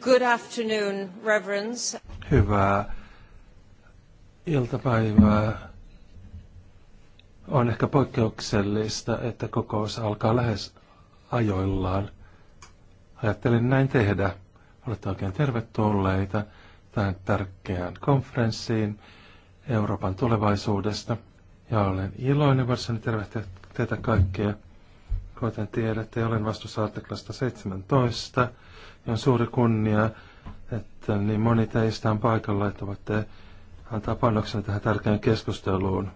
Good afternoon, reverends. Hyvää iltapäivää. On ehkä poikkeuksellista, että kokous alkaa lähes ajoillaan. Ajattelin näin tehdä. Olette oikein tervetulleita tähän tärkeään konferenssiin Euroopan tulevaisuudesta. Ja olen iloinen varsinainen tervehtiä teitä kaikkia. Kuten tiedätte, olen vastuussa artiklasta 17 ja on suuri kunnia, että niin moni teistä on paikalla, että voitte antaa panoksen tähän tärkeään keskusteluun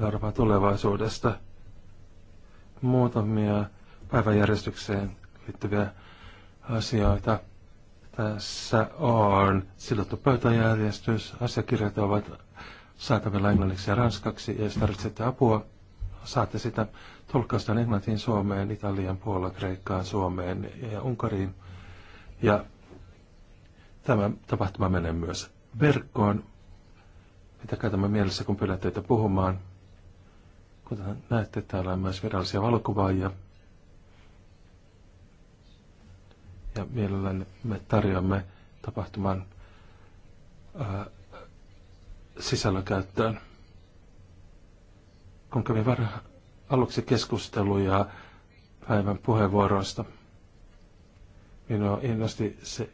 Euroopan tulevaisuudesta. Muutamia päiväjärjestykseen liittyviä asioita. Tässä on sidottu pöytäjärjestys. Asiakirjat ovat saatavilla englanniksi ja ranskaksi. Ja jos tarvitsette apua, saatte sitä tulkkausta englantiin, suomeen, italian, puola, kreikkaan, suomeen ja unkariin – ja tämä tapahtuma menee myös verkkoon. Pitäkää tämä mielessä, kun pyydän teitä puhumaan. Kuten näette, täällä on myös virallisia valokuvaajia. Ja mielellään me tarjoamme tapahtuman ää, Kun kävin aluksi keskusteluja päivän puheenvuoroista, Minua innosti se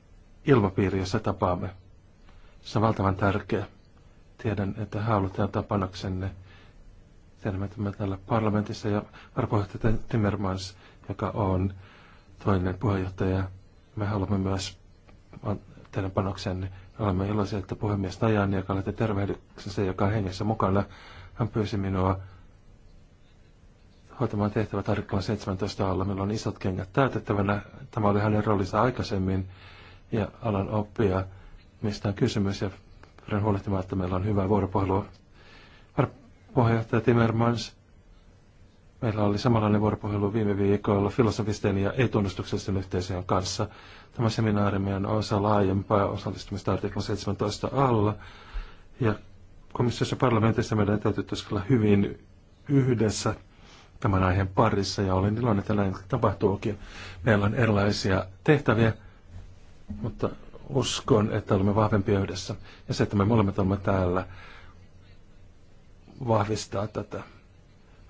ilmapiiri, jossa tapaamme. Se on valtavan tärkeä. Tiedän, että halutaan tapanaksenne. Tiedämme me täällä parlamentissa ja varapuheenjohtaja Timmermans, joka on toinen puheenjohtaja. Me haluamme myös teidän panoksenne. Olemme iloisia, että puhemies Tajani, joka olette tervehdyksessä, joka on hengessä mukana, hän pyysi minua hoitamaan tehtävä tarkkaan 17 alla. Meillä on isot kengät täytettävänä. Tämä oli hänen roolinsa aikaisemmin ja alan oppia, mistä on kysymys. Ja pyrin huolehtimaan, että meillä on hyvää vuoropuhelua. Puheenjohtaja Timmermans, meillä oli samanlainen vuoropuhelu viime viikolla filosofisten ja ei-tunnustuksellisten yhteisöjen kanssa. Tämä seminaari on osa laajempaa osallistumista artiklan 17 alla. Ja komissiossa parlamentissa meidän täytyy työskennellä hyvin yhdessä tämän aiheen parissa ja olen iloinen, että näin tapahtuukin. Meillä on erilaisia tehtäviä, mutta uskon, että olemme vahvempia yhdessä. Ja se, että me molemmat olemme täällä, vahvistaa tätä.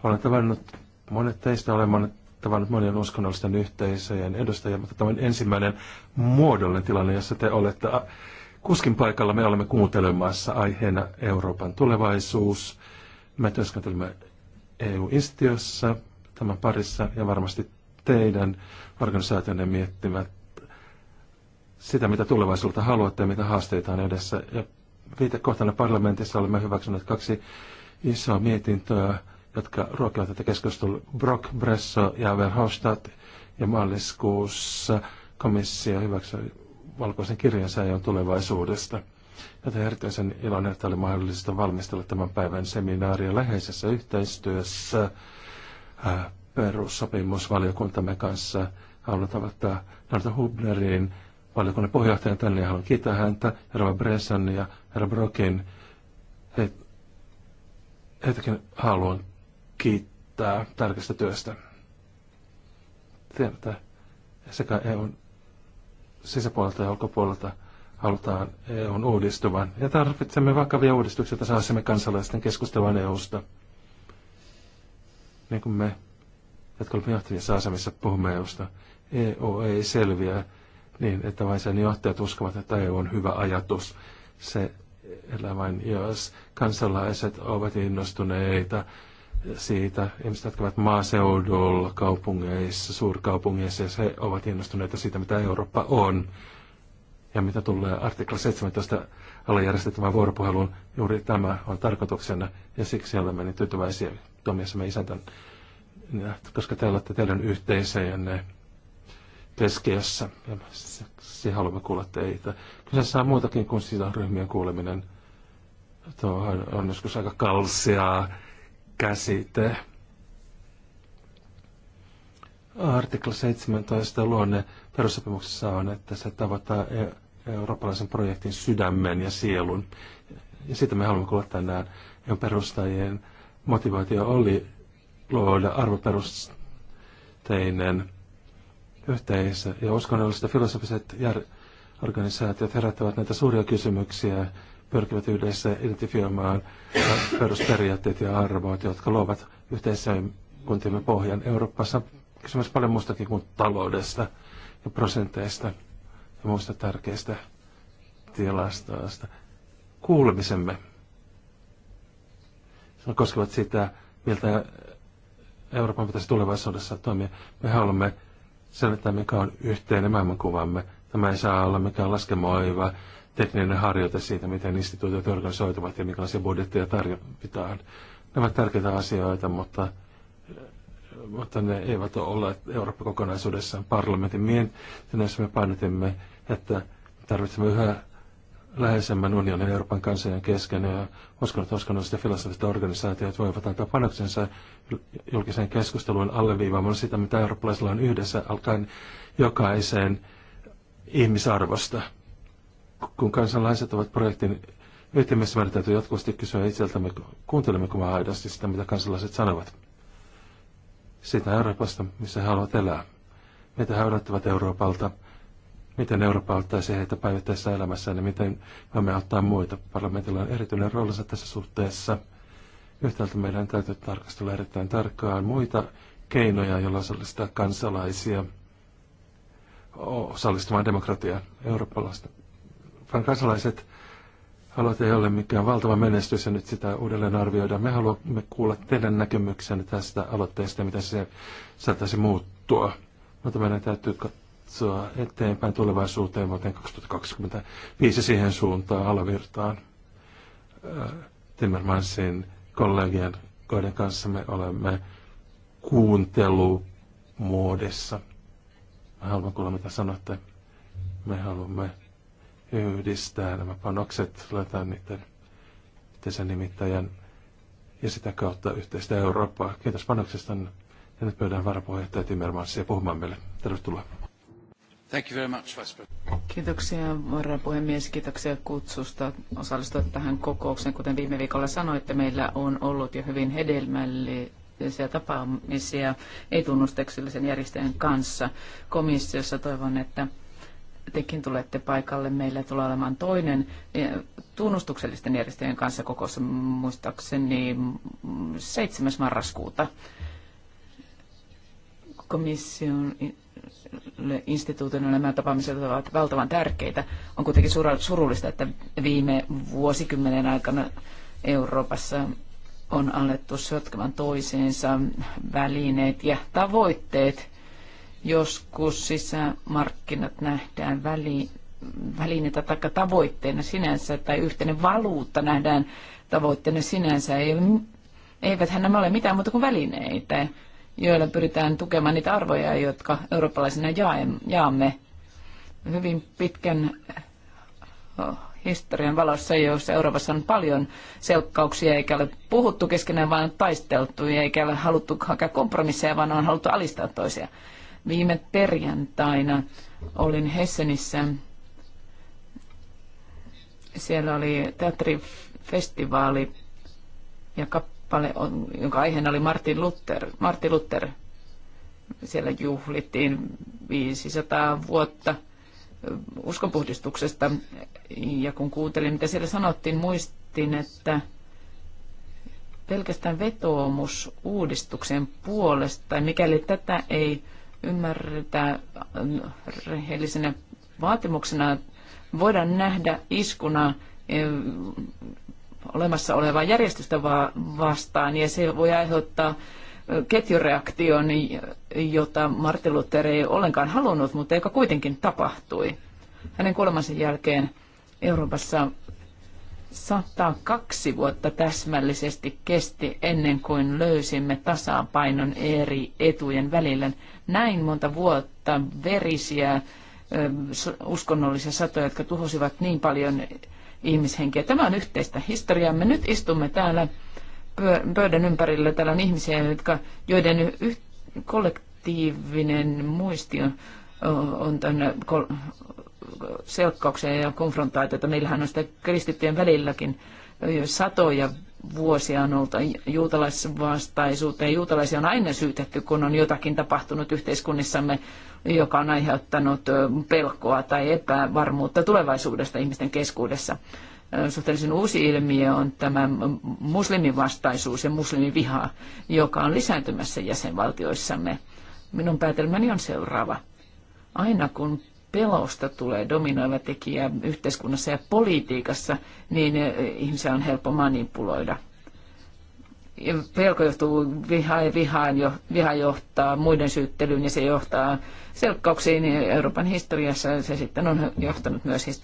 Olen tavannut monet teistä, olen tavannut monien uskonnollisten yhteisöjen edustajia, mutta tämä on ensimmäinen muodollinen tilanne, jossa te olette kuskin paikalla. Me olemme kuuntelemassa aiheena Euroopan tulevaisuus. Me työskentelemme EU-instiossa tämän parissa ja varmasti teidän organisaationne miettivät sitä, mitä tulevaisuutta haluatte ja mitä haasteita on edessä. Ja viitekohtana parlamentissa olemme hyväksyneet kaksi isoa mietintöä, jotka ruokivat tätä keskustelua. Brock, Bresso ja Verhofstadt ja maaliskuussa komissio hyväksyi valkoisen kirjansa ja e tulevaisuudesta. Joten erityisen ilon, että oli mahdollista valmistella tämän päivän seminaaria läheisessä yhteistyössä perussopimusvaliokuntamme kanssa. Haluan tavoittaa Narta Hubnerin valiokunnan puheenjohtajan tänne ja haluan kiittää häntä, herra Bressan ja herra Brokin. He, heitäkin haluan kiittää tärkeästä työstä. Tiedän, että sekä EUn sisäpuolelta ja ulkopuolelta halutaan EUn uudistuvan. Ja tarvitsemme vakavia uudistuksia, että saisimme kansalaisten keskustelun EUsta. Niin kuin me, jotka olemme johtavissa asemissa, puhumme EUsta. EU ei selviä niin, että vain sen johtajat uskovat, että EU on hyvä ajatus. Se elää vain, jos kansalaiset ovat innostuneita siitä, ihmiset, jotka ovat maaseudulla, kaupungeissa, suurkaupungeissa, ja he ovat innostuneita siitä, mitä Eurooppa on ja mitä tulee artikla 17 alle järjestettävään vuoropuheluun, juuri tämä on tarkoituksena ja siksi olemme niin tyytyväisiä toimiassamme isäntän, koska te olette teidän yhteisöjenne keskiössä ja siksi haluamme kuulla teitä. Kyseessä on muutakin kuin ryhmien kuuleminen. Tuo on, on joskus aika kalsia käsite. Artikla 17 luonne perussopimuksessa on, että se tavoittaa e- eurooppalaisen projektin sydämen ja sielun. Ja sitä me haluamme kuulla tänään. Ja e- perustajien motivaatio oli luoda arvoperusteinen yhteisö. Ja uskonnolliset ja filosofiset jär- organisaatiot herättävät näitä suuria kysymyksiä, pyrkivät yhdessä identifioimaan perusperiaatteet ja arvot, jotka luovat kuntiemme pohjan. Euroopassa kysymys paljon muustakin kuin taloudesta ja prosenteista ja muista tärkeistä tilastoista. Kuulemisemme ne koskevat sitä, miltä Euroopan pitäisi tulevaisuudessa toimia. Me haluamme selvittää, mikä on yhteinen maailmankuvamme. Tämä ei saa olla mikään laskemoiva tekninen harjoite siitä, miten instituutiot organisoituvat ja minkälaisia budjetteja tarjotaan. Nämä ovat tärkeitä asioita, mutta mutta ne eivät ole olleet Eurooppa kokonaisuudessaan parlamentin mietinnössä. Me painotimme, että tarvitsemme yhä läheisemmän unionin Euroopan kansojen kesken ja uskon, että uskonnolliset ja filosofiset organisaatiot voivat antaa panoksensa julkiseen keskusteluun alleviivaamaan sitä, mitä eurooppalaisilla on yhdessä alkaen jokaiseen ihmisarvosta. Kun kansalaiset ovat projektin ytimessä, meidän täytyy jatkuvasti kysyä itseltämme, kuuntelemmeko me aidosti sitä, mitä kansalaiset sanovat sitä Euroopasta, missä he haluavat elää. Mitä he odottavat Euroopalta, miten Eurooppa siihen, että päivittäisessä elämässä, ja miten voimme auttaa muita. Parlamentilla on erityinen roolinsa tässä suhteessa. Yhtäältä meidän täytyy tarkastella erittäin tarkkaan muita keinoja, joilla osallistaa kansalaisia osallistumaan demokratiaan eurooppalaista. Vaan kansalaiset haluat, ei ole mikään valtava menestys ja nyt sitä uudelleen arvioida. Me haluamme kuulla teidän näkemyksenne tästä aloitteesta, miten se saattaisi muuttua. Mutta meidän täytyy katsoa eteenpäin tulevaisuuteen vuoteen 2025 siihen suuntaan alavirtaan. Äh, Timmermansin kollegien koiden kanssa me olemme kuuntelumuodissa. haluan kuulla, mitä sanotte. Me haluamme yhdistää nämä panokset, laitetaan niiden yhteisen nimittäjän ja sitä kautta yhteistä Eurooppaa. Kiitos panoksesta ja nyt pyydän varapuheenjohtaja Timmermansia puhumaan meille. Tervetuloa. Thank you very much, Kiitoksia varapuhemies, kiitoksia kutsusta osallistua tähän kokoukseen. Kuten viime viikolla sanoitte, meillä on ollut jo hyvin hedelmällisiä tapaamisia ei-tunnustuksellisen järjestäjän kanssa komissiossa. Toivon, että tekin tulette paikalle. Meillä tulee olemaan toinen eh, tunnustuksellisten järjestöjen kanssa kokous, muistaakseni 7. Mm, marraskuuta. Komission instituutin nämä tapaamiset ovat valtavan tärkeitä. On kuitenkin surullista, että viime vuosikymmenen aikana Euroopassa on alettu sotkemaan toiseensa välineet ja tavoitteet – Joskus sisämarkkinat nähdään väli, välineitä tai tavoitteena sinänsä tai yhteinen valuutta nähdään tavoitteena sinänsä. Eiväthän nämä ole mitään muuta kuin välineitä, joilla pyritään tukemaan niitä arvoja, jotka eurooppalaisina jaamme hyvin pitkän oh, historian valossa, jossa Euroopassa on paljon selkkauksia, eikä ole puhuttu keskenään, vaan taisteltu, eikä ole haluttu hakea kompromisseja, vaan on haluttu alistaa toisia. Viime perjantaina olin Hessenissä. Siellä oli teatterifestivaali ja kappale, jonka aiheena oli Martin Luther. Martin Luther. Siellä juhlittiin 500 vuotta uskonpuhdistuksesta. Ja kun kuuntelin, mitä siellä sanottiin, muistin, että pelkästään vetoomus uudistuksen puolesta, mikäli tätä ei ymmärretään rehellisenä vaatimuksena. Voidaan nähdä iskuna e, olemassa olevaa järjestystä vastaan ja se voi aiheuttaa e, ketjureaktion, jota Martin Luther ei ollenkaan halunnut, mutta joka kuitenkin tapahtui. Hänen kuolemansa jälkeen Euroopassa 102 vuotta täsmällisesti kesti ennen kuin löysimme tasapainon eri etujen välillä näin monta vuotta verisiä uskonnollisia satoja, jotka tuhosivat niin paljon ihmishenkiä. Tämä on yhteistä historiaa. Me Nyt istumme täällä pöydän ympärillä. Täällä on ihmisiä, jotka, joiden yh, kollektiivinen muisti on, on tänne kol, selkkaukseen ja konfrontaatiota. Meillähän on sitä kristittyjen välilläkin satoja vuosia on ollut ja Juutalaisia on aina syytetty, kun on jotakin tapahtunut yhteiskunnissamme, joka on aiheuttanut pelkoa tai epävarmuutta tulevaisuudesta ihmisten keskuudessa. Suhteellisen uusi ilmiö on tämä muslimivastaisuus ja muslimiviha, joka on lisääntymässä jäsenvaltioissamme. Minun päätelmäni on seuraava. Aina kun pelosta tulee dominoiva tekijä yhteiskunnassa ja politiikassa, niin eh, ihmisiä on helppo manipuloida pelko johtuu viha, ja vihaan jo, viha johtaa muiden syyttelyyn ja se johtaa selkkauksiin Euroopan historiassa se sitten on johtanut myös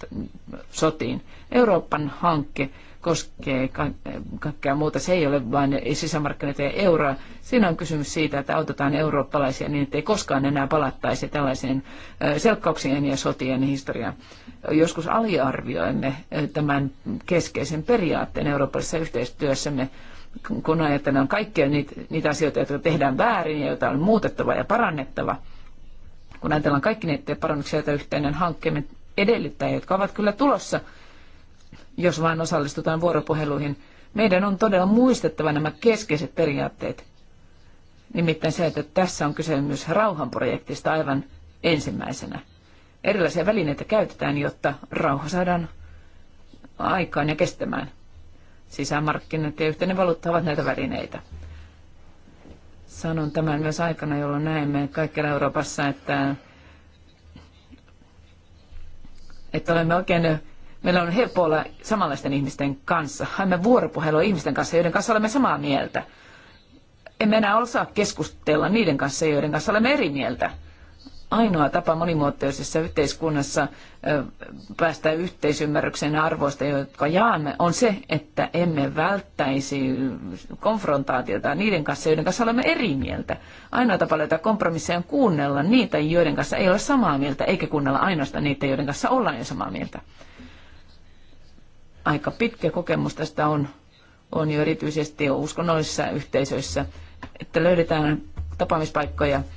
sotiin. Euroopan hankke koskee ka- kaikkea muuta. Se ei ole vain sisämarkkinoita ja euroa. Siinä on kysymys siitä, että autetaan eurooppalaisia niin, ettei koskaan enää palattaisi tällaiseen selkkauksien ja sotien historiaan. Joskus aliarvioimme tämän keskeisen periaatteen eurooppalaisessa yhteistyössämme kun ajatellaan kaikkia niitä, niitä asioita, jotka tehdään väärin ja joita on muutettava ja parannettava, kun ajatellaan kaikki niitä parannuksia, joita yhteinen hankkeemme edellyttää, jotka ovat kyllä tulossa, jos vain osallistutaan vuoropuheluihin, meidän on todella muistettava nämä keskeiset periaatteet. Nimittäin se, että tässä on kyse myös rauhanprojektista aivan ensimmäisenä. Erilaisia välineitä käytetään, jotta rauha saadaan aikaan ja kestämään. Sisämarkkinat ja yhteinen valuutta ovat näitä välineitä. Sanon tämän myös aikana, jolloin näemme kaikkialla Euroopassa, että, että olemme oikein Meillä on helppo olla samanlaisten ihmisten kanssa. Haemme vuoropuhelua ihmisten kanssa, joiden kanssa olemme samaa mieltä. Emme enää osaa keskustella niiden kanssa, joiden kanssa olemme eri mieltä ainoa tapa monimuotoisessa yhteiskunnassa päästä yhteisymmärryksen arvoista, jotka jaamme, on se, että emme välttäisi konfrontaatiota niiden kanssa, joiden kanssa olemme eri mieltä. Ainoa tapa löytää kompromisseja on kuunnella niitä, joiden kanssa ei ole samaa mieltä, eikä kuunnella ainoastaan niitä, joiden kanssa ollaan jo samaa mieltä. Aika pitkä kokemus tästä on, on jo erityisesti jo uskonnollisissa yhteisöissä, että löydetään tapaamispaikkoja –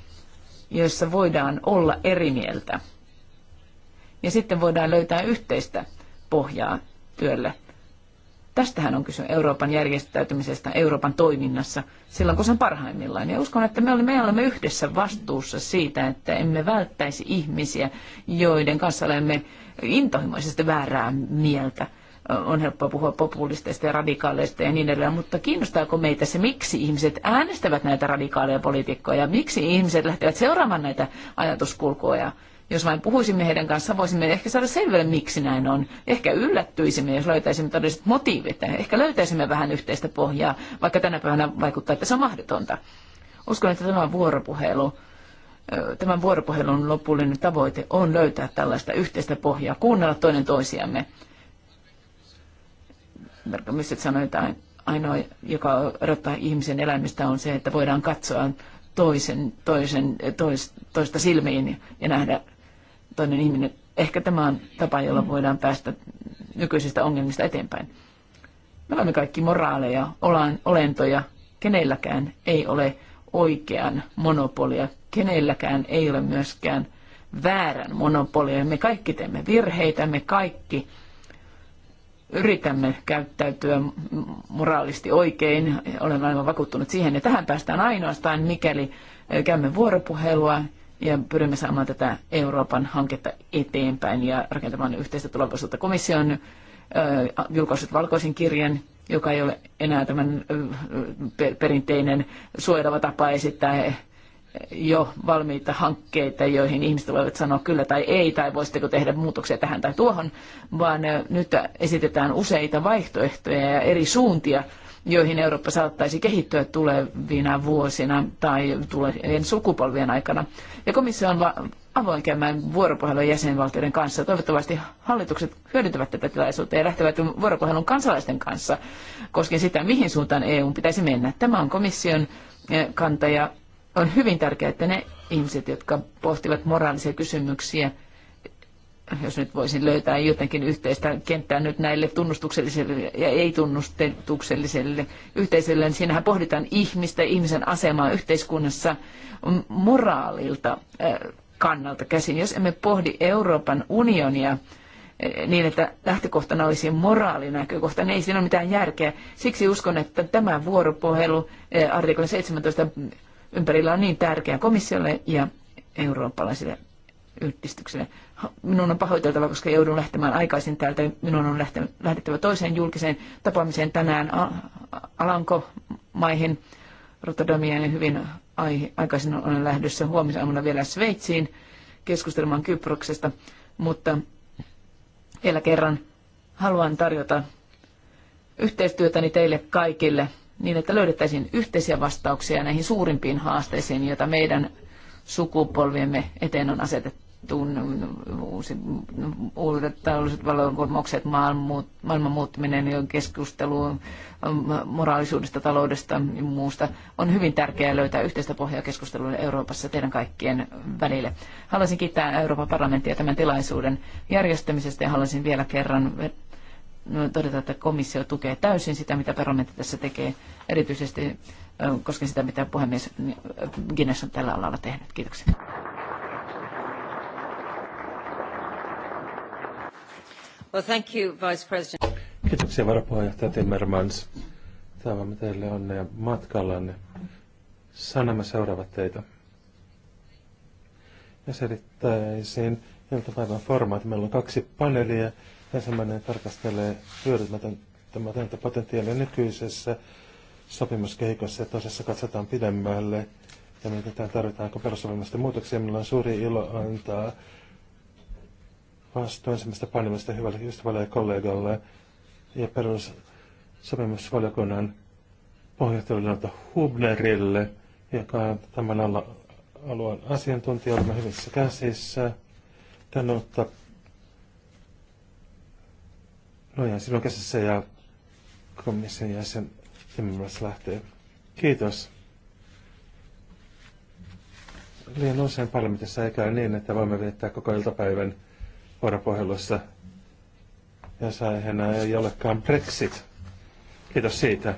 joissa voidaan olla eri mieltä. Ja sitten voidaan löytää yhteistä pohjaa työlle. Tästähän on kyse Euroopan järjestäytymisestä, Euroopan toiminnassa, silloin kun se on parhaimmillaan. Ja uskon, että me olemme, me yhdessä vastuussa siitä, että emme välttäisi ihmisiä, joiden kanssa olemme intohimoisesti väärää mieltä – on helppoa puhua populisteista ja radikaaleista ja niin edelleen, mutta kiinnostaako meitä se, miksi ihmiset äänestävät näitä radikaaleja poliitikkoja, miksi ihmiset lähtevät seuraamaan näitä ajatuskulkuja? Jos vain puhuisimme heidän kanssaan, voisimme ehkä saada selville, miksi näin on. Ehkä yllättyisimme, jos löytäisimme todelliset motiivit. Ehkä löytäisimme vähän yhteistä pohjaa, vaikka tänä päivänä vaikuttaa, että se on mahdotonta. Uskon, että tämä vuoropuhelu tämän vuoropuhelun lopullinen tavoite on löytää tällaista yhteistä pohjaa, kuunnella toinen toisiamme. Verkomysset sanoi, että ainoa, joka erottaa ihmisen elämistä on se, että voidaan katsoa toisen, toisen, tois, toista silmiin ja nähdä toinen ihminen. Ehkä tämä on tapa, jolla voidaan päästä nykyisistä ongelmista eteenpäin. Me olemme kaikki moraaleja, olentoja. Kenelläkään ei ole oikean monopolia. Kenelläkään ei ole myöskään väärän monopolia. Me kaikki teemme virheitä, me kaikki yritämme käyttäytyä moraalisti oikein. Olen aivan vakuuttunut siihen, että tähän päästään ainoastaan, mikäli käymme vuoropuhelua ja pyrimme saamaan tätä Euroopan hanketta eteenpäin ja rakentamaan yhteistä tulevaisuutta. Komission julkaisut valkoisen kirjan, joka ei ole enää tämän perinteinen suojeleva tapa esittää jo valmiita hankkeita, joihin ihmiset voivat sanoa kyllä tai ei, tai voisitteko tehdä muutoksia tähän tai tuohon, vaan nyt esitetään useita vaihtoehtoja ja eri suuntia, joihin Eurooppa saattaisi kehittyä tulevina vuosina tai tulevien sukupolvien aikana. Ja komissio on avoin käymään vuoropuhelun jäsenvaltioiden kanssa. Toivottavasti hallitukset hyödyntävät tätä tilaisuutta ja lähtevät vuoropuhelun kansalaisten kanssa koskien sitä, mihin suuntaan EU pitäisi mennä. Tämä on komission kanta ja on hyvin tärkeää, että ne ihmiset, jotka pohtivat moraalisia kysymyksiä, jos nyt voisin löytää jotenkin yhteistä kenttää nyt näille tunnustukselliselle ja ei-tunnustukselliselle yhteisölle, niin siinähän pohditaan ihmistä, ihmisen asemaa yhteiskunnassa moraalilta äh, kannalta käsin. Jos emme pohdi Euroopan unionia äh, niin, että lähtökohtana olisi moraalinäkökohta, niin ei siinä ole mitään järkeä. Siksi uskon, että tämä vuoropuhelu äh, artikla 17 ympärillä on niin tärkeä komissiolle ja eurooppalaisille yhdistykselle. Minun on pahoiteltava, koska joudun lähtemään aikaisin täältä. Minun on lähdettävä toiseen julkiseen tapaamiseen tänään Alankomaihin. ja hyvin aikaisin olen lähdössä huomisaamuna vielä Sveitsiin keskustelemaan Kyproksesta, mutta vielä kerran haluan tarjota yhteistyötäni teille kaikille – niin, että löydettäisiin yhteisiä vastauksia näihin suurimpiin haasteisiin, joita meidän sukupolviemme eteen on asetettu. Uusi, uudet taloudelliset vallankumoukset, maailman muuttuminen, keskustelu moraalisuudesta, taloudesta ja muusta. On hyvin tärkeää löytää yhteistä pohjaa keskustelulle Euroopassa teidän kaikkien välille. Haluaisin kiittää Euroopan parlamenttia tämän tilaisuuden järjestämisestä ja haluaisin vielä kerran todeta, että komissio tukee täysin sitä, mitä parlamentti tässä tekee, erityisesti koskien sitä, mitä puhemies Guinness on tällä alalla tehnyt. Kiitoksia. Well, thank you, Vice President. Kiitoksia varapuheenjohtaja Timmermans. Toivomme teille onnea matkallanne. Sanamme seuraavat teitä. Ja selittäisin iltapäivän formaat. Meillä on kaksi paneelia Ensimmäinen tarkastelee hyödyntämätöntä potentiaalia nykyisessä sopimuskehikossa ja toisessa katsotaan pidemmälle ja mietitään tarvitaanko perussopimusten muutoksia. Minulla on suuri ilo antaa vastu ensimmäistä painimista hyvälle ystävälle ja kollegalle ja perussopimusvaliokunnan pohjohtajalle Hubnerille, joka on tämän alla alueen asiantuntija. Olemme hyvissä käsissä. Tänne ottaa No ja silloin kesässä ja komission jäsen Timmermans lähtee. Kiitos. Liian usein parlamentissa ei käy niin, että voimme viettää koko iltapäivän vuoropuhelussa. Ja aiheena ei olekaan Brexit. Kiitos siitä.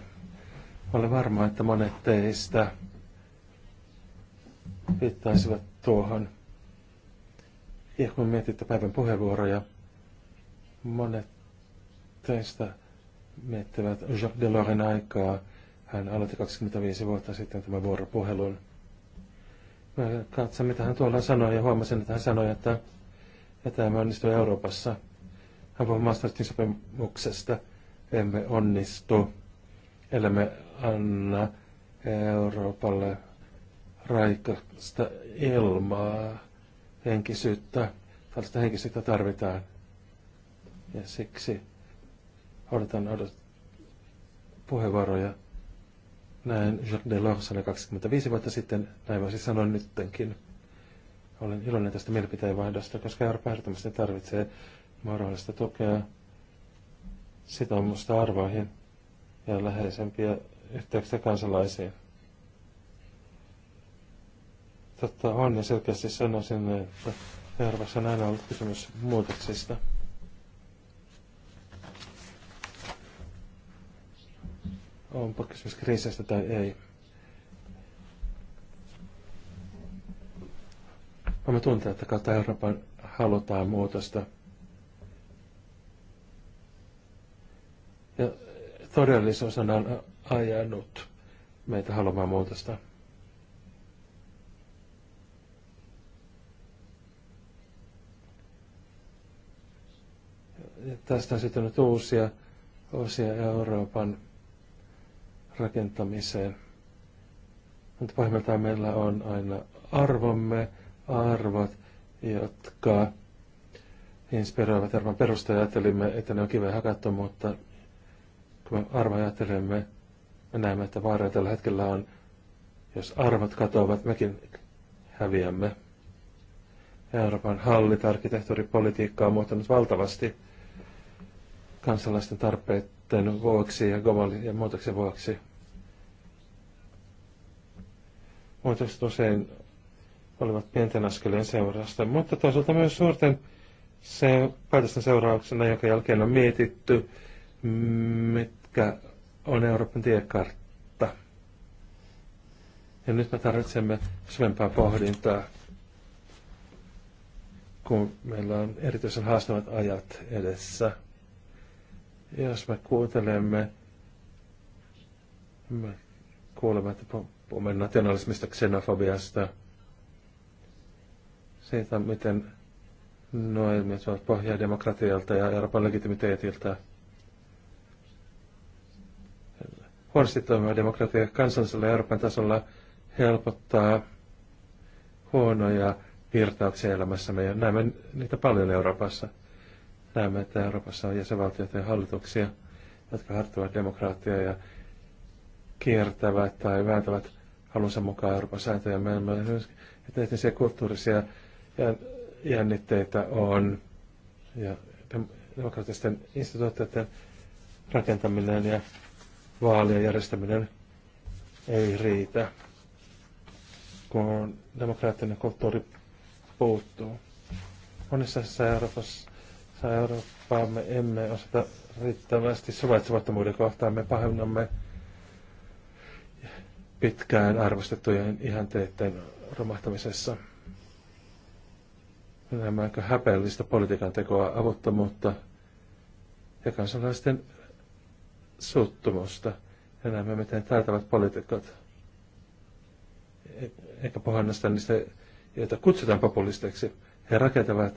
Olen varma, että monet teistä viittaisivat tuohon. Ja kun mietitte päivän puheenvuoroja, monet teistä miettivät Jacques Delorin aikaa. Hän aloitti 25 vuotta sitten tämän vuoropuhelun. Mä katsoin, mitä hän tuolla sanoi ja huomasin, että hän sanoi, että, että emme onnistu Euroopassa. Hän puhui Maastrichtin sopimuksesta. Emme onnistu, ellemme anna Euroopalle raikasta ilmaa, henkisyyttä. Tällaista henkisyyttä tarvitaan. Ja siksi Odotan odotan puheenvuoroja. Näin Jacques Delors oli 25 vuotta sitten, näin voisi sanoa nyttenkin. Olen iloinen tästä mielipiteenvaihdosta, koska Eurooppa ehdottomasti tarvitsee moraalista tukea, sitoumusta arvoihin ja läheisempiä yhteyksiä kansalaisiin. Totta on, ja selkeästi sanoisin, että Euroopassa on aina ollut kysymys muutoksista. onpa kysymys kriisistä tai ei. Mä tuntuu, että kautta Euroopan halutaan muutosta. Ja todellisuus on ajanut meitä haluamaan muutosta. Ja tästä on sitten uusia osia Euroopan rakentamiseen. Mutta pahimmiltaan meillä on aina arvomme, arvot, jotka inspiroivat arvon perusta ja ajattelimme, että ne on kiveen hakattu, mutta kun me arvoja ajattelemme, me näemme, että vaara tällä hetkellä on, jos arvot katoavat, mekin häviämme. Euroopan hallit, arkkitehtuuripolitiikka on muuttanut valtavasti kansalaisten tarpeet tämän vuoksi ja globaalin ja muutoksen vuoksi. Muutokset usein olivat pienten askeleen seurausta, mutta toisaalta myös suurten se päätösten seurauksena, jonka jälkeen on mietitty, mitkä on Euroopan tiekartta. Ja nyt me tarvitsemme syvempää pohdintaa, kun meillä on erityisen haastavat ajat edessä. Jos me kuuntelemme, me kuulemme, että puhumme nationalismista, xenofobiasta, siitä, miten nuo ilmiöt ovat pohjaa demokratialta ja Euroopan legitimiteetiltä. Huonosti toimiva demokratia kansallisella Euroopan tasolla helpottaa huonoja virtauksia elämässämme ja näemme niitä paljon Euroopassa. Näemme, että Euroopassa on jäsenvaltioita ja hallituksia, jotka hartuvat demokraattia ja kiertävät tai vääntävät halunsa mukaan Euroopan sääntöjä. Me emme että etnisiä kulttuurisia jännitteitä on ja demokraattisten instituutioiden rakentaminen ja vaalien järjestäminen ei riitä, kun demokraattinen kulttuuri puuttuu. Monissa Euroopassa Tätä emme osata riittävästi suvaitsevattomuuden kohtaan. Me pahennamme pitkään arvostettujen ihanteiden romahtamisessa. Nämä aika häpeällistä politiikan tekoa, avuttomuutta ja kansalaisten suuttumusta. Ja näemme, miten taitavat poliitikot, e-, eikä pohannasta niistä, joita kutsutaan populisteiksi, he rakentavat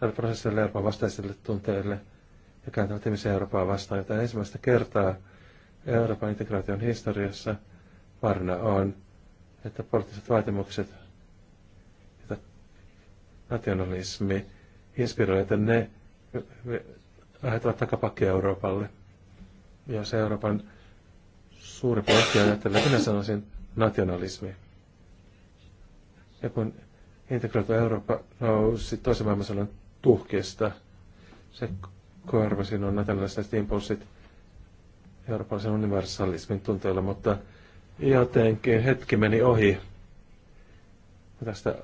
tälle prosessille Euroopan vastaisille tunteille ja kääntävät ihmisiä Eurooppaa vastaan, jota ensimmäistä kertaa Euroopan integraation historiassa varna on, että poliittiset vaatimukset, joita nationalismi inspiroi, että ne lähetävät takapakki Euroopalle. Ja se Euroopan suuri pohja ajattelee, minä sanoisin, nationalismi. Ja kun integroitu Eurooppa nousi toisen maailmansodan tuhkista. Se korva on tällaiset impulssit eurooppalaisen universalismin tunteella, mutta jotenkin hetki meni ohi. Tästä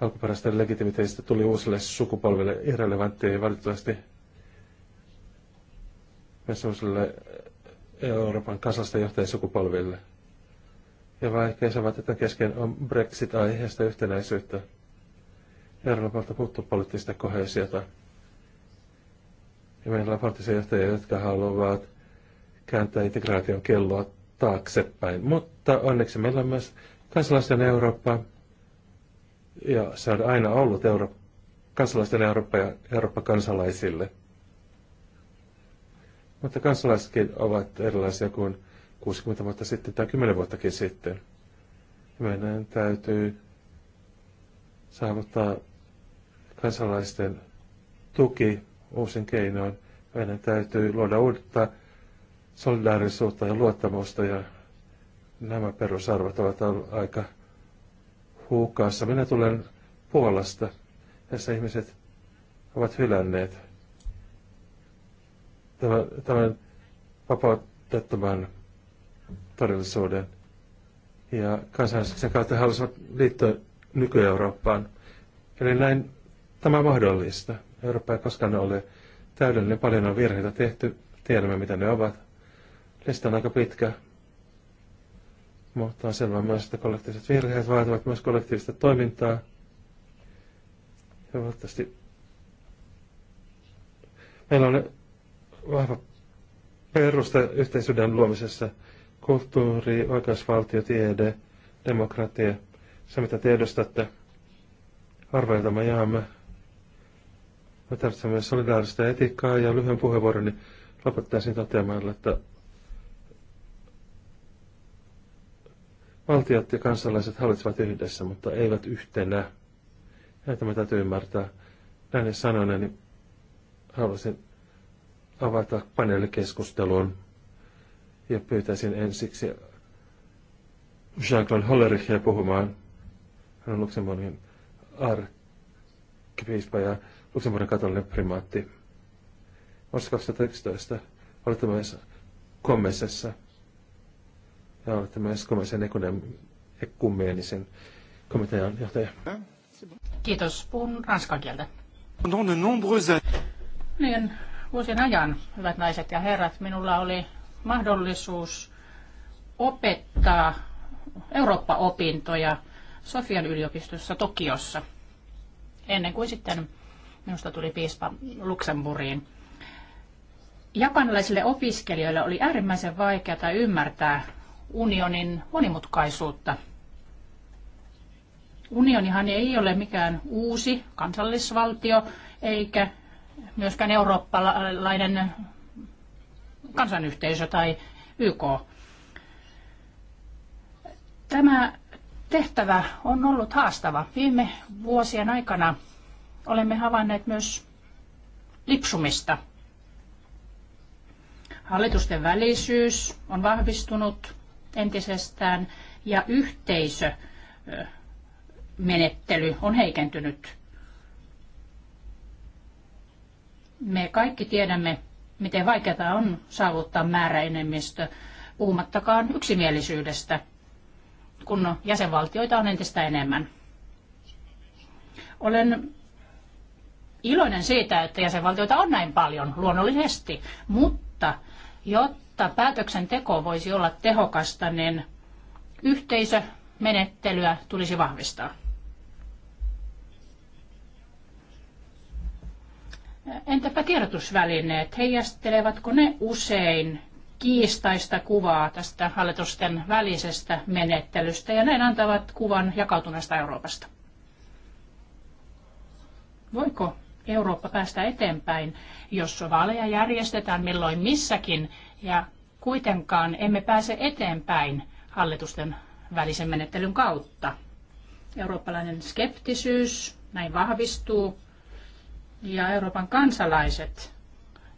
alkuperäisestä legitimiteistä tuli uusille sukupolville irrelevanttia ja valitettavasti myös Euroopan kasasta johtajien sukupolville. Ja vaikea saavat tätä kesken on Brexit-aiheesta yhtenäisyyttä. Euroopalta puuttuu poliittista kohesiota. Ja meillä on poliittisia johtajia, jotka haluavat kääntää integraation kelloa taaksepäin. Mutta onneksi meillä on myös kansalaisten Eurooppa, ja se on aina ollut Euro- kansalaisten Eurooppa ja Eurooppa kansalaisille. Mutta kansalaisetkin ovat erilaisia kuin 60 vuotta sitten tai 10 vuottakin sitten. meidän täytyy saavuttaa kansalaisten tuki uusin keinoin. Meidän täytyy luoda uutta solidaarisuutta ja luottamusta ja nämä perusarvot ovat aika huukaassa. Minä tulen Puolasta, jossa ihmiset ovat hylänneet tämän, tämän vapautettoman todellisuuden. Ja kansainvälisen kautta halusivat liittyä nyky-Eurooppaan. Eli näin Tämä mahdollista. Eurooppa ei koskaan ole täydellinen. Paljon on virheitä tehty. Tiedämme, mitä ne ovat. Lista on aika pitkä. Mutta on selvää myös, että kollektiiviset virheet vaativat myös kollektiivista toimintaa. Ja valitettavasti meillä on vahva perusta yhteisyyden luomisessa. Kulttuuri, oikeusvaltio, tiede, demokratia, se mitä tiedostatte, arvoja, jaamme, me tarvitsen myös solidaarista etiikkaa ja lyhyen puheenvuoroni lopettaisin toteamalla, että valtiot ja kansalaiset hallitsevat yhdessä, mutta eivät yhtenä. Ja tämä täytyy ymmärtää. Näin sanoen, niin haluaisin avata paneelikeskustelun ja pyytäisin ensiksi Jean-Claude Hollerichia puhumaan. Hän on Luxemburgin arkkipiispa ja Luxemburgin katolinen primaatti. Vuonna 2011 olette myös Komessessa ja olette myös Komessen ekumenisen komitean johtaja. Kiitos. Puhun ranskan kieltä. Niin, vuosien ajan, hyvät naiset ja herrat, minulla oli mahdollisuus opettaa Eurooppa-opintoja Sofian yliopistossa Tokiossa. Ennen kuin sitten Minusta tuli piispa Luxemburgiin. Japanilaisille opiskelijoille oli äärimmäisen vaikeaa ymmärtää unionin monimutkaisuutta. Unionihan ei ole mikään uusi kansallisvaltio eikä myöskään eurooppalainen kansanyhteisö tai YK. Tämä tehtävä on ollut haastava. Viime vuosien aikana Olemme havainneet myös lipsumista. Hallitusten välisyys on vahvistunut entisestään ja yhteisömenettely on heikentynyt. Me kaikki tiedämme, miten vaikeaa on saavuttaa määräenemmistö, puhumattakaan yksimielisyydestä, kun jäsenvaltioita on entistä enemmän. Olen iloinen siitä, että jäsenvaltioita on näin paljon, luonnollisesti, mutta jotta päätöksenteko voisi olla tehokasta, niin yhteisömenettelyä tulisi vahvistaa. Entäpä tiedotusvälineet, heijastelevatko ne usein kiistaista kuvaa tästä hallitusten välisestä menettelystä ja näin antavat kuvan jakautuneesta Euroopasta? Voiko Eurooppa päästä eteenpäin, jos vaaleja järjestetään milloin missäkin ja kuitenkaan emme pääse eteenpäin hallitusten välisen menettelyn kautta. Eurooppalainen skeptisyys näin vahvistuu ja Euroopan kansalaiset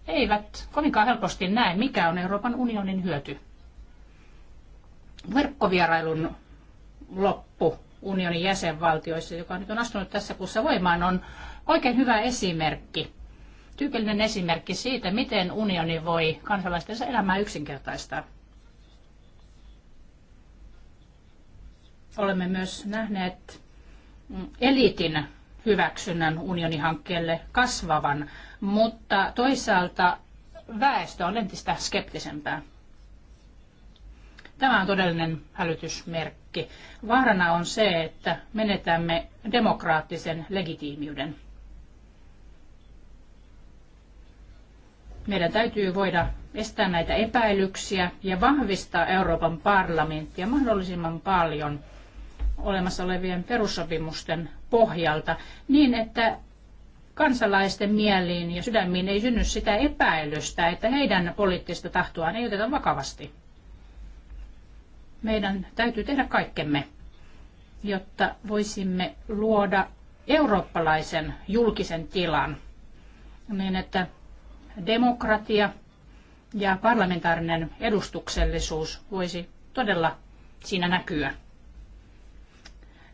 eivät kovinkaan helposti näe, mikä on Euroopan unionin hyöty. Verkkovierailun loppu unionin jäsenvaltioissa, joka nyt on astunut tässä kuussa voimaan, on oikein hyvä esimerkki, tyypillinen esimerkki siitä, miten unioni voi kansalaistensa elämää yksinkertaistaa. Olemme myös nähneet mm, eliitin hyväksynnän unionihankkeelle kasvavan, mutta toisaalta väestö on entistä skeptisempää. Tämä on todellinen hälytysmerkki. Vaarana on se, että menetämme demokraattisen legitiimiyden. Meidän täytyy voida estää näitä epäilyksiä ja vahvistaa Euroopan parlamenttia mahdollisimman paljon olemassa olevien perussopimusten pohjalta niin, että kansalaisten mieliin ja sydämiin ei synny sitä epäilystä, että heidän poliittista tahtoaan ei oteta vakavasti. Meidän täytyy tehdä kaikkemme, jotta voisimme luoda eurooppalaisen julkisen tilan niin, että demokratia ja parlamentaarinen edustuksellisuus voisi todella siinä näkyä.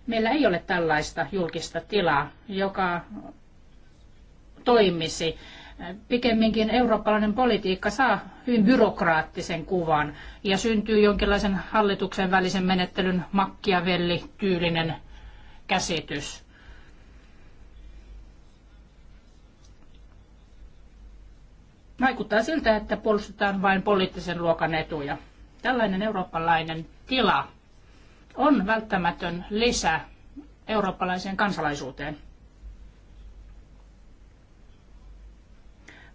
Meillä ei ole tällaista julkista tilaa, joka toimisi. Pikemminkin eurooppalainen politiikka saa hyvin byrokraattisen kuvan ja syntyy jonkinlaisen hallituksen välisen menettelyn makkiavelli-tyylinen käsitys. Vaikuttaa siltä, että puolustetaan vain poliittisen luokan etuja. Tällainen eurooppalainen tila on välttämätön lisä eurooppalaiseen kansalaisuuteen.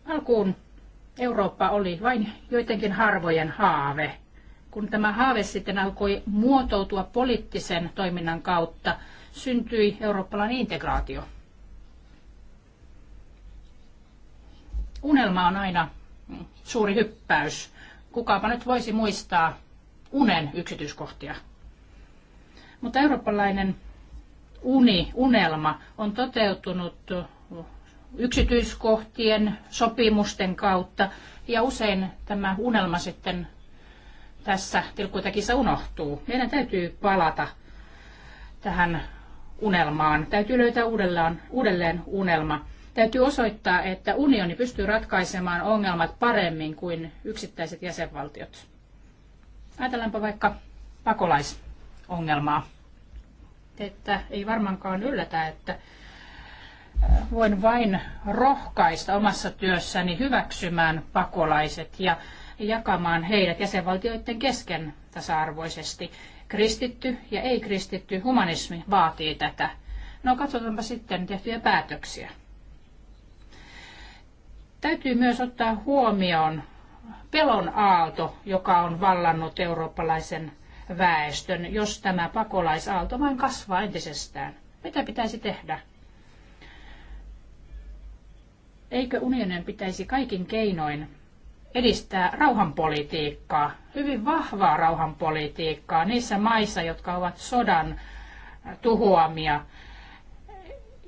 Alkuun Eurooppa oli vain joidenkin harvojen haave. Kun tämä haave sitten alkoi muotoutua poliittisen toiminnan kautta, syntyi eurooppalainen integraatio. Unelma on aina suuri hyppäys. Kukaapa nyt voisi muistaa unen yksityiskohtia. Mutta eurooppalainen uni, unelma on toteutunut yksityiskohtien, sopimusten kautta. Ja usein tämä unelma sitten tässä tilkkutäkissä unohtuu. Meidän täytyy palata tähän unelmaan. Täytyy löytää uudelleen, uudelleen unelma. Täytyy osoittaa, että unioni pystyy ratkaisemaan ongelmat paremmin kuin yksittäiset jäsenvaltiot. Ajatellaanpa vaikka pakolaisongelmaa. Että ei varmaankaan yllätä, että äh, voin vain rohkaista omassa työssäni hyväksymään pakolaiset ja jakamaan heidät jäsenvaltioiden kesken tasa-arvoisesti. Kristitty ja ei-kristitty humanismi vaatii tätä. No katsotaanpa sitten tehtyjä päätöksiä. Täytyy myös ottaa huomioon pelon aalto, joka on vallannut eurooppalaisen väestön, jos tämä pakolaisaalto vain kasvaa entisestään. Mitä pitäisi tehdä? Eikö unionin pitäisi kaikin keinoin edistää rauhanpolitiikkaa, hyvin vahvaa rauhanpolitiikkaa niissä maissa, jotka ovat sodan tuhoamia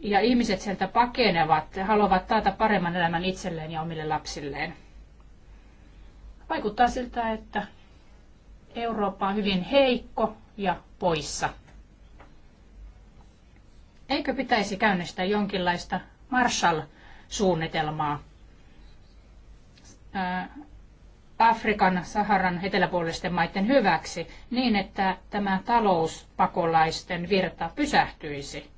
ja ihmiset sieltä pakenevat, haluavat taata paremman elämän itselleen ja omille lapsilleen. Vaikuttaa siltä, että Eurooppa on hyvin heikko ja poissa. Eikö pitäisi käynnistää jonkinlaista Marshall-suunnitelmaa Afrikan, Saharan eteläpuolisten maiden hyväksi niin, että tämä talouspakolaisten virta pysähtyisi?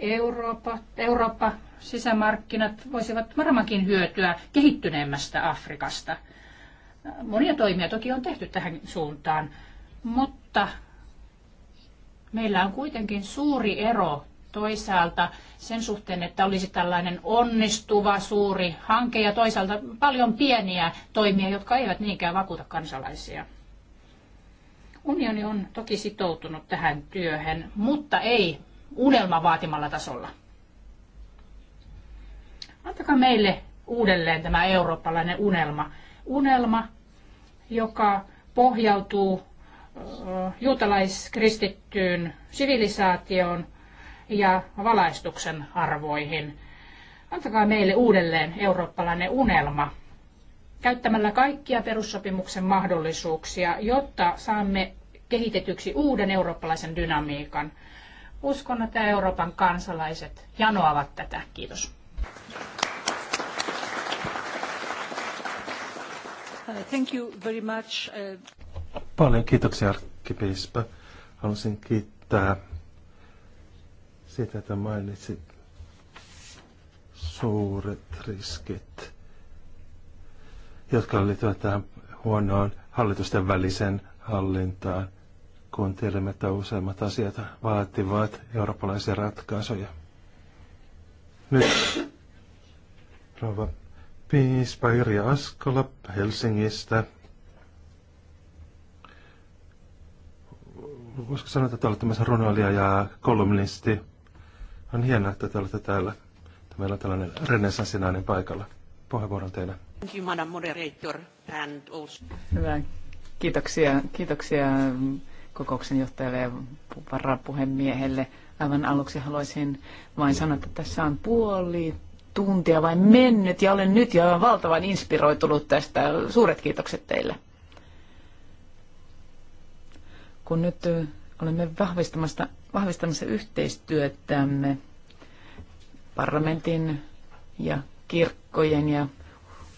Eurooppa, Eurooppa sisämarkkinat voisivat varmaankin hyötyä kehittyneemmästä Afrikasta. Monia toimia toki on tehty tähän suuntaan, mutta meillä on kuitenkin suuri ero toisaalta sen suhteen, että olisi tällainen onnistuva suuri hanke ja toisaalta paljon pieniä toimia, jotka eivät niinkään vakuuta kansalaisia. Unioni on toki sitoutunut tähän työhön, mutta ei unelma vaatimalla tasolla. Antakaa meille uudelleen tämä eurooppalainen unelma. Unelma, joka pohjautuu juutalaiskristittyyn sivilisaation ja valaistuksen arvoihin. Antakaa meille uudelleen eurooppalainen unelma käyttämällä kaikkia perussopimuksen mahdollisuuksia, jotta saamme kehitetyksi uuden eurooppalaisen dynamiikan. Uskon, että Euroopan kansalaiset janoavat tätä. Kiitos. Thank you very much. Uh, Paljon kiitoksia, arkkipiispa. Haluaisin kiittää siitä, että mainitsit suuret riskit, jotka liittyvät tähän huonoon hallitusten välisen hallintaan kun tiedämme, että useimmat asiat vaativat eurooppalaisia ratkaisuja. Nyt rouva piispa Irja Askola Helsingistä. Voisiko sanoa, että olette myös runoilija ja kolumnisti? On hienoa, että te olette täällä. Meillä on tällainen renessanssinainen paikalla. Puheenvuoron teille. Thank Kiitoksia, kiitoksia kokouksen johtajalle ja varapuhemiehelle. Aivan aluksi haluaisin vain sanoa, että tässä on puoli tuntia vain mennyt ja olen nyt jo valtavan inspiroitunut tästä. Suuret kiitokset teille. Kun nyt olemme vahvistamassa, vahvistamassa yhteistyötämme parlamentin ja kirkkojen ja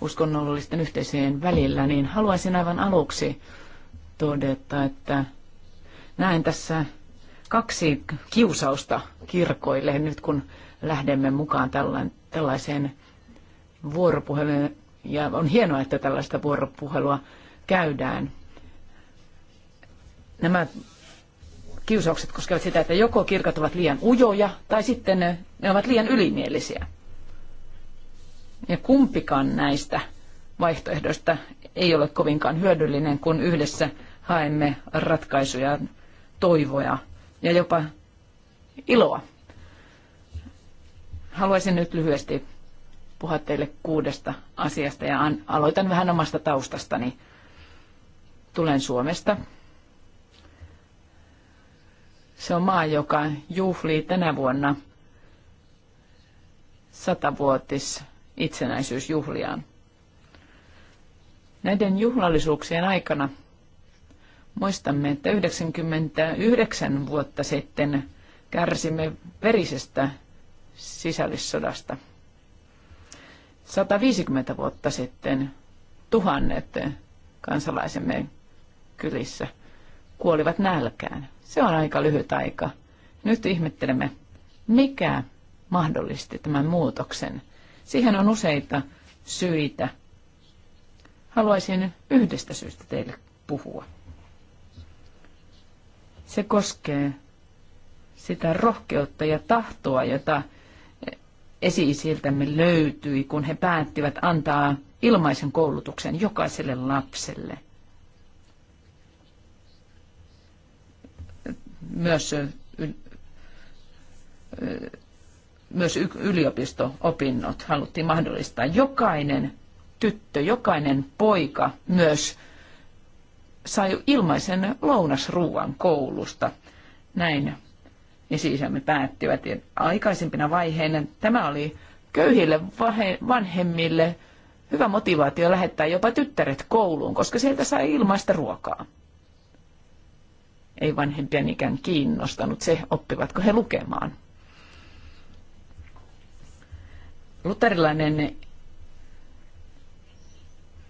uskonnollisten yhteisöjen välillä, niin haluaisin aivan aluksi todeta, että näen tässä kaksi kiusausta kirkoille nyt, kun lähdemme mukaan tällaiseen vuoropuheluun. Ja on hienoa, että tällaista vuoropuhelua käydään. Nämä kiusaukset koskevat sitä, että joko kirkat ovat liian ujoja tai sitten ne ovat liian ylimielisiä. Ja kumpikaan näistä vaihtoehdoista ei ole kovinkaan hyödyllinen, kun yhdessä haemme ratkaisuja toivoja ja jopa iloa. Haluaisin nyt lyhyesti puhua teille kuudesta asiasta ja aloitan vähän omasta taustastani. Tulen Suomesta. Se on maa, joka juhlii tänä vuonna satavuotis itsenäisyysjuhliaan. Näiden juhlallisuuksien aikana Muistamme, että 99 vuotta sitten kärsimme verisestä sisällissodasta. 150 vuotta sitten tuhannet kansalaisemme kylissä kuolivat nälkään. Se on aika lyhyt aika. Nyt ihmettelemme, mikä mahdollisti tämän muutoksen. Siihen on useita syitä. Haluaisin yhdestä syystä teille puhua. Se koskee sitä rohkeutta ja tahtoa, jota esi-isiltämme löytyi, kun he päättivät antaa ilmaisen koulutuksen jokaiselle lapselle. Myös, myös yliopisto-opinnot haluttiin mahdollistaa. Jokainen tyttö, jokainen poika myös sai ilmaisen lounasruuan koulusta. Näin esi-isämme päättivät. Ja aikaisempina vaiheina tämä oli köyhille vanhemmille hyvä motivaatio lähettää jopa tyttäret kouluun, koska sieltä sai ilmaista ruokaa. Ei vanhempien ikään kiinnostanut se, oppivatko he lukemaan. Luterilainen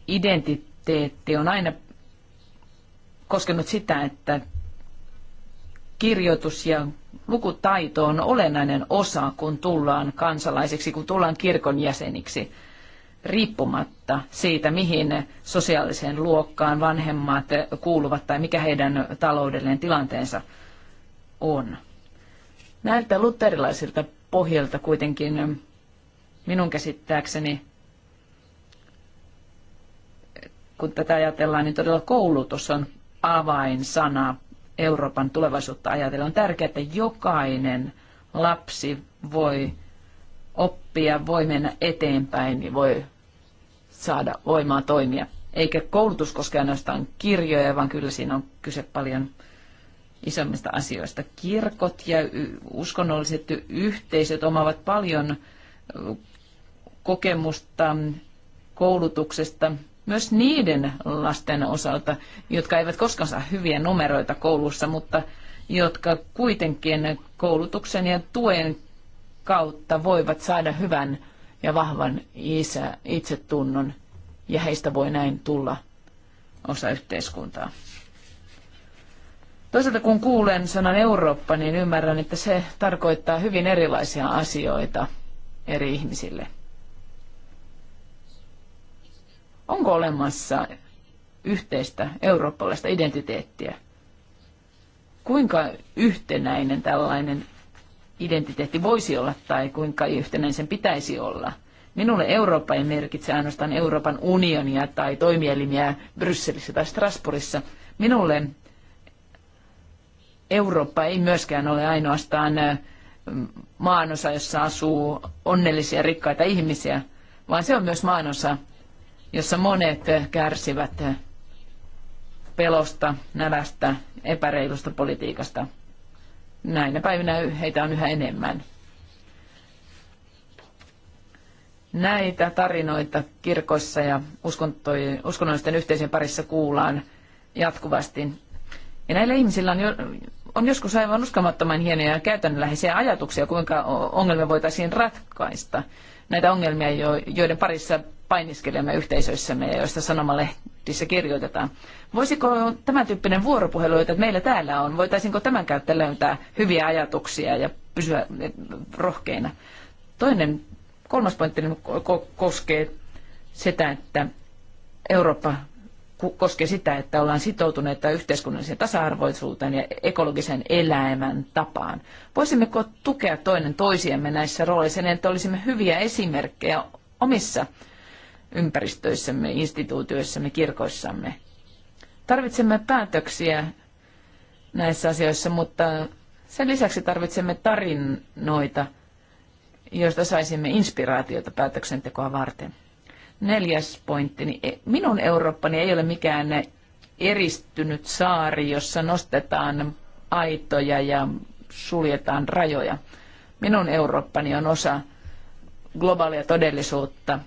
identiteetti on aina koskenut sitä, että kirjoitus ja lukutaito on olennainen osa, kun tullaan kansalaisiksi, kun tullaan kirkon jäseniksi, riippumatta siitä, mihin sosiaaliseen luokkaan vanhemmat kuuluvat tai mikä heidän taloudellinen tilanteensa on. Näiltä luterilaisilta pohjalta kuitenkin minun käsittääkseni, kun tätä ajatellaan, niin todella koulutus on avainsana Euroopan tulevaisuutta ajatellen. On tärkeää, että jokainen lapsi voi oppia, voi mennä eteenpäin ja niin voi saada voimaa toimia. Eikä koulutus koske ainoastaan kirjoja, vaan kyllä siinä on kyse paljon isommista asioista. Kirkot ja uskonnolliset yhteisöt omaavat paljon kokemusta koulutuksesta myös niiden lasten osalta, jotka eivät koskaan saa hyviä numeroita koulussa, mutta jotka kuitenkin koulutuksen ja tuen kautta voivat saada hyvän ja vahvan isä, itsetunnon ja heistä voi näin tulla osa yhteiskuntaa. Toisaalta kun kuulen sanan Eurooppa, niin ymmärrän, että se tarkoittaa hyvin erilaisia asioita eri ihmisille – Onko olemassa yhteistä eurooppalaista identiteettiä? Kuinka yhtenäinen tällainen identiteetti voisi olla tai kuinka yhtenäinen sen pitäisi olla? Minulle Eurooppa ei merkitse ainoastaan Euroopan unionia tai toimielimiä Brysselissä tai Strasbourgissa. Minulle Eurooppa ei myöskään ole ainoastaan maanosa, jossa asuu onnellisia rikkaita ihmisiä, vaan se on myös maanosa, jossa monet kärsivät pelosta, nälästä, epäreilusta politiikasta. Näinä päivinä heitä on yhä enemmän. Näitä tarinoita kirkoissa ja uskonnollisten yhteisöjen parissa kuullaan jatkuvasti. Ja näillä ihmisillä on, jo, on joskus aivan uskomattoman hienoja ja käytännönläheisiä ajatuksia, kuinka ongelmia voitaisiin ratkaista. Näitä ongelmia, joiden parissa painiskelemme yhteisöissämme ja joista sanomalehdissä kirjoitetaan. Voisiko tämän tyyppinen vuoropuhelu, jota meillä täällä on, voitaisinko tämän käyttä löytää hyviä ajatuksia ja pysyä rohkeina? Toinen, kolmas pointti niin koskee sitä, että Eurooppa koskee sitä, että ollaan sitoutuneita yhteiskunnalliseen tasa-arvoisuuteen ja ekologisen elämän tapaan. Voisimmeko tukea toinen toisiamme näissä rooleissa, niin että olisimme hyviä esimerkkejä omissa ympäristöissämme, instituutioissamme, kirkoissamme. Tarvitsemme päätöksiä näissä asioissa, mutta sen lisäksi tarvitsemme tarinoita, joista saisimme inspiraatiota päätöksentekoa varten. Neljäs pointti. E, minun Eurooppani ei ole mikään eristynyt saari, jossa nostetaan aitoja ja suljetaan rajoja. Minun Eurooppani on osa globaalia todellisuutta,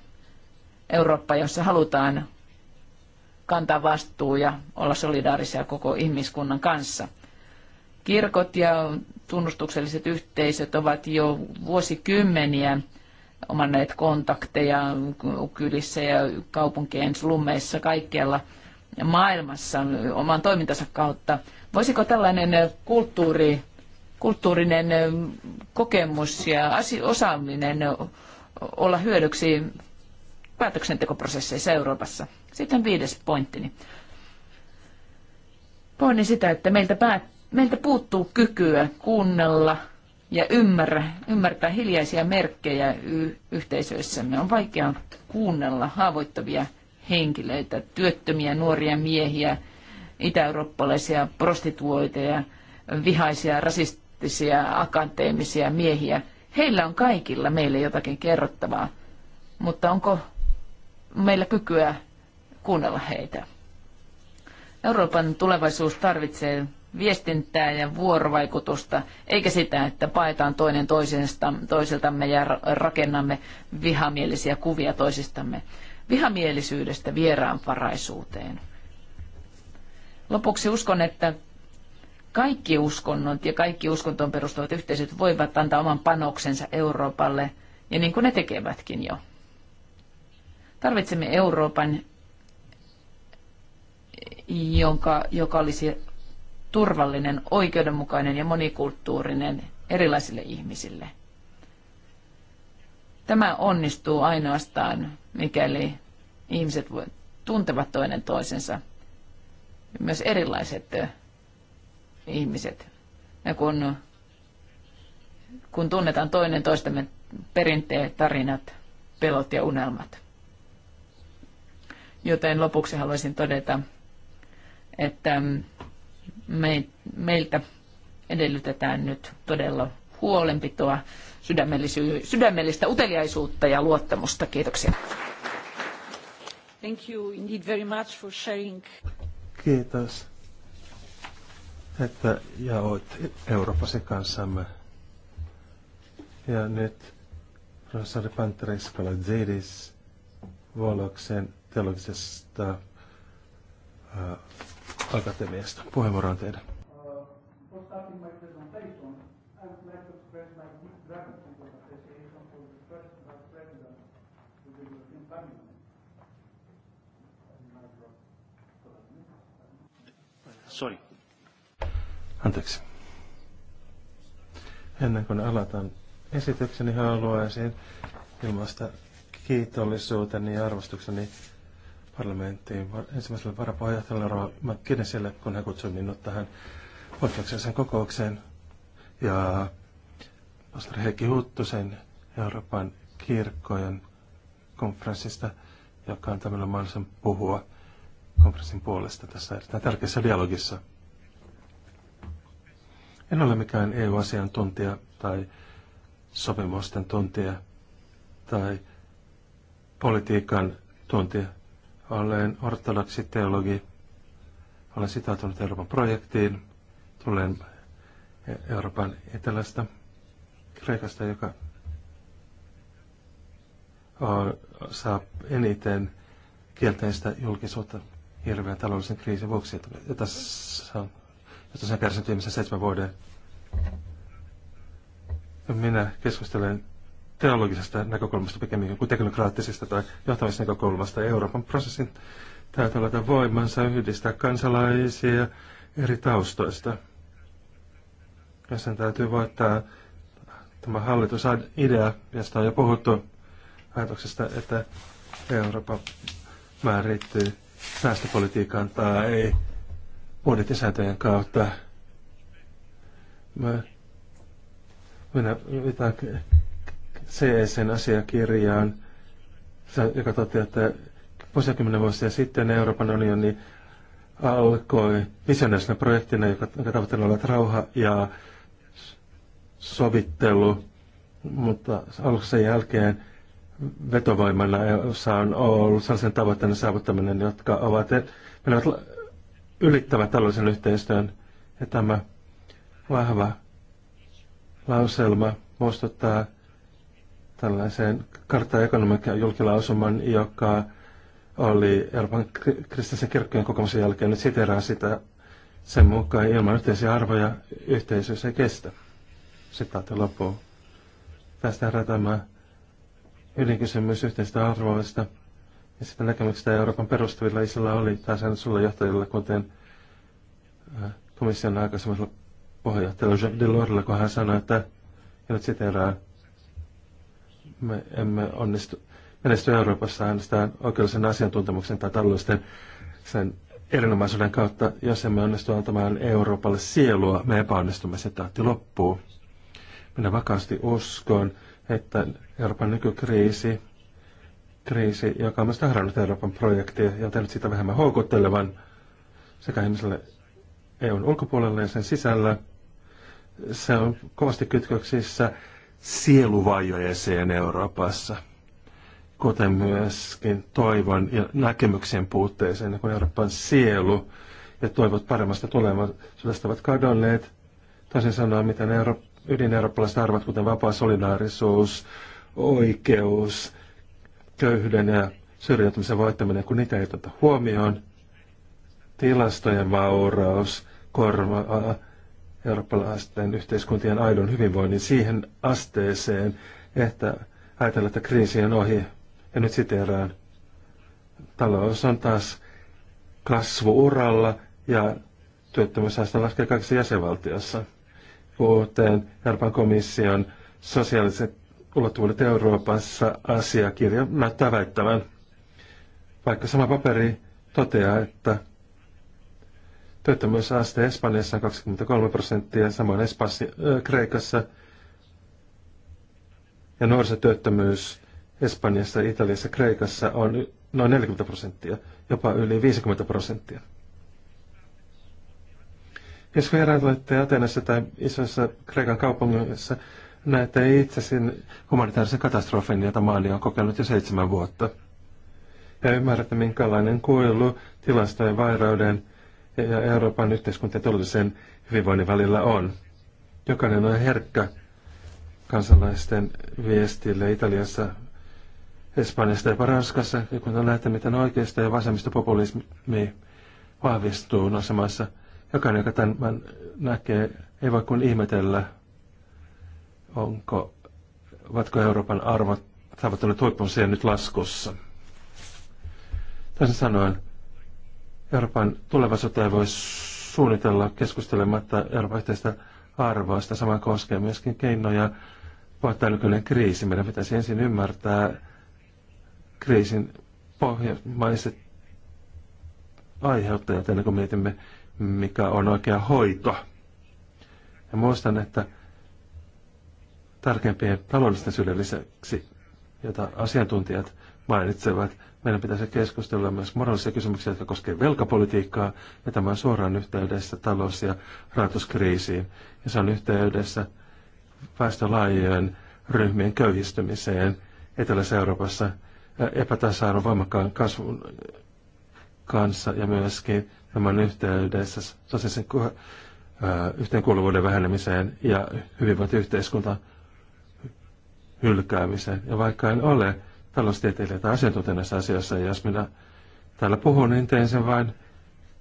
Eurooppa, jossa halutaan kantaa vastuu ja olla solidaarisia koko ihmiskunnan kanssa. Kirkot ja tunnustukselliset yhteisöt ovat jo vuosikymmeniä omanneet kontakteja kylissä ja kaupunkien slummeissa kaikkialla maailmassa oman toimintansa kautta. Voisiko tällainen kulttuuri, kulttuurinen kokemus ja osaaminen olla hyödyksi päätöksentekoprosesseissa Euroopassa. Sitten viides pointtini. Pohdin sitä, että meiltä, päät- meiltä puuttuu kykyä kuunnella ja ymmärrä, ymmärtää hiljaisia merkkejä y- yhteisöissämme. On vaikea kuunnella haavoittavia henkilöitä, työttömiä nuoria miehiä, itä-eurooppalaisia prostituoiteja, vihaisia, rasistisia, akateemisia miehiä. Heillä on kaikilla meille jotakin kerrottavaa, mutta onko meillä kykyä kuunnella heitä. Euroopan tulevaisuus tarvitsee viestintää ja vuorovaikutusta, eikä sitä, että paetaan toinen toisesta, toiseltamme ja rakennamme vihamielisiä kuvia toisistamme. Vihamielisyydestä vieraanvaraisuuteen. Lopuksi uskon, että kaikki uskonnot ja kaikki uskontoon perustuvat yhteisöt voivat antaa oman panoksensa Euroopalle, ja niin kuin ne tekevätkin jo. Tarvitsemme Euroopan, jonka, joka olisi turvallinen, oikeudenmukainen ja monikulttuurinen erilaisille ihmisille. Tämä onnistuu ainoastaan, mikäli ihmiset tuntevat toinen toisensa, myös erilaiset ihmiset. Ja kun, kun tunnetaan toinen toistemme perinteet, tarinat, pelot ja unelmat. Joten lopuksi haluaisin todeta, että me, meiltä edellytetään nyt todella huolenpitoa, sydämellistä uteliaisuutta ja luottamusta. Kiitoksia. Thank you indeed very much for sharing. Kiitos, että jaoit Euroopasi kanssamme. Ja nyt professori Panteris Zedis Voloksen teologisesta äh, akatemiasta. Puheenvuoro on teidän. Sorry. Anteeksi. Ennen kuin aloitan esitykseni, haluaisin ilmaista kiitollisuuteni ja arvostukseni parlamenttiin ensimmäiselle varapuheenjohtajalle Rova McKinneysille, kun hän kutsui minut tähän poikkeukselliseen kokoukseen. Ja pastori Heikki Huttusen Euroopan kirkkojen konferenssista, joka on tämmöinen mahdollisen puhua konferenssin puolesta tässä erittäin tärkeässä dialogissa. En ole mikään EU-asiantuntija tai sopimusten tuntija tai politiikan tuntija olen ortodoksi teologi. Olen sitoutunut Euroopan projektiin. Tulen Euroopan etelästä, Kreikasta, joka saa eniten kielteistä julkisuutta hirveän taloudellisen kriisin vuoksi, jota se on, jota se on kärsinyt viimeisen seitsemän vuoden. Minä keskustelen teologisesta näkökulmasta pikemminkin kuin teknokraattisesta tai johtamisnäkökulmasta. Euroopan prosessin täytyy olla voimansa yhdistää kansalaisia eri taustoista. Ja sen täytyy voittaa tämä hallitusidea, josta on jo puhuttu ajatuksesta, että Eurooppa määrittyy säästöpolitiikan tai ei budjettisääntöjen kautta. Mä, minä mitä, CESn asiakirjaan, joka toteaa, että vuosikymmenen vuosia sitten Euroopan unioni alkoi visionäisenä projektina, joka, joka tavoitteena oli rauha ja sovittelu, mutta sen jälkeen vetovoimana on ollut sellaisen tavoitteen saavuttaminen, jotka ovat menevät ylittävät taloudellisen yhteistyön. Ja tämä vahva lauselma muistuttaa tällaiseen kartta ekonomikan julkilausuman, joka oli Euroopan kristillisen kirkkojen kokemuksen jälkeen, nyt siteraa sitä sen mukaan ilman yhteisiä arvoja yhteisössä ei kestä. Sitaatti loppuu. Tästä herää tämä ydinkysymys yhteistä arvoista ja sitä näkemyksestä Euroopan perustuvilla isillä oli tai sen sulla johtajilla, kuten äh, komission aikaisemmalla puheenjohtajalla Jacques Delorsilla, kun hän sanoi, että, ja nyt siteraa, me emme onnistu menesty Euroopassa äänestään oikeudellisen asiantuntemuksen tai taloudellisten sen erinomaisuuden kautta, jos emme onnistu antamaan Euroopalle sielua, me epäonnistumme sitaatti loppuu. Minä vakaasti uskon, että Euroopan nykykriisi, kriisi, joka on myös tahrannut Euroopan projektia ja tehnyt sitä vähemmän houkuttelevan sekä ihmiselle EUn ulkopuolelle ja sen sisällä, se on kovasti kytköksissä sieluvajojeeseen Euroopassa, kuten myöskin toivon ja näkemyksen puutteeseen, kun Euroopan sielu ja toivot paremmasta tulevaisuudesta ovat kadonneet. Toisin sanoen, miten euro, ydineurooppalaiset arvot, kuten vapaa solidaarisuus, oikeus, köyhyyden ja syrjäytymisen voittaminen, kun niitä ei oteta huomioon, tilastojen vauraus korvaa eurooppalaisten yhteiskuntien aidon hyvinvoinnin siihen asteeseen, että ajatellaan, että kriisi on ohi. Ja nyt siteraan, Talous on taas kasvuuralla ja työttömyysaste laskee kaikissa jäsenvaltiossa. Kuten Euroopan komission sosiaaliset ulottuvuudet Euroopassa asiakirja näyttää väittävän. Vaikka sama paperi toteaa, että Työttömyysaste Espanjassa on 23 prosenttia, samoin Espanjassa, Kreikassa. Ja nuorisotyöttömyys Espanjassa, Italiassa, Kreikassa on noin 40 prosenttia, jopa yli 50 prosenttia. Jos vierailette Atenassa tai isoissa Kreikan kaupungissa, näette itse sen humanitaarisen katastrofin, jota maali on kokenut jo seitsemän vuotta. Ja ymmärrätte, minkälainen kuilu tilastojen vairauden ja Euroopan yhteiskunta ja taloudellisen hyvinvoinnin välillä on. Jokainen on herkkä kansalaisten viestille Italiassa, Espanjasta ja Ranskassa, kun on nähty, miten oikeista ja vasemmista populismi vahvistuu noissa maissa. Jokainen, joka tämän näkee, ei voi kuin ihmetellä, onko, ovatko Euroopan arvot saavuttaneet huippunsa ja nyt laskussa. Toisin sanoen, Euroopan sota ei voi suunnitella keskustelematta Euroopan yhteistä arvoista. Sama koskee myöskin keinoja voittaa nykyinen kriisi. Meidän pitäisi ensin ymmärtää kriisin pohjamaiset aiheuttajat ennen kuin mietimme, mikä on oikea hoito. Ja muistan, että tärkeimpien taloudellisten syyden lisäksi, jota asiantuntijat mainitsevat, meidän pitäisi keskustella myös moraalisia kysymyksiä, jotka koskevat velkapolitiikkaa, ja tämä on suoraan yhteydessä talous- ja rahoituskriisiin, ja se on yhteydessä väestölaajien ryhmien köyhistymiseen Etelässä Euroopassa epätasa-arvon voimakkaan kasvun kanssa ja myöskin tämän yhteydessä sosiaalisen yhteenkuuluvuuden vähenemiseen ja hyvinvointiyhteiskunta hylkäämiseen. Ja vaikka en ole taloustieteilijöitä asiantuntijana asiassa. Ja jos minä täällä puhun, niin teen sen vain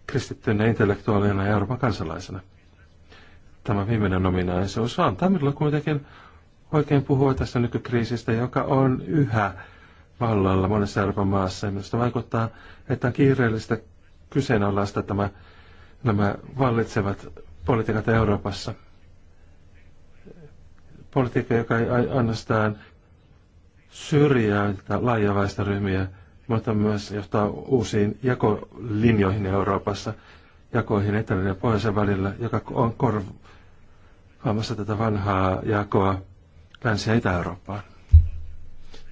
kristittyneen intellektuaalina ja Euroopan kansalaisena. Tämä viimeinen ominaisuus tämä minulle kuitenkin oikein puhua tästä nykykriisistä, joka on yhä vallalla monessa Euroopan maassa. Ja minusta vaikuttaa, että on kiireellistä kyseenalaista tämä, nämä vallitsevat politiikat Euroopassa. Politiikka, joka ei ainoastaan syrjäiltä laajaväistä ryhmiä, mutta myös johtaa uusiin jakolinjoihin Euroopassa, jakoihin etelän ja pohjoisen välillä, joka on korvaamassa tätä vanhaa jakoa Länsi- ja Itä-Eurooppaan.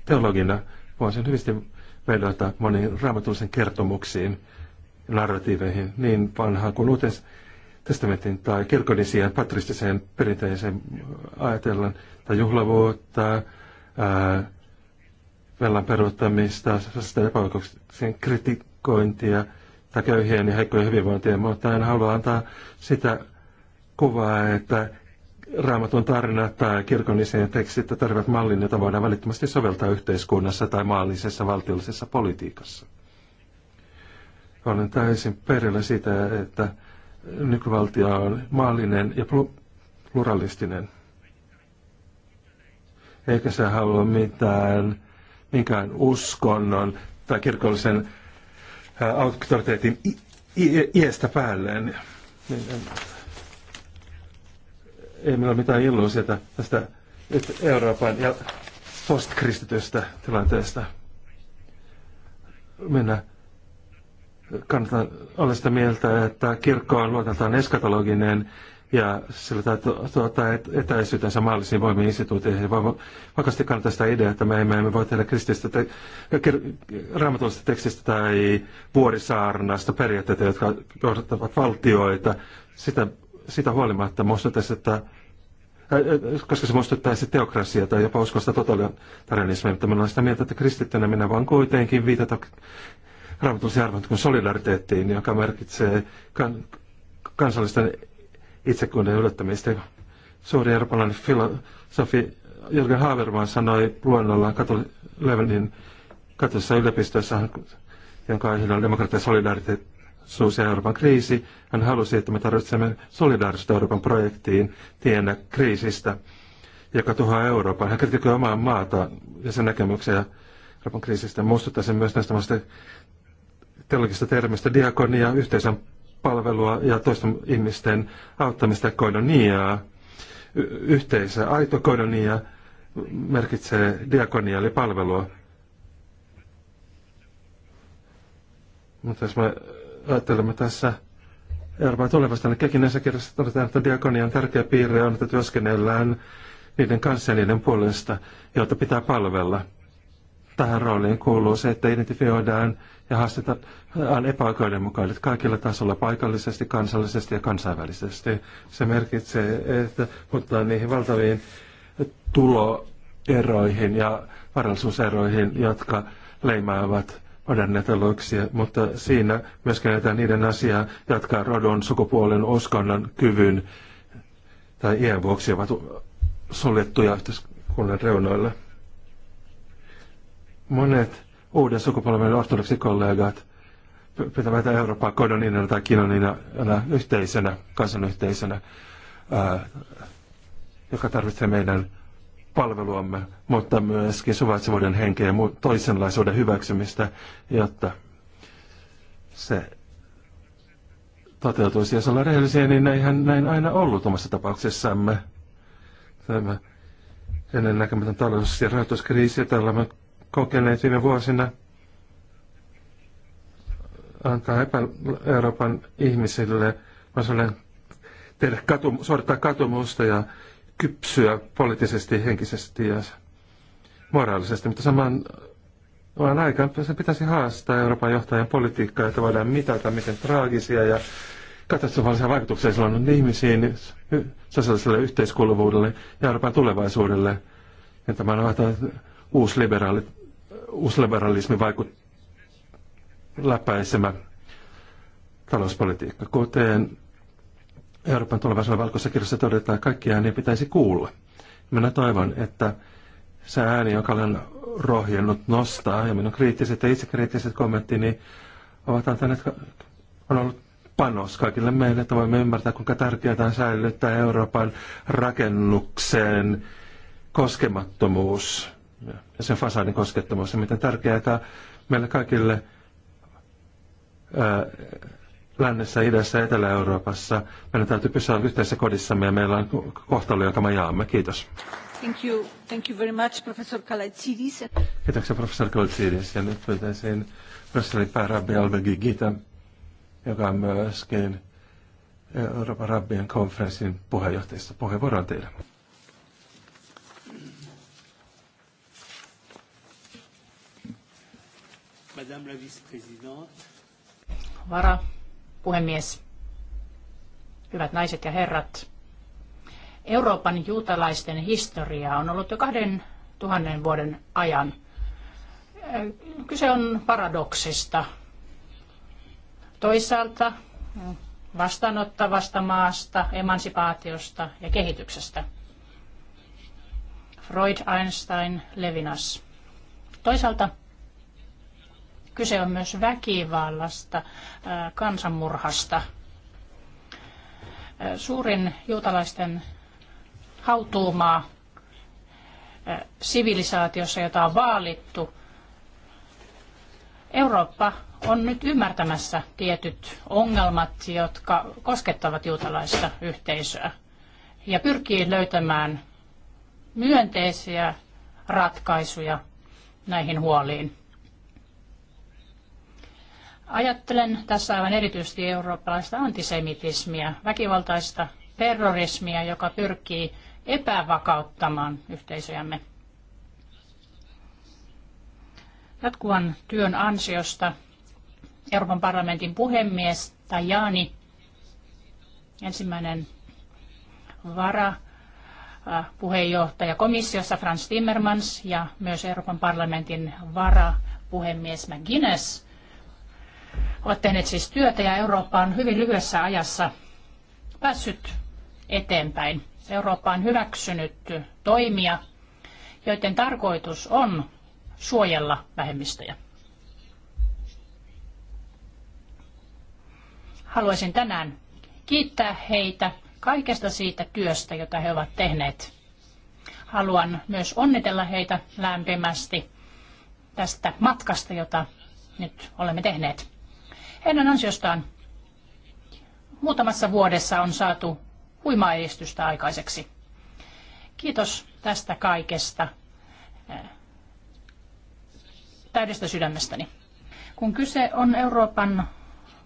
Teologina voisin hyvin vedota moniin raamatullisen kertomuksiin ja narratiiveihin, niin vanhaan kuin uuteen testamentin tai kirkollisiin patristiseen perinteeseen ajatellaan, tai juhlavuutta, ää, velan peruuttamista, sosiaalisten epäoikeuksien kritikointia tai köyhien ja heikkojen hyvinvointia, mutta en halua antaa sitä kuvaa, että raamatun tarina tai kirkon isien tekstit tarvitsevat mallin, jota voidaan välittömästi soveltaa yhteiskunnassa tai maallisessa valtiollisessa politiikassa. Olen täysin perillä sitä, että nykyvaltio on maallinen ja pluralistinen. Eikä se halua mitään minkään uskonnon tai kirkollisen äh, auktoriteetin iestä päälleen. Niin, ei meillä ole mitään illuusiota tästä Euroopan ja postkristitystä tilanteesta. Minä kannatan olla sitä mieltä, että kirkko on luoteltaan eskatologinen ja sillä tuota etäisyytensä maallisiin voimiin instituutioihin. Vaan vakasti kannattaa sitä ideaa, että me emme, emme voi tehdä krististä te- raamatullisesta tekstistä tai vuorisaarnasta periaatteita, jotka johdattavat valtioita. Sitä, sitä huolimatta muistuttaisi, että koska se muistuttaisi teokrasia tai jopa uskosta totalitarianismia, mutta minä olen sitä mieltä, että kristittynä minä voin kuitenkin viitata raamatullisiin arvoihin kuin solidariteettiin, joka merkitsee kan- kansallisten itsekunnan yllättämistä. Suuri eurooppalainen filosofi Jürgen Habermas sanoi luennollaan Levenin katolisessa yliopistossa, jonka aiheena on demokratia, solidaarisuus ja Euroopan kriisi. Hän halusi, että me tarvitsemme solidaarisuutta Euroopan projektiin tiennä kriisistä, joka tuhoaa Euroopan. Hän kritikoi omaa maata ja sen näkemyksiä Euroopan kriisistä. Muistuttaisin myös näistä teologisista termistä diakonia, yhteisön palvelua ja toisten ihmisten auttamista koinoniaa. Y- yhteisö, aito koinonia merkitsee diakonia eli palvelua. Mutta jos me ajattelemme tässä Euroopan tulevasta, niin kekin näissä kirjassa todetaan, että diakonian tärkeä piirre on, että työskennellään niiden kanssa ja niiden puolesta, joita pitää palvella. Tähän rooliin kuuluu se, että identifioidaan ja haastetaan epäoikeudenmukaiset kaikilla tasolla, paikallisesti, kansallisesti ja kansainvälisesti. Se merkitsee, että puhutaan niihin valtaviin tuloeroihin ja varallisuuseroihin, jotka leimaavat modernia mutta siinä myöskin näitä niiden asiaa, jotka rodon, sukupuolen, uskonnon, kyvyn tai iän vuoksi ovat suljettuja yhteiskunnan reunoilla. Monet uuden sukupolven kollegat pitävät Eurooppaa kodonina tai kinonina yhteisönä, kansanyhteisönä, ää, joka tarvitsee meidän palveluamme, mutta myöskin suvaitsevuuden henkeä ja toisenlaisuuden hyväksymistä, jotta se toteutuisi. Jos ollaan rehellisiä, niin näinhän näin aina ollut omassa tapauksessamme. Tämä ennen näkemätön talous- ja rahoituskriisi, tällä me kokeneet viime vuosina, antaa epä Euroopan ihmisille mahdollisuuden tehdä katu, suorittaa katumusta ja kypsyä poliittisesti, henkisesti ja moraalisesti, mutta samaan vaan aikaan se pitäisi haastaa Euroopan johtajien politiikkaa, että voidaan mitata, miten traagisia ja katastrofaalisia vaikutuksia sillä on ihmisiin, sosiaaliselle yhteiskuuluvuudelle ja Euroopan tulevaisuudelle. Ja tämä on uusi liberaali uusliberalismi vaikut läpäisemä talouspolitiikka. Kuten Euroopan tulevaisuuden valkoisessa kirjassa todetaan, kaikkia ääniä pitäisi kuulla. Minä toivon, että se ääni, jonka olen rohjennut nostaa, ja minun kriittiset ja itsekriittiset kommenttini ovat antaneet, on ollut panos kaikille meille, että voimme ymmärtää, kuinka tärkeää on säilyttää Euroopan rakennukseen koskemattomuus ja sen fasadin koskettomuus. Ja miten tärkeää meille kaikille ää, lännessä, idässä, Etelä-Euroopassa. Meidän täytyy pysyä yhteisessä kodissamme ja meillä on kohtalo, jonka me jaamme. Kiitos. Thank you. Thank you very much, professor Kalatsidis. Kiitoksia, Professor Kalatsidis. Ja nyt pyytäisin Brysselin päärabbi Albegi Gita, joka on myöskin Euroopan rabbien konferenssin puheenjohtajista. Puheenvuoro on teille. Madame la vice-présidente. Vara, puhemies, hyvät naiset ja herrat. Euroopan juutalaisten historia on ollut jo kahden tuhannen vuoden ajan. Kyse on paradoksista. Toisaalta vastaanottavasta maasta, emansipaatiosta ja kehityksestä. Freud, Einstein, Levinas. Toisaalta Kyse on myös väkivallasta, äh, kansanmurhasta. Äh, suurin juutalaisten hautuumaa äh, sivilisaatiossa, jota on vaalittu. Eurooppa on nyt ymmärtämässä tietyt ongelmat, jotka koskettavat juutalaista yhteisöä ja pyrkii löytämään myönteisiä ratkaisuja näihin huoliin. Ajattelen tässä aivan erityisesti eurooppalaista antisemitismiä, väkivaltaista terrorismia, joka pyrkii epävakauttamaan yhteisöjämme. Jatkuvan työn ansiosta Euroopan parlamentin puhemies Tajani, ensimmäinen vara, äh, puheenjohtaja komissiossa Franz Timmermans ja myös Euroopan parlamentin varapuhemies McGuinness ovat tehneet siis työtä ja Eurooppa on hyvin lyhyessä ajassa päässyt eteenpäin. Eurooppa on hyväksynyt toimia, joiden tarkoitus on suojella vähemmistöjä. Haluaisin tänään kiittää heitä kaikesta siitä työstä, jota he ovat tehneet. Haluan myös onnitella heitä lämpimästi tästä matkasta, jota nyt olemme tehneet. Heidän ansiostaan muutamassa vuodessa on saatu huimaa edistystä aikaiseksi. Kiitos tästä kaikesta eh, täydestä sydämestäni. Kun kyse on Euroopan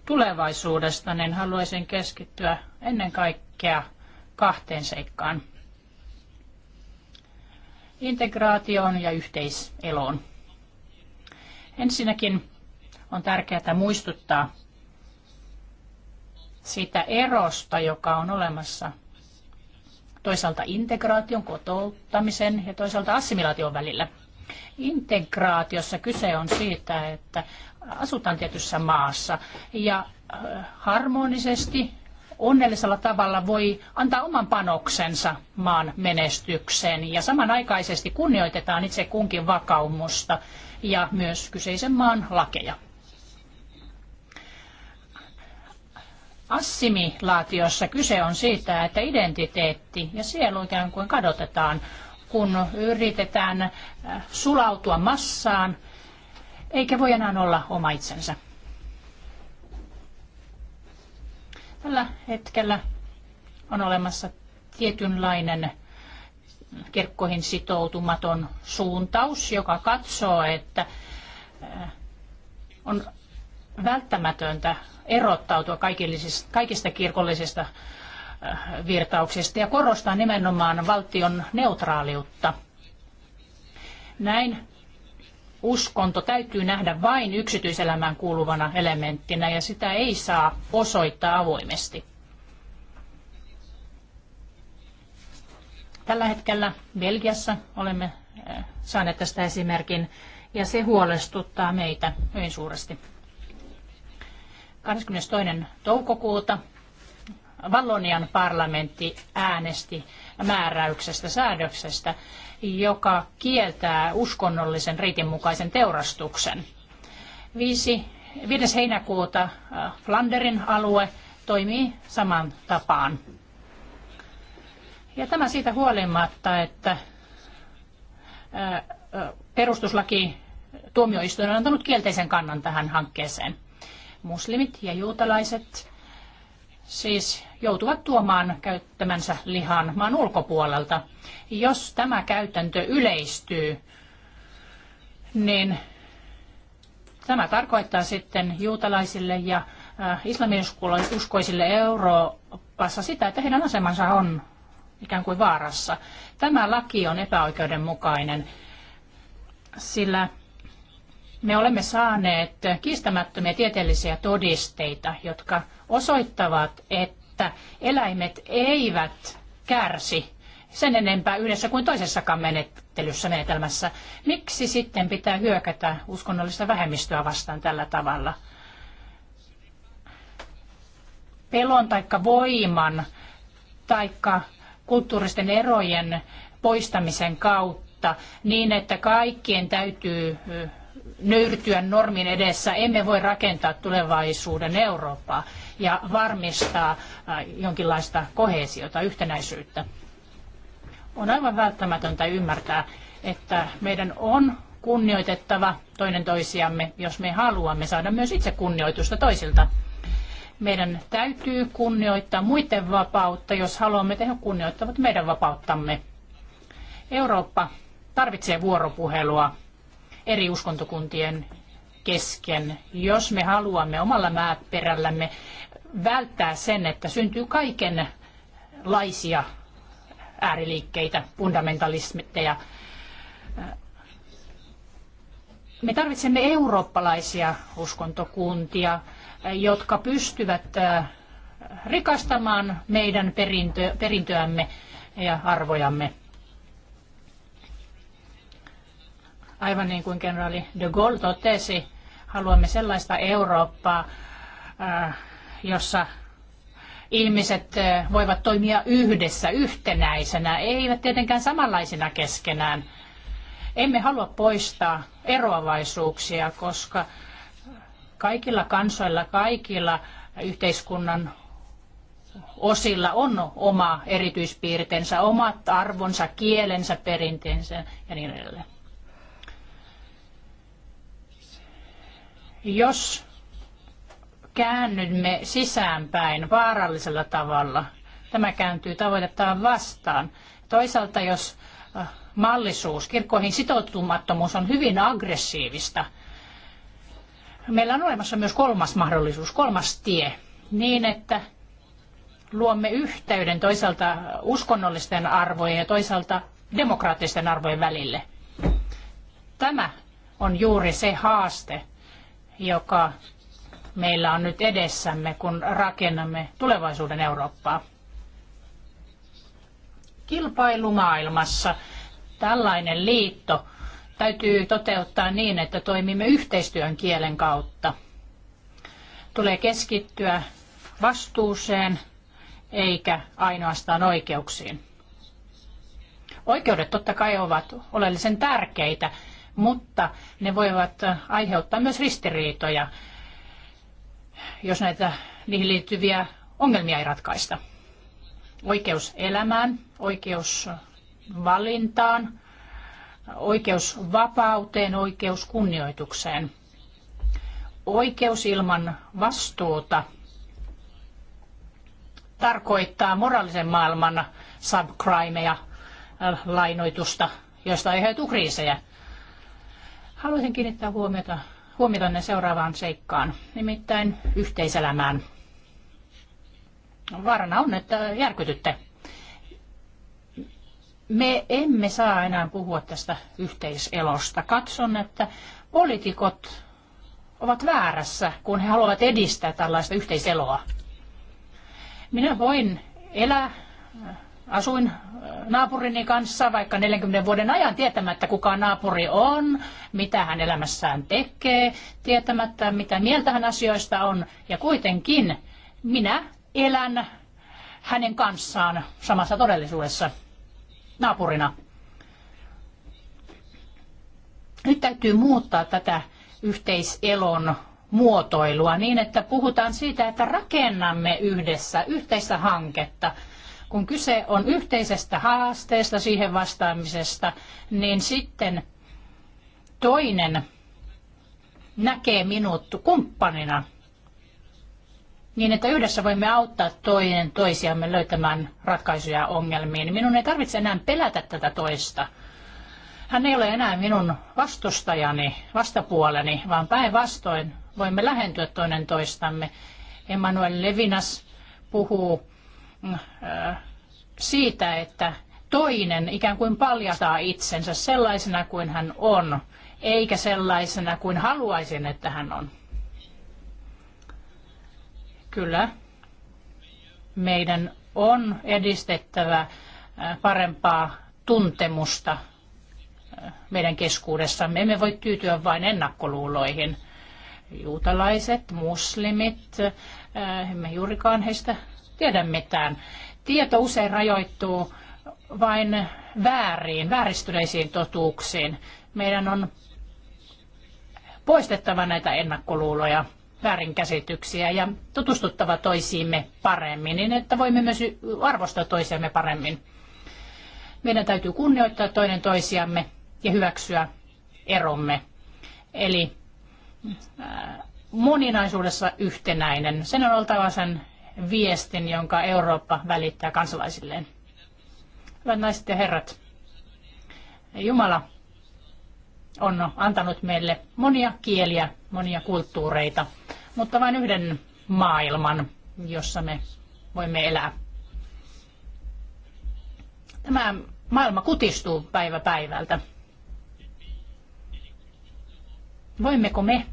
tulevaisuudesta, niin haluaisin keskittyä ennen kaikkea kahteen seikkaan. Integraatioon ja yhteiseloon. Ensinnäkin on tärkeää muistuttaa siitä erosta, joka on olemassa toisaalta integraation, kotouttamisen ja toisaalta assimilaation välillä. Integraatiossa kyse on siitä, että asutaan tietyssä maassa ja äh, harmonisesti onnellisella tavalla voi antaa oman panoksensa maan menestykseen ja samanaikaisesti kunnioitetaan itse kunkin vakaumusta ja myös kyseisen maan lakeja. assimilaatiossa kyse on siitä, että identiteetti ja sielu ikään kuin kadotetaan, kun yritetään äh, sulautua massaan, eikä voi enää olla oma itsensä. Tällä hetkellä on olemassa tietynlainen kirkkoihin sitoutumaton suuntaus, joka katsoo, että äh, on välttämätöntä erottautua kaikista kirkollisista äh, virtauksista ja korostaa nimenomaan valtion neutraaliutta. Näin uskonto täytyy nähdä vain yksityiselämään kuuluvana elementtinä ja sitä ei saa osoittaa avoimesti. Tällä hetkellä Belgiassa olemme äh, saaneet tästä esimerkin ja se huolestuttaa meitä hyvin suuresti. 22. toukokuuta Vallonian parlamentti äänesti määräyksestä, säädöksestä, joka kieltää uskonnollisen riitin mukaisen teurastuksen. 5. 5. heinäkuuta äh, Flanderin alue toimii saman tapaan. Ja tämä siitä huolimatta, että äh, äh, perustuslaki tuomioistuin on antanut kielteisen kannan tähän hankkeeseen muslimit ja juutalaiset siis joutuvat tuomaan käyttämänsä lihan maan ulkopuolelta. Jos tämä käytäntö yleistyy, niin tämä tarkoittaa sitten juutalaisille ja äh, islamiuskoisille Euroopassa sitä, että heidän asemansa on ikään kuin vaarassa. Tämä laki on epäoikeudenmukainen, sillä me olemme saaneet kiistämättömiä tieteellisiä todisteita, jotka osoittavat, että eläimet eivät kärsi sen enempää yhdessä kuin toisessakaan menettelyssä menetelmässä. Miksi sitten pitää hyökätä uskonnollista vähemmistöä vastaan tällä tavalla? Pelon taikka voiman taikka kulttuuristen erojen poistamisen kautta niin, että kaikkien täytyy nöyrtyä normin edessä. Emme voi rakentaa tulevaisuuden Eurooppaa ja varmistaa äh, jonkinlaista kohesiota, yhtenäisyyttä. On aivan välttämätöntä ymmärtää, että meidän on kunnioitettava toinen toisiamme, jos me haluamme saada myös itse kunnioitusta toisilta. Meidän täytyy kunnioittaa muiden vapautta, jos haluamme tehdä kunnioittavat meidän vapauttamme. Eurooppa tarvitsee vuoropuhelua eri uskontokuntien kesken, jos me haluamme omalla maaperällämme välttää sen, että syntyy kaikenlaisia ääriliikkeitä, fundamentalismitteja. Me tarvitsemme eurooppalaisia uskontokuntia, jotka pystyvät rikastamaan meidän perintöämme ja arvojamme. Aivan niin kuin kenraali de Gaulle totesi, haluamme sellaista Eurooppaa, äh, jossa ihmiset äh, voivat toimia yhdessä, yhtenäisenä, eivät tietenkään samanlaisina keskenään. Emme halua poistaa eroavaisuuksia, koska kaikilla kansoilla, kaikilla yhteiskunnan osilla on oma erityispiirteensä, omat arvonsa, kielensä, perinteensä ja niin edelleen. Jos käännymme sisäänpäin vaarallisella tavalla, tämä kääntyy tavoitettaan vastaan. Toisaalta jos äh, mallisuus, kirkkoihin sitoutumattomuus on hyvin aggressiivista, meillä on olemassa myös kolmas mahdollisuus, kolmas tie, niin että luomme yhteyden toisaalta uskonnollisten arvojen ja toisaalta demokraattisten arvojen välille. Tämä on juuri se haaste, joka meillä on nyt edessämme, kun rakennamme tulevaisuuden Eurooppaa. Kilpailumaailmassa tällainen liitto täytyy toteuttaa niin, että toimimme yhteistyön kielen kautta. Tulee keskittyä vastuuseen eikä ainoastaan oikeuksiin. Oikeudet totta kai ovat oleellisen tärkeitä, mutta ne voivat aiheuttaa myös ristiriitoja, jos näitä niihin liittyviä ongelmia ei ratkaista. Oikeus elämään, oikeus valintaan, oikeus vapauteen, oikeus kunnioitukseen. Oikeus ilman vastuuta tarkoittaa moraalisen maailman subcrimeja, äh, lainoitusta, josta aiheutuu kriisejä. Haluaisin kiinnittää huomiota, ne seuraavaan seikkaan, nimittäin yhteiselämään. Vaarana on, että järkytytte. Me emme saa enää puhua tästä yhteiselosta. Katson, että poliitikot ovat väärässä, kun he haluavat edistää tällaista yhteiseloa. Minä voin elää Asuin äh, naapurini kanssa vaikka 40 vuoden ajan tietämättä, kuka naapuri on, mitä hän elämässään tekee, tietämättä, mitä mieltä hän asioista on. Ja kuitenkin minä elän hänen kanssaan samassa todellisuudessa naapurina. Nyt täytyy muuttaa tätä yhteiselon muotoilua niin, että puhutaan siitä, että rakennamme yhdessä yhteistä hanketta – kun kyse on yhteisestä haasteesta, siihen vastaamisesta, niin sitten toinen näkee minut kumppanina, niin että yhdessä voimme auttaa toinen toisiamme löytämään ratkaisuja ongelmiin. Minun ei tarvitse enää pelätä tätä toista. Hän ei ole enää minun vastustajani, vastapuoleni, vaan päinvastoin voimme lähentyä toinen toistamme. Emmanuel Levinas puhuu siitä, että toinen ikään kuin paljastaa itsensä sellaisena kuin hän on, eikä sellaisena kuin haluaisin, että hän on. Kyllä, meidän on edistettävä parempaa tuntemusta meidän keskuudessamme. Emme voi tyytyä vain ennakkoluuloihin. Juutalaiset, muslimit, emme juurikaan heistä tiedä mitään. Tieto usein rajoittuu vain vääriin, vääristyneisiin totuuksiin. Meidän on poistettava näitä ennakkoluuloja, väärinkäsityksiä ja tutustuttava toisiimme paremmin, niin että voimme myös arvostaa toisiamme paremmin. Meidän täytyy kunnioittaa toinen toisiamme ja hyväksyä eromme. Eli moninaisuudessa yhtenäinen. Sen on oltava sen viestin, jonka Eurooppa välittää kansalaisilleen. Hyvät naiset ja herrat, Jumala on antanut meille monia kieliä, monia kulttuureita, mutta vain yhden maailman, jossa me voimme elää. Tämä maailma kutistuu päivä päivältä. Voimmeko me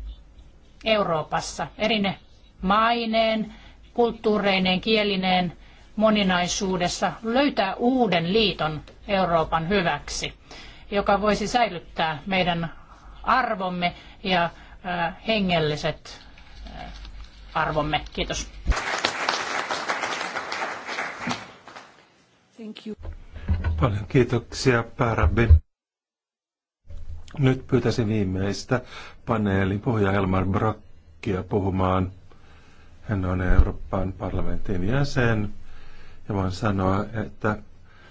Euroopassa erine maineen, kulttuureineen, kielineen moninaisuudessa löytää uuden liiton Euroopan hyväksi, joka voisi säilyttää meidän arvomme ja äh, hengelliset äh, arvomme. Kiitos. Thank you. Paljon kiitoksia, Päärabi. Nyt pyytäisin viimeistä paneelin pohja Elmar Brockia puhumaan hän on Euroopan parlamentin jäsen ja voin sanoa, että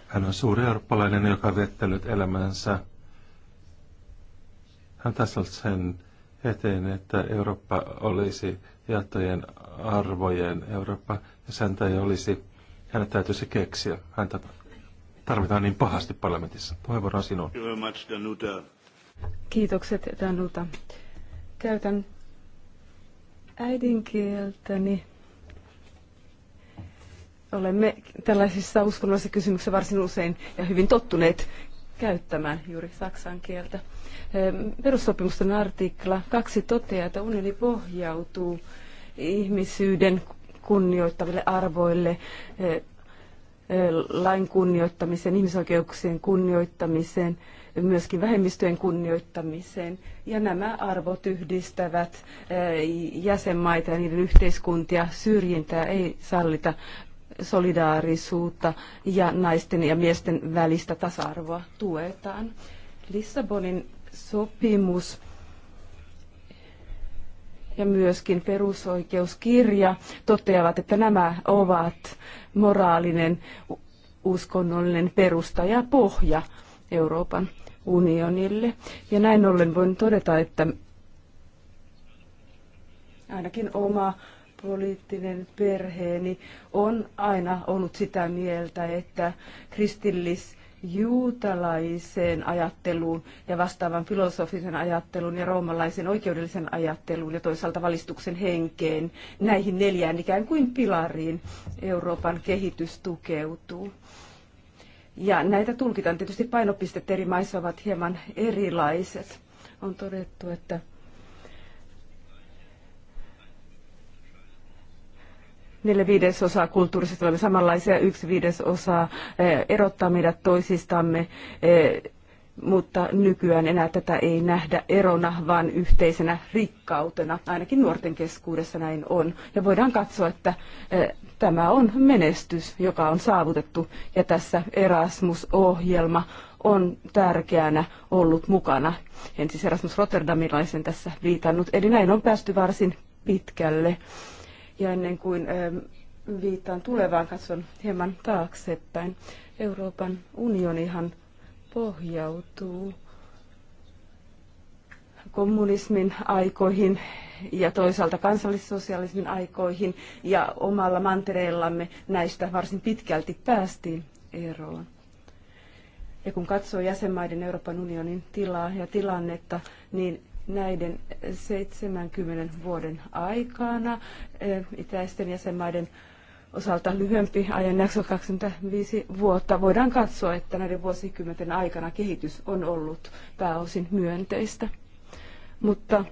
hän on suuri eurooppalainen, joka on viettänyt elämänsä. Hän tässä sen eteen, että Eurooppa olisi jaettujen arvojen Eurooppa ja sen ei olisi. Hän täytyisi keksiä. Häntä tarvitaan niin pahasti parlamentissa. Puheenvuoro on sinun. Kiitokset Danuta. Käytän äidinkieltäni. Olemme tällaisissa uskonnollisissa kysymyksissä varsin usein ja hyvin tottuneet käyttämään juuri saksan kieltä. Ehm, perussopimusten artikla 2 toteaa, että unioni pohjautuu ihmisyyden kunnioittaville arvoille, eh, eh, lain kunnioittamiseen, ihmisoikeuksien kunnioittamiseen – myöskin vähemmistöjen kunnioittamiseen. Ja nämä arvot yhdistävät eh, jäsenmaita ja niiden yhteiskuntia. Syrjintää ei sallita solidaarisuutta ja naisten ja miesten välistä tasa-arvoa tuetaan. Lissabonin sopimus ja myöskin perusoikeuskirja toteavat, että nämä ovat moraalinen, uskonnollinen perusta ja pohja Euroopan unionille. Ja näin ollen voin todeta, että ainakin oma poliittinen perheeni on aina ollut sitä mieltä, että kristillis juutalaiseen ajatteluun ja vastaavan filosofisen ajatteluun ja roomalaisen oikeudellisen ajatteluun ja toisaalta valistuksen henkeen. Näihin neljään ikään kuin pilariin Euroopan kehitys tukeutuu. Ja näitä tulkitaan tietysti painopisteet eri maissa ovat hieman erilaiset. On todettu, että neljä viidesosaa kulttuurisesti olemme samanlaisia, yksi viidesosaa eh, erottaa meidät toisistamme, eh, mutta nykyään enää tätä ei nähdä erona, vaan yhteisenä rikkautena. Ainakin nuorten keskuudessa näin on. Ja voidaan katsoa, että eh, tämä on menestys, joka on saavutettu. Ja tässä Erasmus-ohjelma on tärkeänä ollut mukana. En siis Erasmus Rotterdamilaisen tässä viitannut. Eli näin on päästy varsin pitkälle. Ja ennen kuin eh, viittaan tulevaan, katson hieman taaksepäin. Euroopan unionihan pohjautuu kommunismin aikoihin ja toisaalta kansallissosialismin aikoihin ja omalla mantereellamme näistä varsin pitkälti päästiin eroon. Ja kun katsoo jäsenmaiden Euroopan unionin tilaa ja tilannetta, niin näiden 70 vuoden aikana eh, itäisten jäsenmaiden osalta lyhyempi ajanjakso 25 vuotta, voidaan katsoa, että näiden vuosikymmenten aikana kehitys on ollut pääosin myönteistä. Mutta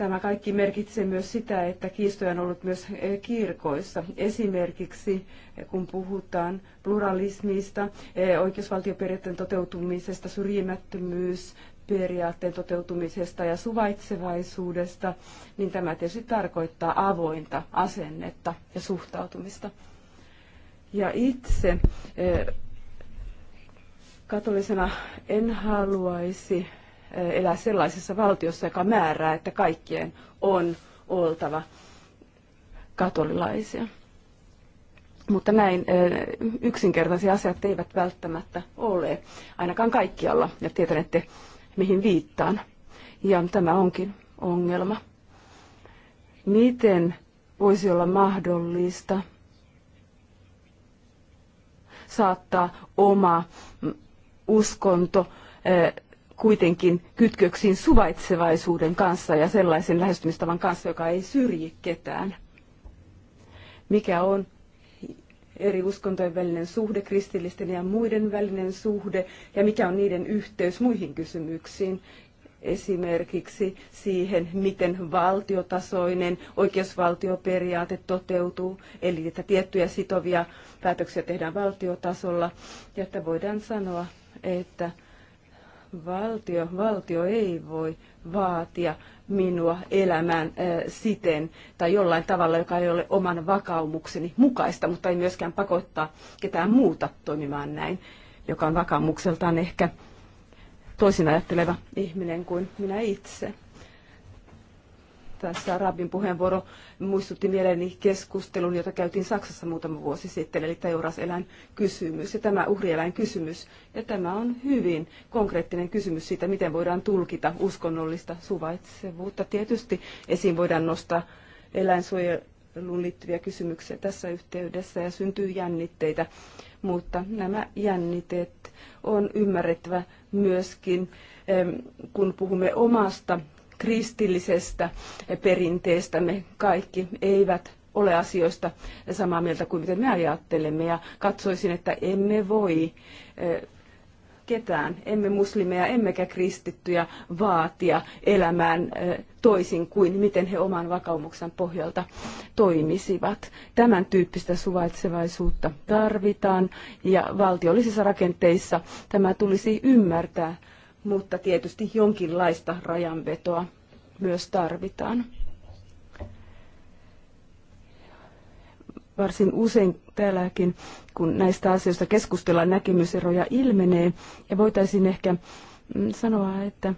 Tämä kaikki merkitsee myös sitä, että kiistoja on ollut myös eh, kirkoissa. Esimerkiksi eh, kun puhutaan pluralismista, eh, oikeusvaltioperiaatteen toteutumisesta, syrjimättömyys, periaatteen toteutumisesta ja suvaitsevaisuudesta, niin tämä tietysti tarkoittaa avointa asennetta ja suhtautumista. Ja itse katolisena en haluaisi Eh, elää sellaisessa valtiossa, joka määrää, että kaikkien on oltava katolilaisia. Mutta näin eh, yksinkertaisia asiat eivät välttämättä ole, ainakaan kaikkialla, ja tietänette mihin viittaan. Ja tämä onkin ongelma. Miten voisi olla mahdollista saattaa oma mm, uskonto eh, kuitenkin kytköksiin suvaitsevaisuuden kanssa ja sellaisen lähestymistavan kanssa, joka ei syrji ketään. Mikä on eri uskontojen välinen suhde, kristillisten ja muiden välinen suhde ja mikä on niiden yhteys muihin kysymyksiin, esimerkiksi siihen, miten valtiotasoinen oikeusvaltioperiaate toteutuu, eli että tiettyjä sitovia päätöksiä tehdään valtiotasolla, ja että voidaan sanoa, että valtio, valtio ei voi vaatia minua elämään äh, siten tai jollain tavalla, joka ei ole oman vakaumukseni mukaista, mutta ei myöskään pakottaa ketään muuta toimimaan näin, joka on vakaumukseltaan ehkä toisin ajatteleva ihminen kuin minä itse. Tässä Rabin puheenvuoro muistutti mieleeni keskustelun, jota käytiin Saksassa muutama vuosi sitten, eli teuraseläin kysymys ja tämä uhrieläin kysymys. Ja tämä on hyvin konkreettinen kysymys siitä, miten voidaan tulkita uskonnollista suvaitsevuutta. Tietysti esiin voidaan nostaa eläinsuojeluun liittyviä kysymyksiä tässä yhteydessä ja syntyy jännitteitä, mutta nämä jännitteet on ymmärrettävä myöskin, kun puhumme omasta kristillisestä perinteestä. Me kaikki eivät ole asioista samaa mieltä kuin miten me ajattelemme. Ja katsoisin, että emme voi ketään, emme muslimeja emmekä kristittyjä vaatia elämään toisin kuin miten he oman vakaumuksen pohjalta toimisivat. Tämän tyyppistä suvaitsevaisuutta tarvitaan ja valtiollisissa rakenteissa tämä tulisi ymmärtää mutta tietysti jonkinlaista rajanvetoa myös tarvitaan. Varsin usein täälläkin, kun näistä asioista keskustellaan, näkemyseroja ilmenee. Ja voitaisiin ehkä mm, sanoa, että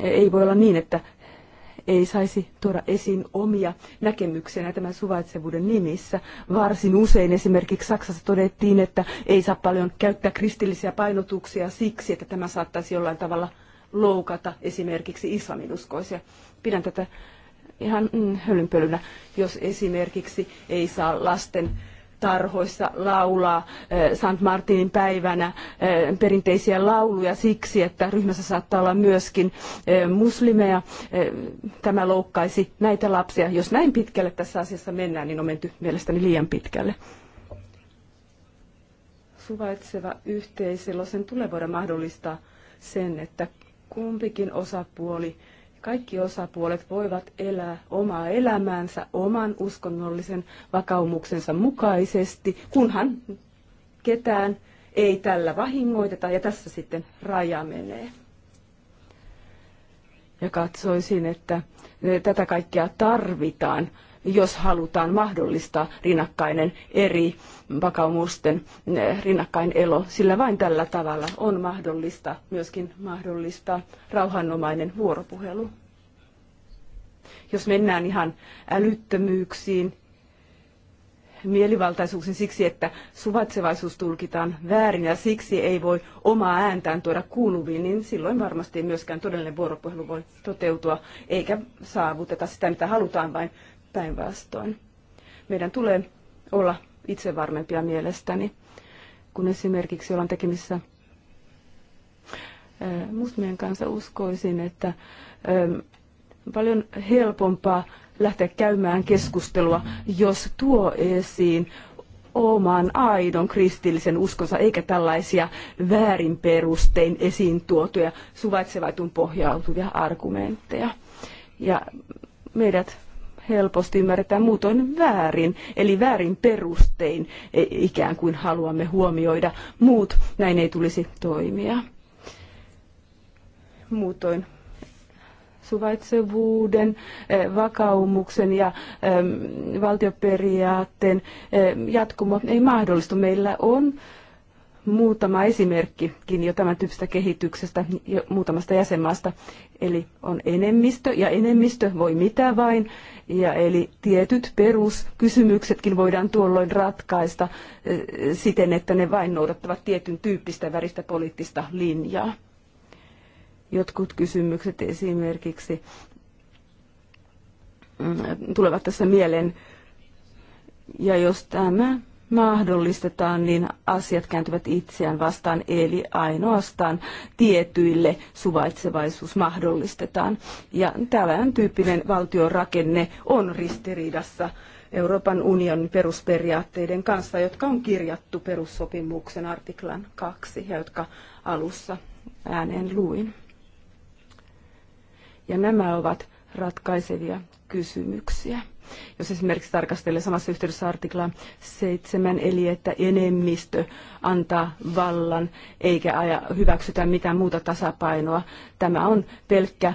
ei voi olla niin, että ei saisi tuoda esiin omia näkemyksiä tämän suvaitsevuuden nimissä. Varsin usein esimerkiksi Saksassa todettiin, että ei saa paljon käyttää kristillisiä painotuksia siksi, että tämä saattaisi jollain tavalla loukata esimerkiksi islaminuskoisia. Pidän tätä ihan mm, hölynpölynä, jos esimerkiksi ei saa lasten tarhoissa laulaa eh, St. Martinin päivänä eh, perinteisiä lauluja siksi, että ryhmässä saattaa olla myöskin eh, muslimeja. Tämä loukkaisi näitä lapsia. Jos näin pitkälle tässä asiassa mennään, niin on menty mielestäni liian pitkälle suvaitseva yhteisö, sen tulee voida mahdollistaa sen, että kumpikin osapuoli kaikki osapuolet voivat elää omaa elämäänsä oman uskonnollisen vakaumuksensa mukaisesti, kunhan ketään ei tällä vahingoiteta ja tässä sitten raja menee. Ja katsoisin, että tätä kaikkea tarvitaan jos halutaan mahdollistaa rinnakkainen eri vakaumusten eh, rinnakkain elo, sillä vain tällä tavalla on mahdollista myöskin mahdollistaa rauhanomainen vuoropuhelu. Jos mennään ihan älyttömyyksiin, mielivaltaisuuksiin siksi, että suvaitsevaisuus tulkitaan väärin ja siksi ei voi omaa ääntään tuoda kuuluviin, niin silloin varmasti myöskään todellinen vuoropuhelu voi toteutua eikä saavuteta sitä, mitä halutaan, vain päinvastoin. Meidän tulee olla itsevarmempia mielestäni, kun esimerkiksi ollaan tekemisissä muslimien kanssa uskoisin, että paljon helpompaa lähteä käymään keskustelua, jos tuo esiin oman aidon kristillisen uskonsa, eikä tällaisia väärin perustein esiin tuotuja suvaitsevaitun pohjautuvia argumentteja. Ja meidät helposti ymmärretään muutoin väärin, eli väärin perustein e, ikään kuin haluamme huomioida muut. Näin ei tulisi toimia. Muutoin suvaitsevuuden, e, vakaumuksen ja e, valtioperiaatteen jatkumo ei mahdollistu. Meillä on muutama esimerkkikin jo tämän tyyppisestä kehityksestä jo muutamasta jäsenmaasta. Eli on enemmistö ja enemmistö voi mitä vain. Ja eli tietyt peruskysymyksetkin voidaan tuolloin ratkaista eh, siten, että ne vain noudattavat tietyn tyyppistä väristä poliittista linjaa. Jotkut kysymykset esimerkiksi mm, tulevat tässä mieleen. Ja jos tämä mahdollistetaan, niin asiat kääntyvät itseään vastaan, eli ainoastaan tietyille suvaitsevaisuus mahdollistetaan. Ja tällainen tyyppinen valtiorakenne on ristiriidassa Euroopan unionin perusperiaatteiden kanssa, jotka on kirjattu perussopimuksen artiklan 2 ja jotka alussa ääneen luin. Ja nämä ovat ratkaisevia kysymyksiä jos esimerkiksi tarkastelee samassa yhteydessä artiklaa 7, eli että enemmistö antaa vallan eikä aja, hyväksytä mitään muuta tasapainoa. Tämä on pelkkä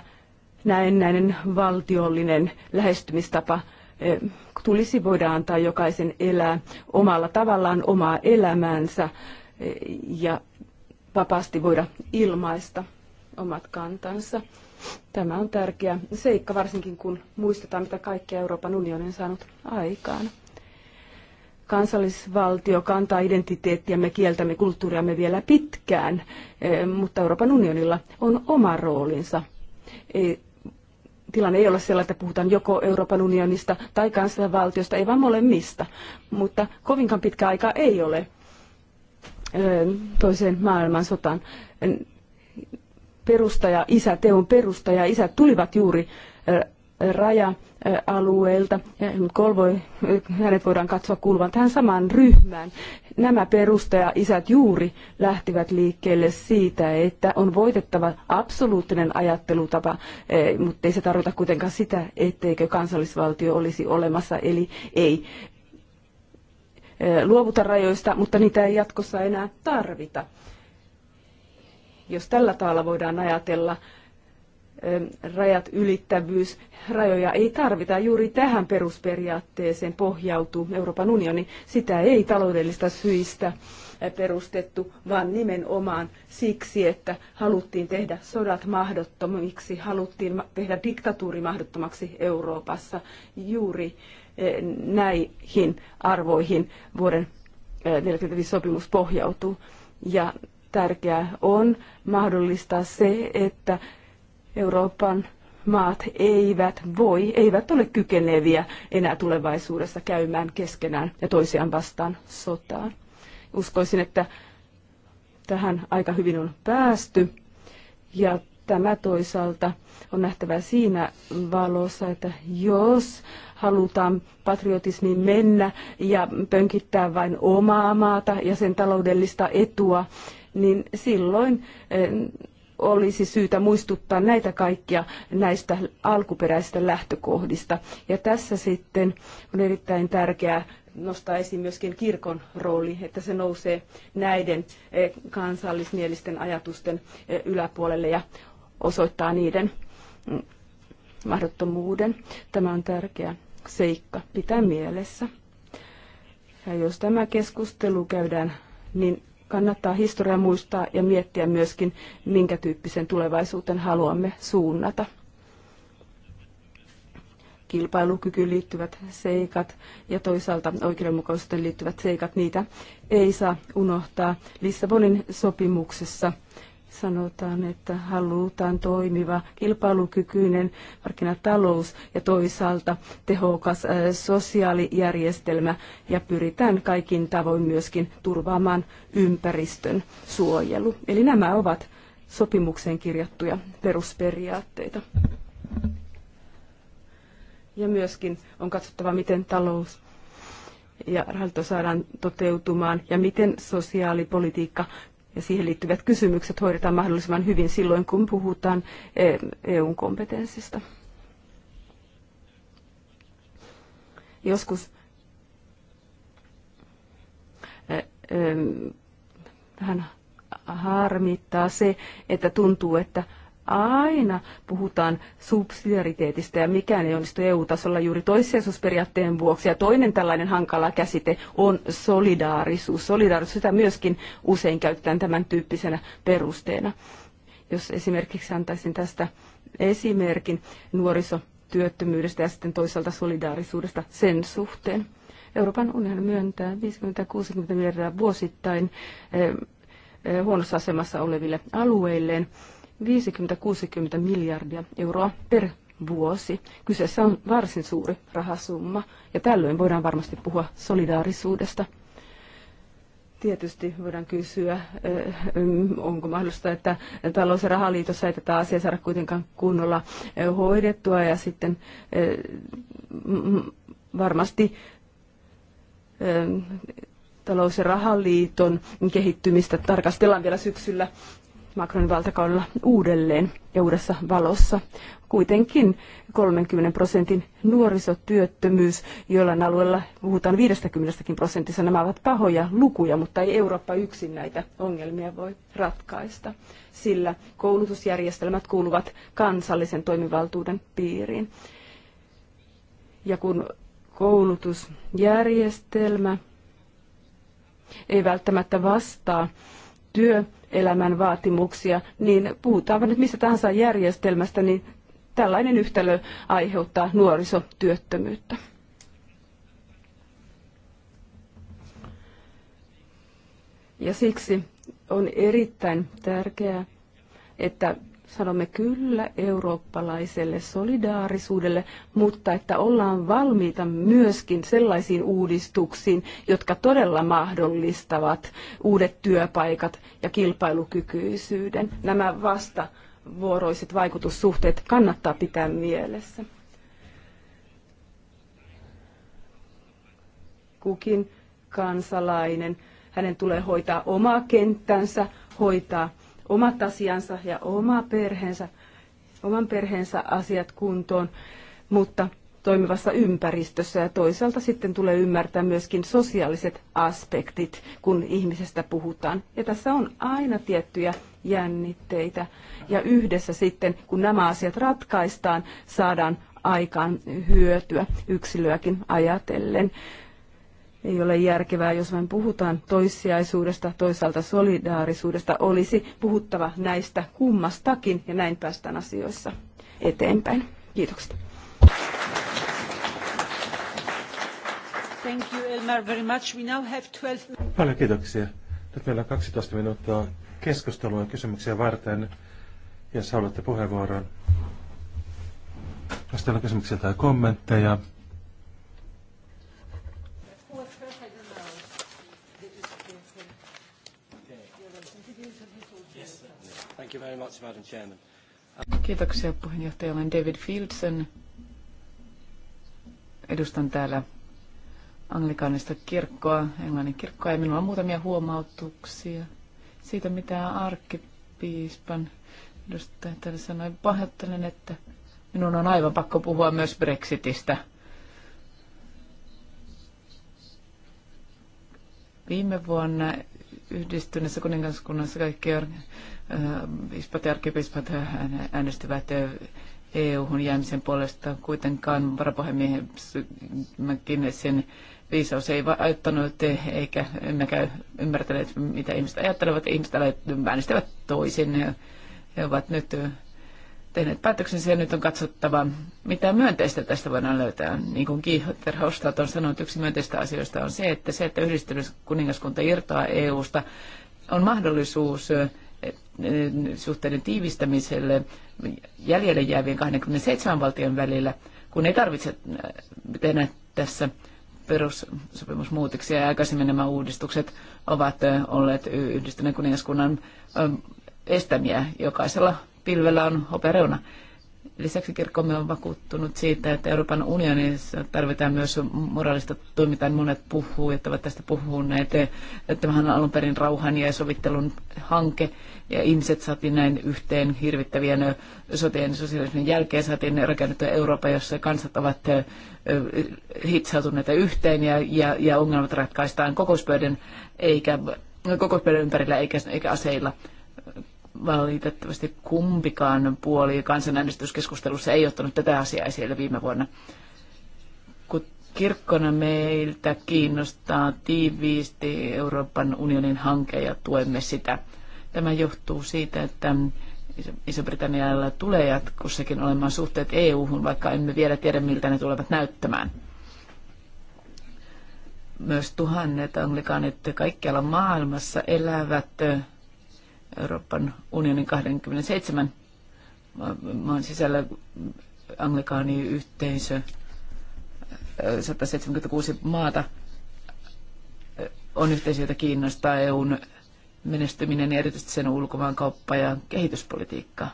näennäinen valtiollinen lähestymistapa eh, tulisi voida antaa jokaisen elää omalla tavallaan omaa elämäänsä eh, ja vapaasti voida ilmaista omat kantansa. Tämä on tärkeä seikka, varsinkin kun muistetaan, mitä kaikkea Euroopan unioni on saanut aikaan. Kansallisvaltio kantaa identiteettiämme, kieltämme, kulttuuriamme vielä pitkään, eh, mutta Euroopan unionilla on oma roolinsa. Ei, tilanne ei ole sellainen, että puhutaan joko Euroopan unionista tai kansallisvaltiosta, ei vaan molemmista, mutta kovinkaan pitkä aika ei ole eh, toiseen maailmansotaan perustaja, isä, teon perustaja, isät tulivat juuri raja-alueelta. Kolvoi, hänet voidaan katsoa kuuluvan tähän samaan ryhmään. Nämä perustaja-isät juuri lähtivät liikkeelle siitä, että on voitettava absoluuttinen ajattelutapa, e, mutta ei se tarkoita kuitenkaan sitä, etteikö kansallisvaltio olisi olemassa, eli ei e, luovuta rajoista, mutta niitä ei jatkossa enää tarvita. Jos tällä tavalla voidaan ajatella rajat ylittävyys, rajoja ei tarvita. Juuri tähän perusperiaatteeseen pohjautuu Euroopan unioni. Sitä ei taloudellista syistä eh, perustettu, vaan nimenomaan siksi, että haluttiin tehdä sodat mahdottomiksi, haluttiin tehdä diktatuuri mahdottomaksi Euroopassa. Juuri eh, näihin arvoihin vuoden 1945 eh, sopimus pohjautuu. Ja tärkeää on mahdollistaa se, että Euroopan maat eivät voi, eivät ole kykeneviä enää tulevaisuudessa käymään keskenään ja toisiaan vastaan sotaan. Uskoisin, että tähän aika hyvin on päästy. Ja tämä toisaalta on nähtävä siinä valossa, että jos halutaan patriotismiin mennä ja pönkittää vain omaa maata ja sen taloudellista etua, niin silloin eh, olisi syytä muistuttaa näitä kaikkia näistä alkuperäisistä lähtökohdista. Ja tässä sitten on erittäin tärkeää nostaa esiin myöskin kirkon rooli, että se nousee näiden eh, kansallismielisten ajatusten eh, yläpuolelle ja osoittaa niiden mm, mahdottomuuden. Tämä on tärkeä seikka pitää mielessä. Ja jos tämä keskustelu käydään niin kannattaa historia muistaa ja miettiä myöskin, minkä tyyppisen tulevaisuuden haluamme suunnata. Kilpailukykyyn liittyvät seikat ja toisaalta oikeudenmukaisuuteen liittyvät seikat, niitä ei saa unohtaa. Lissabonin sopimuksessa sanotaan, että halutaan toimiva, kilpailukykyinen markkinatalous ja toisaalta tehokas äh, sosiaalijärjestelmä ja pyritään kaikin tavoin myöskin turvaamaan ympäristön suojelu. Eli nämä ovat sopimukseen kirjattuja perusperiaatteita. Ja myöskin on katsottava, miten talous ja rahoitus saadaan toteutumaan ja miten sosiaalipolitiikka ja siihen liittyvät kysymykset hoidetaan mahdollisimman hyvin silloin, kun puhutaan e, EUn kompetenssista. Joskus e, e, vähän harmittaa se, että tuntuu, että aina puhutaan subsidiariteetista ja mikään ei onnistu EU-tasolla juuri toissijaisuusperiaatteen vuoksi. Ja toinen tällainen hankala käsite on solidaarisuus. Solidaarisuus, sitä myöskin usein käytetään tämän tyyppisenä perusteena. Jos esimerkiksi antaisin tästä esimerkin nuorisotyöttömyydestä ja sitten toisaalta solidaarisuudesta sen suhteen. Euroopan unioni myöntää 50-60 miljardia vuosittain eh, eh, huonossa asemassa oleville alueilleen. 50-60 miljardia euroa per vuosi. Kyseessä on varsin suuri rahasumma ja tällöin voidaan varmasti puhua solidaarisuudesta. Tietysti voidaan kysyä, eh, mm, onko mahdollista, että talous- ja rahaliitossa ei tätä asiaa saada kuitenkaan kunnolla eh, hoidettua ja sitten eh, mm, mm, varmasti talous- ja rahaliiton kehittymistä tarkastellaan vielä syksyllä Macronin valtakaudella uudelleen ja uudessa valossa. Kuitenkin 30 prosentin nuorisotyöttömyys, jollain alueella puhutaan 50 prosentissa, nämä ovat pahoja lukuja, mutta ei Eurooppa yksin näitä ongelmia voi ratkaista, sillä koulutusjärjestelmät kuuluvat kansallisen toimivaltuuden piiriin. Ja kun koulutusjärjestelmä ei välttämättä vastaa työ elämän vaatimuksia, niin puhutaan, nyt mistä tahansa järjestelmästä, niin tällainen yhtälö aiheuttaa nuorisotyöttömyyttä. Ja siksi on erittäin tärkeää, että sanomme kyllä eurooppalaiselle solidaarisuudelle, mutta että ollaan valmiita myöskin sellaisiin uudistuksiin, jotka todella mahdollistavat uudet työpaikat ja kilpailukykyisyyden. Nämä vastavuoroiset vaikutussuhteet kannattaa pitää mielessä. Kukin kansalainen, hänen tulee hoitaa omaa kenttänsä, hoitaa omat asiansa ja oma perheensä, oman perheensä asiat kuntoon, mutta toimivassa ympäristössä ja toisaalta sitten tulee ymmärtää myöskin sosiaaliset aspektit, kun ihmisestä puhutaan. Ja tässä on aina tiettyjä jännitteitä ja yhdessä sitten, kun nämä asiat ratkaistaan, saadaan aikaan hyötyä yksilöäkin ajatellen ei ole järkevää, jos vain puhutaan toissijaisuudesta, toisaalta solidaarisuudesta. Olisi puhuttava näistä kummastakin ja näin päästään asioissa eteenpäin. Kiitokset. Thank you, Elmar, very much. We now have 12... Paljon kiitoksia. Nyt meillä on 12 minuuttia keskustelua ja kysymyksiä varten. Jos haluatte puheenvuoron, jos teillä on kysymyksiä tai kommentteja, very much, Madam Chairman. Kiitoksia puheenjohtaja. Olen David Fieldsen. Edustan täällä anglikaanista kirkkoa, englannin kirkkoa, ja minulla on muutamia huomautuksia siitä, mitä arkkipiispan edustaja täällä sanoi. Pahoittelen, että minun on aivan pakko puhua myös Brexitistä. Viime vuonna yhdistyneessä kuningaskunnassa kaikki piispat äh, arkkipiispat äänestivät äh, EU-hun jäämisen puolesta. Kuitenkaan varapuhemiehen sen viisaus ei auttanut, eikä emmekä ymmärtäneet, mitä ihmiset ajattelevat. Ihmiset äänestävät toisin. He ovat nyt äh, tehneet päätöksensä ja nyt on katsottava, mitä myönteistä tästä voidaan löytää. Niin kuin Kiihotter Hostat on sanonut, yksi myönteistä asioista on se, että se, että yhdistynyt kuningaskunta irtoaa EU-sta, on mahdollisuus suhteiden tiivistämiselle jäljelle jäävien 27 valtion välillä, kun ei tarvitse äh, tehdä tässä perussopimusmuutoksia. Aikaisemmin nämä uudistukset ovat äh, olleet yhdistyneen kuningaskunnan ähm, estämiä. Jokaisella pilvellä on hopeareuna. Lisäksi kirkkomme on vakuuttunut siitä, että Euroopan unionissa tarvitaan myös moraalista toimintaa. Monet puhuu, että ovat tästä puhuneet. Tämähän on alun perin rauhan ja sovittelun hanke. Ja ihmiset saatiin näin yhteen hirvittävien sotien sosiaalismin jälkeen. Saatiin rakennettua Eurooppa, jossa kansat ovat hitsautuneita yhteen ja, ja, ja ongelmat ratkaistaan kokouspöydän, eikä, kokouspöydän ympärillä eikä, eikä aseilla. Valitettavasti kumpikaan puoli kansanäänestyskeskustelussa ei ottanut tätä asiaa esille viime vuonna. Kun kirkkona meiltä kiinnostaa tiiviisti Euroopan unionin hanke ja tuemme sitä. Tämä johtuu siitä, että Iso-Britannialla tulee jatkossakin olemaan suhteet EU-hun, vaikka emme vielä tiedä, miltä ne tulevat näyttämään. Myös tuhannet anglikaanit kaikkialla maailmassa elävät Euroopan unionin 27 maan sisällä anglikaani yhteisö 176 maata on yhteisöitä kiinnostaa EUn menestyminen ja erityisesti sen ulkomaankauppa ja kehityspolitiikkaa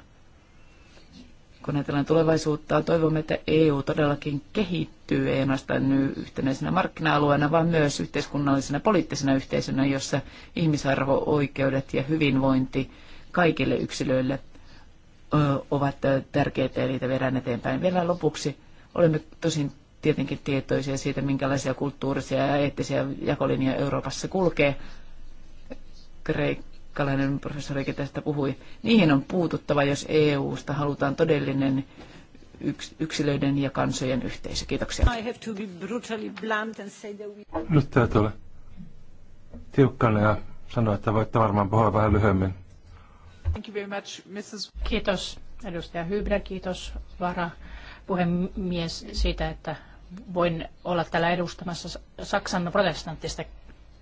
kun ajatellaan tulevaisuutta, toivomme, että EU todellakin kehittyy, ei ainoastaan yhtenäisenä markkina-alueena, vaan myös yhteiskunnallisena poliittisena yhteisönä, jossa ihmisarvo, oikeudet ja hyvinvointi kaikille yksilöille ovat tärkeitä ja niitä viedään eteenpäin. Vielä lopuksi olemme tosin tietenkin tietoisia siitä, minkälaisia kulttuurisia ja eettisiä jakolinjoja Euroopassa kulkee. Kreikka professori, professorikin tästä puhui, niihin on puututtava, jos EUsta halutaan todellinen yks, yksilöiden ja kansojen yhteisö. Kiitoksia. I have to be brutally blunt and say that we... Nyt tämä tulee tiukkana ja sanoa, että voitte varmaan puhua vähän lyhyemmin. Thank you very much, Mrs. Kiitos edustaja Hybner, kiitos vara puhemies siitä, että voin olla täällä edustamassa Saksan protestanttista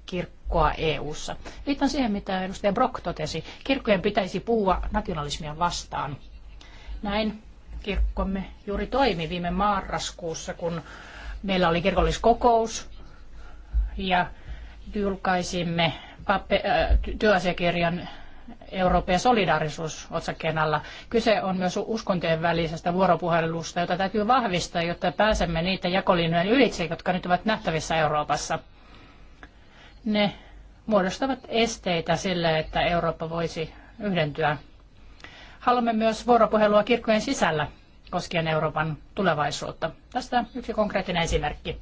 kirkkoa EU-ssa. Viittaan siihen, mitä edustaja Brock totesi. Kirkkojen pitäisi puhua nationalismia vastaan. Näin kirkkomme juuri toimi viime marraskuussa, kun meillä oli kirkolliskokous ja julkaisimme äh, työasiakirjan Euroopan ja solidaarisuus otsakkeen alla. Kyse on myös uskontojen välisestä vuoropuhelusta, jota täytyy vahvistaa, jotta pääsemme niitä jakolinjojen ylitse, jotka nyt ovat nähtävissä Euroopassa ne muodostavat esteitä sille, että Eurooppa voisi yhdentyä. Haluamme myös vuoropuhelua kirkkojen sisällä koskien Euroopan tulevaisuutta. Tästä yksi konkreettinen esimerkki.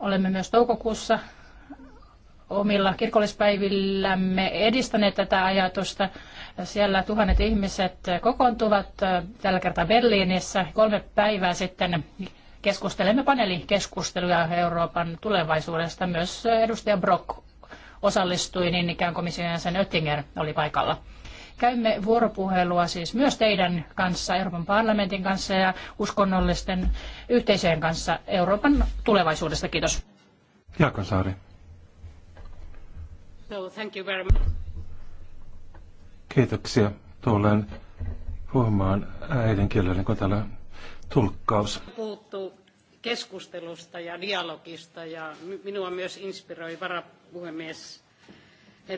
Olemme myös toukokuussa omilla kirkollispäivillämme edistäneet tätä ajatusta. Siellä tuhannet ihmiset kokoontuvat tällä kertaa Berliinissä. Kolme päivää sitten keskustelemme paneelikeskusteluja Euroopan tulevaisuudesta. Myös edustaja Brock osallistui, niin ikään komission jäsen Oettinger oli paikalla. Käymme vuoropuhelua siis myös teidän kanssa, Euroopan parlamentin kanssa ja uskonnollisten yhteisöjen kanssa Euroopan tulevaisuudesta. Kiitos. Jaakonsaari. So, thank you very much. Kiitoksia. Tulen puhumaan äidinkielellä, kun täällä tulkkaus. Puhuttu keskustelusta ja dialogista ja minua myös inspiroi varapuhemies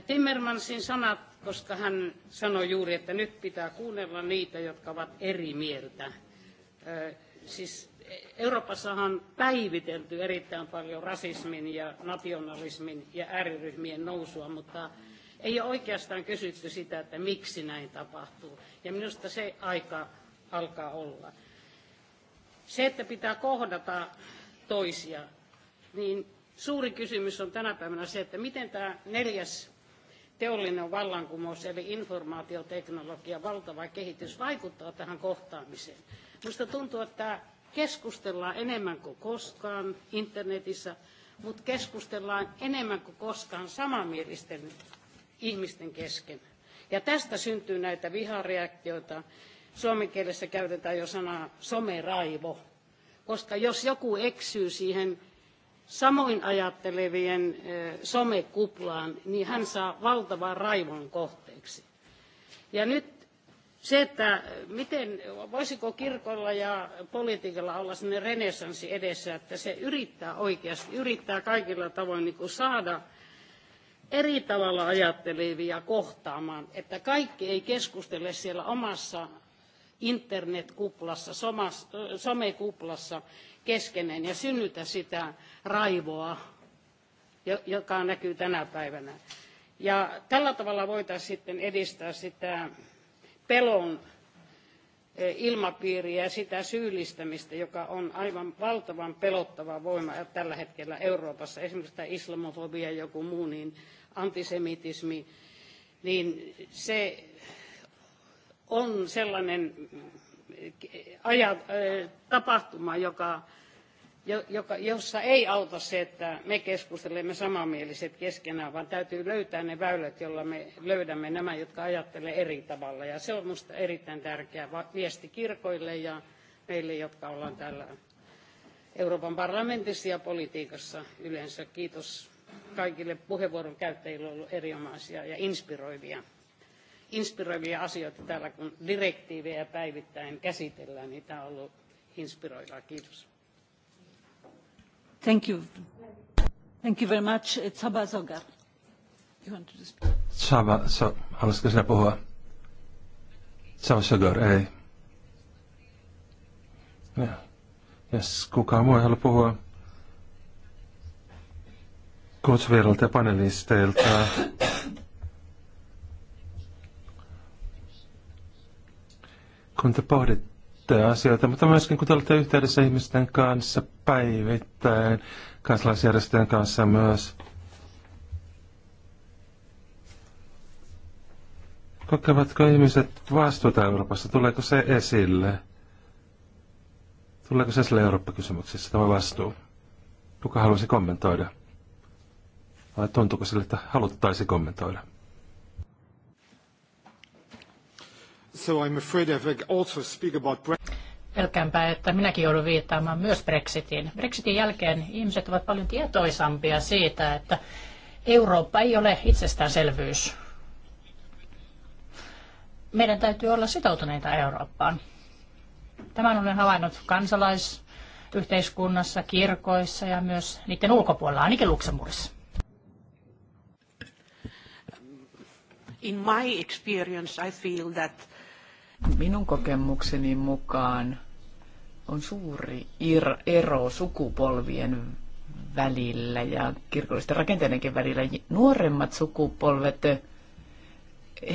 Timmermansin sanat, koska hän sanoi juuri, että nyt pitää kuunnella niitä, jotka ovat eri mieltä. Siis Euroopassahan on päivitelty erittäin paljon rasismin ja nationalismin ja ääriryhmien nousua, mutta ei ole oikeastaan kysytty sitä, että miksi näin tapahtuu. Ja minusta se aika alkaa olla. Se, että pitää kohdata toisia, niin suuri kysymys on tänä päivänä se, että miten tämä neljäs teollinen vallankumous eli informaatioteknologia, valtava kehitys vaikuttaa tähän kohtaamiseen. Minusta tuntuu, että keskustellaan enemmän kuin koskaan internetissä, mutta keskustellaan enemmän kuin koskaan samanmielisten ihmisten kesken. Ja tästä syntyy näitä vihareaktioita, Suomen kielessä käytetään jo sanaa someraivo, koska jos joku eksyy siihen samoin ajattelevien somekuplaan, niin hän saa valtavan raivon kohteeksi. Ja nyt se, että miten, voisiko kirkolla ja politiikalla olla sellainen renessanssi edessä, että se yrittää oikeasti, yrittää kaikilla tavoin niin kuin saada eri tavalla ajattelevia kohtaamaan, että kaikki ei keskustele siellä omassa internetkuplassa, somas, somekuplassa keskenään ja synnytä sitä raivoa, joka näkyy tänä päivänä. Ja tällä tavalla voitaisiin sitten edistää sitä pelon e, ilmapiiriä ja sitä syyllistämistä, joka on aivan valtavan pelottava voima tällä hetkellä Euroopassa. Esimerkiksi tämä islamofobia ja joku muu, niin antisemitismi, niin se on sellainen äh, aja, äh, tapahtuma, joka, joka, jossa ei auta se, että me keskustelemme samanmieliset keskenään, vaan täytyy löytää ne väylät, joilla me löydämme nämä, jotka ajattelee eri tavalla. Ja se on minusta erittäin tärkeä viesti kirkoille ja meille, jotka ollaan täällä Euroopan parlamentissa ja politiikassa yleensä. Kiitos kaikille puheenvuoron käyttäjille on ollut erinomaisia ja inspiroivia inspiroivia asioita täällä, kun direktiivejä päivittäin käsitellään, niin tämä on ollut inspiroivaa. Kiitos. Thank you. Thank you very much. Csaba Zogar. You want to speak? Csaba, so, haluaisitko sinä puhua? Csaba Zogar, ei. Ja, jos kukaan muu ei halua puhua kutsuviralta ja panelisteilta, kun te pohditte asioita, mutta myöskin kun te olette yhteydessä ihmisten kanssa päivittäin, kansalaisjärjestöjen kanssa myös. Kokevatko ihmiset vastuuta Euroopassa? Tuleeko se esille? Tuleeko se esille Eurooppa-kysymyksissä tämä vastuu? Kuka haluaisi kommentoida? Vai tuntuuko sille, että haluttaisi kommentoida? I'm afraid I also speak about Pelkäänpä, että minäkin joudun viittaamaan myös Brexitiin. Brexitin jälkeen ihmiset ovat paljon tietoisampia siitä, että Eurooppa ei ole itsestäänselvyys. Meidän täytyy olla sitoutuneita Eurooppaan. Tämän olen havainnut kansalaisyhteiskunnassa, kirkoissa ja myös niiden ulkopuolella, ainakin Luxemburgissa. In my experience, I feel that Minun kokemukseni mukaan on suuri ero sukupolvien välillä ja kirkollisten rakenteidenkin välillä. Nuoremmat sukupolvet,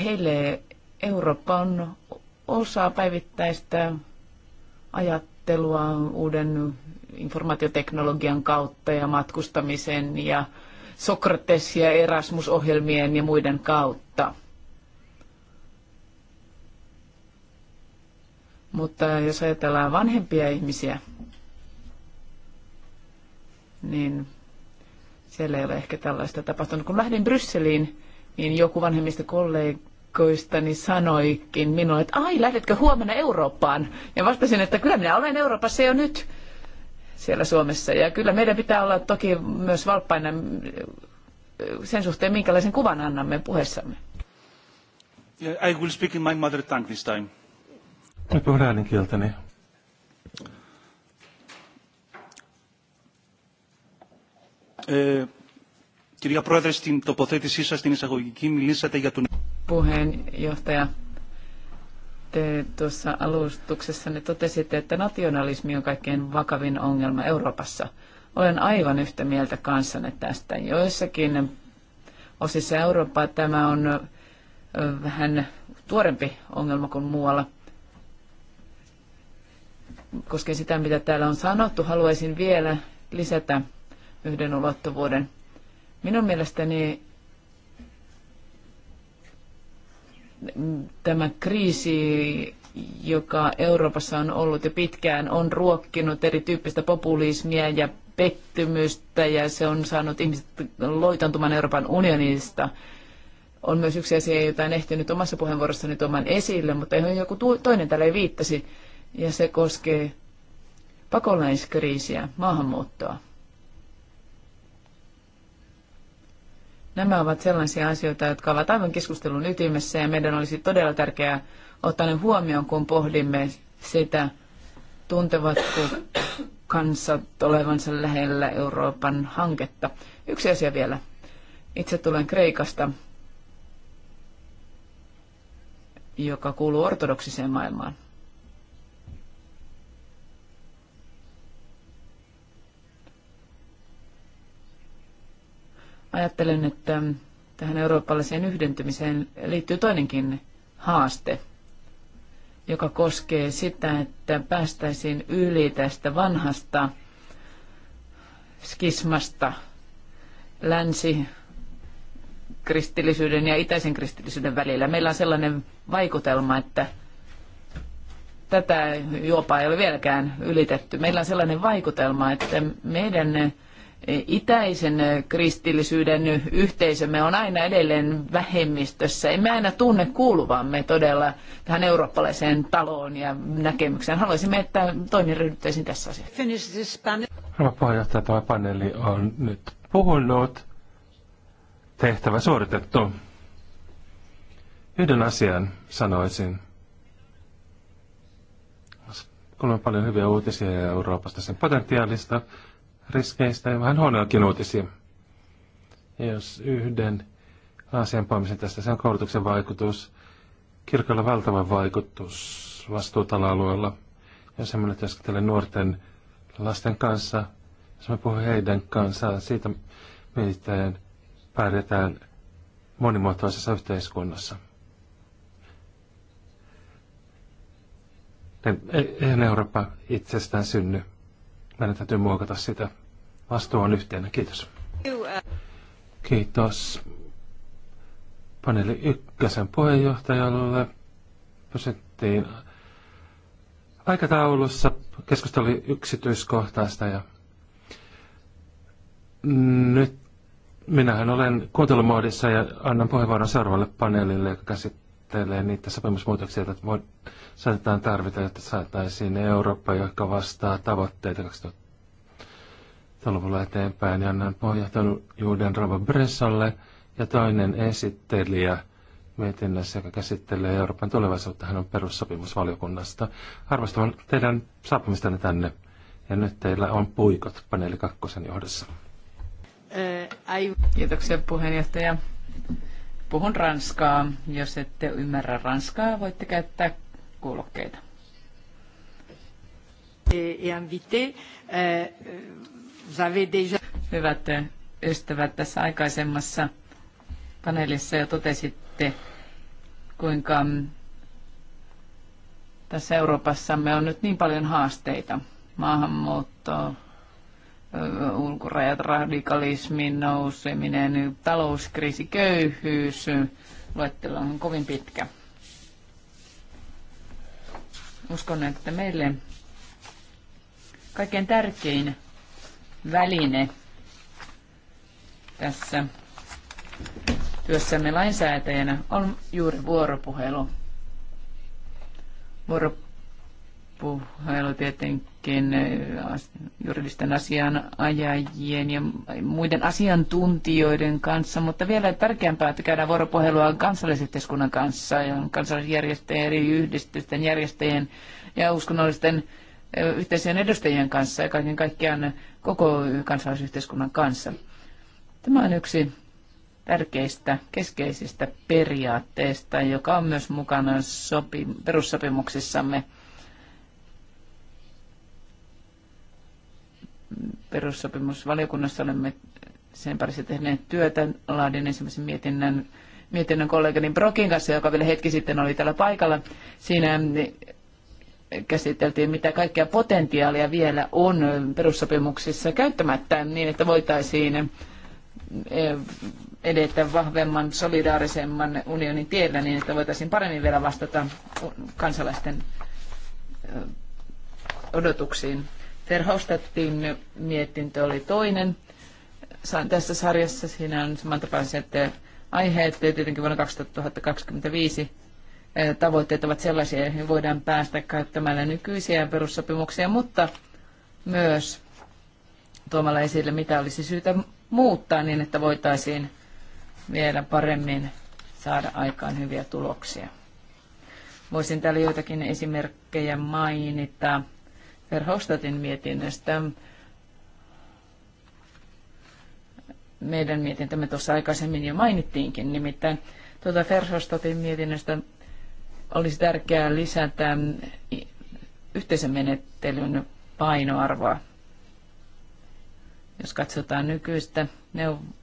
heille Eurooppa on osa päivittäistä ajattelua uuden informaatioteknologian kautta ja matkustamisen ja Sokrates- ja Erasmus-ohjelmien ja muiden kautta. Mutta jos ajatellaan vanhempia ihmisiä, niin siellä ei ole ehkä tällaista tapahtunut. Kun lähdin Brysseliin, niin joku vanhemmista kollegoistani sanoikin minulle, että ai, lähdetkö huomenna Eurooppaan? Ja vastasin, että kyllä minä olen Euroopassa jo nyt siellä Suomessa. Ja kyllä meidän pitää olla toki myös valppaina sen suhteen, minkälaisen kuvan annamme puheessamme. I will speak in my mother tongue this time. Nyt puhun äidinkieltäni. Ε, κυρία Πρόεδρε, στην τοποθέτησή σας, στην εισαγωγική, μιλήσατε για τον... Puheenjohtaja, te tuossa alustuksessanne totesitte, että nationalismi on kaikkein vakavin ongelma Euroopassa. Olen aivan yhtä mieltä kanssanne tästä. Joissakin osissa Eurooppaa tämä on vähän tuorempi ongelma kuin muualla koskee sitä, mitä täällä on sanottu, haluaisin vielä lisätä yhden ulottuvuuden. Minun mielestäni tämä kriisi, joka Euroopassa on ollut jo pitkään, on ruokkinut erityyppistä populismia ja pettymystä ja se on saanut ihmiset loitantumaan Euroopan unionista. On myös yksi asia, jota en ehtinyt omassa puheenvuorossani tuomaan esille, mutta johon joku toinen ei viittasi, ja se koskee pakolaiskriisiä, maahanmuuttoa. Nämä ovat sellaisia asioita, jotka ovat aivan keskustelun ytimessä ja meidän olisi todella tärkeää ottaa ne huomioon, kun pohdimme sitä, tuntevatko kansat olevansa lähellä Euroopan hanketta. Yksi asia vielä. Itse tulen Kreikasta, joka kuuluu ortodoksiseen maailmaan. Ajattelen, että tähän eurooppalaiseen yhdentymiseen liittyy toinenkin haaste, joka koskee sitä, että päästäisiin yli tästä vanhasta skismasta länsi kristillisyyden ja itäisen kristillisyyden välillä. Meillä on sellainen vaikutelma, että tätä juopaa ei ole vieläkään ylitetty. Meillä on sellainen vaikutelma, että meidän itäisen kristillisyyden yhteisömme on aina edelleen vähemmistössä. Emme aina tunne kuuluvamme todella tähän eurooppalaiseen taloon ja näkemykseen. Haluaisimme, että toimin ryhdyttäisiin tässä asiassa. Rouva puheenjohtaja, tämä paneeli on nyt puhunut. Tehtävä suoritettu. Yhden asian sanoisin. Kuulemme paljon hyviä uutisia Euroopasta sen potentiaalista riskeistä ja vähän huonoakin uutisia. Ja jos yhden asian poimisin tästä, se on koulutuksen vaikutus. Kirkolla valtava vaikutus vastuutala-alueella. Jos semmoinen työskentelee nuorten lasten kanssa, jos me puhun heidän kanssaan siitä, miten pärjätään monimuotoisessa yhteiskunnassa. Eihän Eurooppa itsestään synny. Meidän täytyy muokata sitä. Vastuu on yhteinen. Kiitos. Kiitos paneeli ykkösen puheenjohtajalle. Pysyttiin aikataulussa. Keskustelu oli yksityiskohtaista ja nyt minähän olen kuuntelumoodissa ja annan puheenvuoron seuraavalle paneelille, joka käsittelee niitä sopimusmuutoksia, joita saatetaan tarvita, jotta saataisiin Eurooppa, joka vastaa tavoitteita 2000 luvulla eteenpäin ja annan juuden rava Bressalle ja toinen esittelijä mietinnässä, joka käsittelee Euroopan tulevaisuutta. Hän on perussopimusvaliokunnasta. Arvostavan teidän saapumistanne tänne. Ja nyt teillä on puikot paneeli kakkosen johdossa. Äh, Kiitoksia puheenjohtaja. Puhun ranskaa. Jos ette ymmärrä ranskaa, voitte käyttää kuulokkeita. Et invité, äh, Hyvät ystävät, tässä aikaisemmassa paneelissa jo totesitte, kuinka tässä Euroopassamme on nyt niin paljon haasteita. Maahanmuutto, ulkorajat, radikalismin nouseminen, talouskriisi, köyhyys. Luettelo on kovin pitkä. Uskon, että meille kaikkein tärkein väline tässä työssämme lainsäätäjänä on juuri vuoropuhelu. Vuoropuhelu tietenkin äh, juridisten asianajajien ja muiden asiantuntijoiden kanssa, mutta vielä tärkeämpää, että käydään vuoropuhelua kansallisyhteiskunnan kanssa ja kansallisjärjestöjen, eri yhdistysten, järjestöjen ja uskonnollisten äh, yhteisöjen edustajien kanssa ja kaiken kaikkiaan koko kansalaisyhteiskunnan kanssa. Tämä on yksi tärkeistä, keskeisistä periaatteista, joka on myös mukana sopi, perussopimuksissamme. Perussopimusvaliokunnassa olemme sen parissa tehneet työtä. Laadin ensimmäisen mietinnän, mietinnön kollegani Brokin kanssa, joka vielä hetki sitten oli täällä paikalla. Siinä käsiteltiin, mitä kaikkea potentiaalia vielä on perussopimuksissa käyttämättä niin, että voitaisiin eh, edetä vahvemman, solidaarisemman unionin tiellä niin, että voitaisiin paremmin vielä vastata kansalaisten eh, odotuksiin. Verhofstadtin mietintö oli toinen. Tässä sarjassa siinä on samantapaiset aiheet, tietenkin vuonna 2025 tavoitteet ovat sellaisia, joihin voidaan päästä käyttämällä nykyisiä perussopimuksia, mutta myös tuomalla esille, mitä olisi syytä muuttaa niin, että voitaisiin vielä paremmin saada aikaan hyviä tuloksia. Voisin täällä joitakin esimerkkejä mainita Verhofstadtin mietinnöstä. Meidän mietintämme tuossa aikaisemmin jo mainittiinkin, nimittäin tuota Verhofstadtin mietinnöstä olisi tärkeää lisätä yhteisen menettelyn painoarvoa. Jos katsotaan nykyistä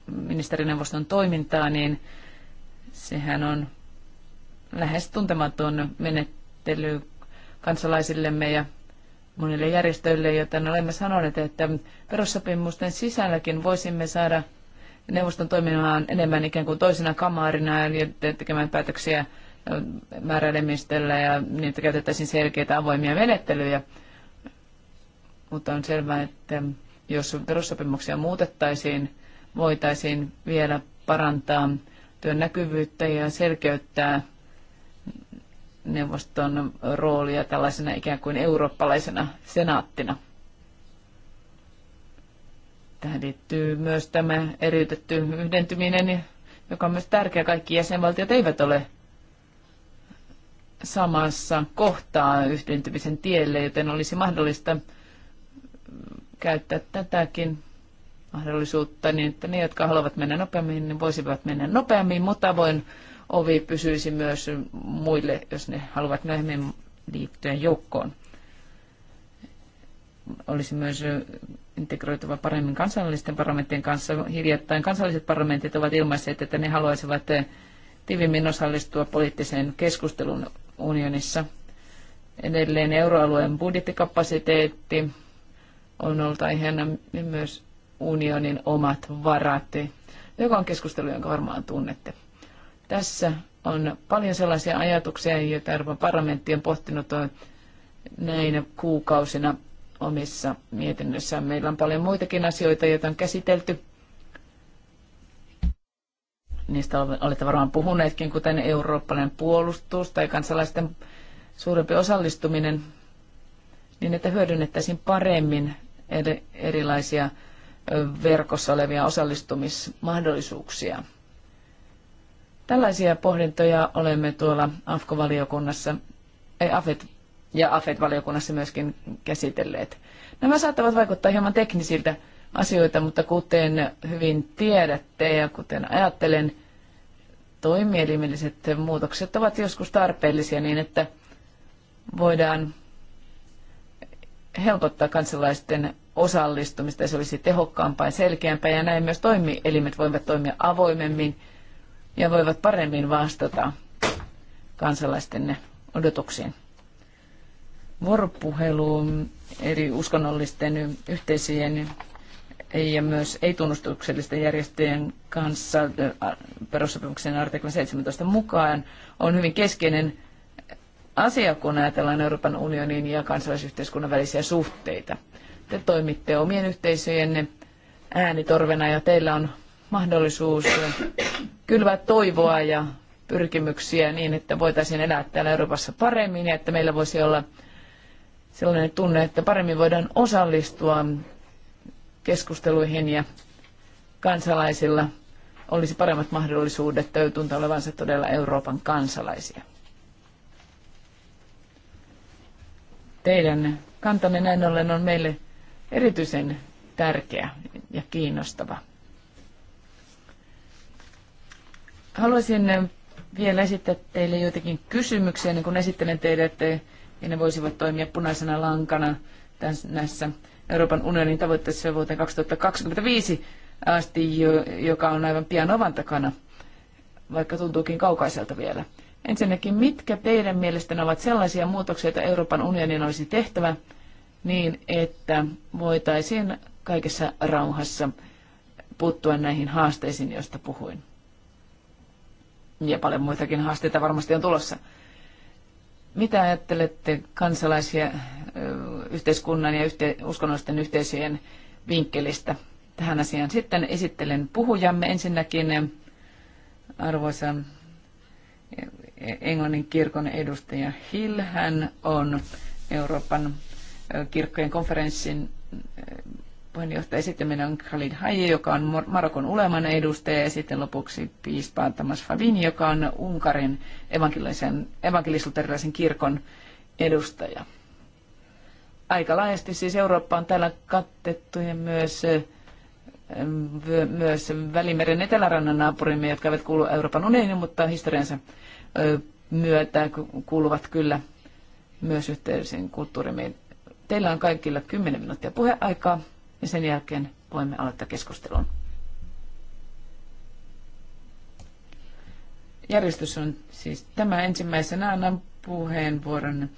ministerineuvoston toimintaa, niin sehän on lähes tuntematon menettely kansalaisillemme ja monille järjestöille, joten olemme sanoneet, että perussopimusten sisälläkin voisimme saada neuvoston toimimaan enemmän ikään kuin toisena kamarina ja tekemään päätöksiä määräenemmistöllä ja niin, että käytettäisiin selkeitä avoimia menettelyjä. Mutta on selvää, että jos perussopimuksia muutettaisiin, voitaisiin vielä parantaa työn näkyvyyttä ja selkeyttää neuvoston roolia tällaisena ikään kuin eurooppalaisena senaattina. Tähän liittyy myös tämä eriytetty yhdentyminen, joka on myös tärkeä. Kaikki jäsenvaltiot eivät ole samassa kohtaa yhdentymisen tielle, joten olisi mahdollista käyttää tätäkin mahdollisuutta niin, että ne, jotka haluavat mennä nopeammin, niin voisivat mennä nopeammin, mutta voin ovi pysyisi myös muille, jos ne haluavat myöhemmin liittyä joukkoon. Olisi myös integroituva paremmin kansallisten parlamenttien kanssa. Hiljattain kansalliset parlamentit ovat ilmaisseet, että ne haluaisivat tiivimmin osallistua poliittiseen keskusteluun unionissa. Edelleen euroalueen budjettikapasiteetti on ollut aiheena myös unionin omat varat, joka on keskustelu, jonka varmaan tunnette. Tässä on paljon sellaisia ajatuksia, joita Euroopan parlamentti on pohtinut näinä kuukausina omissa mietinnöissään. Meillä on paljon muitakin asioita, joita on käsitelty niistä olette varmaan puhuneetkin, kuten eurooppalainen puolustus tai kansalaisten suurempi osallistuminen, niin että hyödynnettäisiin paremmin erilaisia verkossa olevia osallistumismahdollisuuksia. Tällaisia pohdintoja olemme tuolla AFK-valiokunnassa, ei AFET ja AFET-valiokunnassa myöskin käsitelleet. Nämä saattavat vaikuttaa hieman teknisiltä, asioita, mutta kuten hyvin tiedätte ja kuten ajattelen, toimielimelliset muutokset ovat joskus tarpeellisia niin, että voidaan helpottaa kansalaisten osallistumista, se olisi tehokkaampaa ja selkeämpää, ja näin myös toimielimet voivat toimia avoimemmin ja voivat paremmin vastata kansalaisten odotuksiin. Vuoropuheluun eri uskonnollisten yhteisöjen ja myös ei-tunnustuksellisten järjestöjen kanssa perussopimuksen artiklan 17 mukaan on hyvin keskeinen asia, kun ajatellaan Euroopan unionin ja kansalaisyhteiskunnan välisiä suhteita. Te toimitte omien yhteisöjenne äänitorvena ja teillä on mahdollisuus kylvää toivoa ja pyrkimyksiä niin, että voitaisiin elää täällä Euroopassa paremmin ja että meillä voisi olla sellainen tunne, että paremmin voidaan osallistua keskusteluihin ja kansalaisilla olisi paremmat mahdollisuudet tuntea olevansa todella Euroopan kansalaisia. Teidän kantanne näin ollen on meille erityisen tärkeä ja kiinnostava. Haluaisin vielä esittää teille joitakin kysymyksiä, niin kun esittelen teille, että ne voisivat toimia punaisena lankana tässä, näissä Euroopan unionin tavoitteessa vuoteen 2025 asti, joka on aivan pian ovan takana, vaikka tuntuukin kaukaiselta vielä. Ensinnäkin, mitkä teidän mielestänne ovat sellaisia muutoksia, joita Euroopan unionin olisi tehtävä niin, että voitaisiin kaikessa rauhassa puuttua näihin haasteisiin, joista puhuin? Ja paljon muitakin haasteita varmasti on tulossa. Mitä ajattelette kansalaisia yhteiskunnan ja yhte- uskonnollisten yhteisöjen vinkkelistä tähän asiaan. Sitten esittelen puhujamme ensinnäkin arvoisa Englannin kirkon edustaja Hill. Hän on Euroopan kirkkojen konferenssin puheenjohtaja. Sitten meillä on Khalid Haji, joka on Marokon uleman edustaja. Ja sitten lopuksi piispa Tamas Favin, joka on Unkarin evankelis luterilaisen kirkon edustaja aika laajasti siis Eurooppa on täällä katettu ja myös, myös Välimeren etelärannan naapurimme, jotka eivät kuulu Euroopan unioniin, mutta historiansa myötä kuuluvat kyllä myös yhteisiin kulttuurimme. Teillä on kaikilla 10 minuuttia puheaikaa ja sen jälkeen voimme aloittaa keskustelun. Järjestys on siis tämä ensimmäisenä annan puheenvuoron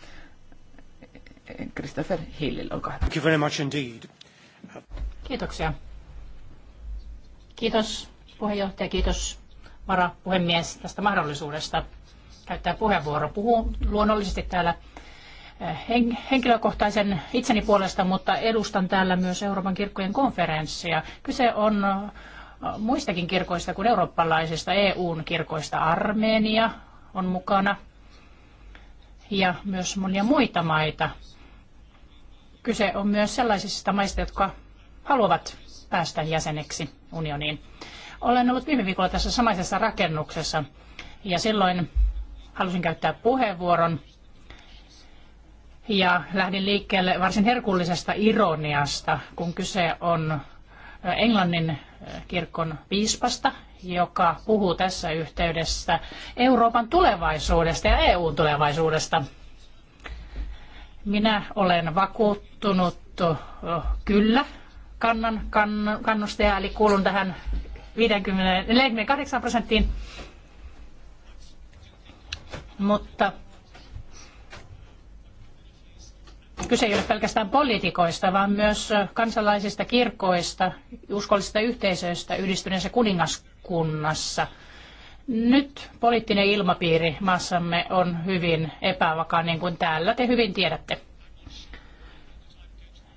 Christopher Hillillä, olkaa hyvä. Thank you very much indeed. Kiitoksia. Kiitos puheenjohtaja, kiitos varapuhemies tästä mahdollisuudesta käyttää puheenvuoro. Puhun luonnollisesti täällä eh, henkilökohtaisen itseni puolesta, mutta edustan täällä myös Euroopan kirkkojen konferenssia. Kyse on eh, muistakin kirkoista kuin eurooppalaisista EUn kirkoista. Armenia on mukana ja myös monia muita maita kyse on myös sellaisista maista, jotka haluavat päästä jäseneksi unioniin. Olen ollut viime viikolla tässä samaisessa rakennuksessa ja silloin halusin käyttää puheenvuoron ja lähdin liikkeelle varsin herkullisesta ironiasta, kun kyse on Englannin kirkon piispasta, joka puhuu tässä yhteydessä Euroopan tulevaisuudesta ja EUn tulevaisuudesta. Minä olen vakuuttunut oh, kyllä kannan, kann, kannustaja, eli kuulun tähän 50, 48 prosenttiin. Mutta kyse ei ole pelkästään poliitikoista, vaan myös kansalaisista kirkoista, uskollisista yhteisöistä yhdistyneessä kuningaskunnassa – nyt poliittinen ilmapiiri maassamme on hyvin epävakaa, niin kuin täällä te hyvin tiedätte.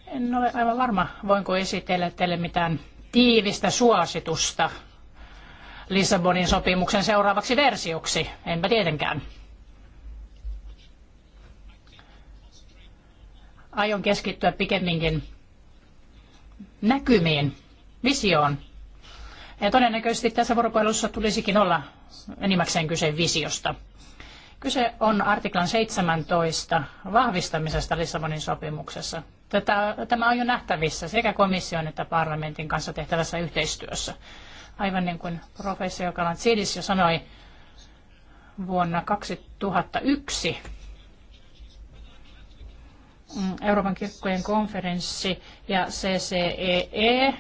En ole aivan varma, voinko esitellä teille mitään tiivistä suositusta Lissabonin sopimuksen seuraavaksi versioksi. Enpä tietenkään. Aion keskittyä pikemminkin näkymiin, visioon, ja todennäköisesti tässä vuoropuhelussa tulisikin olla enimmäkseen kyse visiosta. Kyse on artiklan 17 vahvistamisesta Lissabonin sopimuksessa. Tätä, tämä on jo nähtävissä sekä komission että parlamentin kanssa tehtävässä yhteistyössä. Aivan niin kuin professori Kalantsidis jo sanoi, vuonna 2001 Euroopan kirkkojen konferenssi ja CCEE e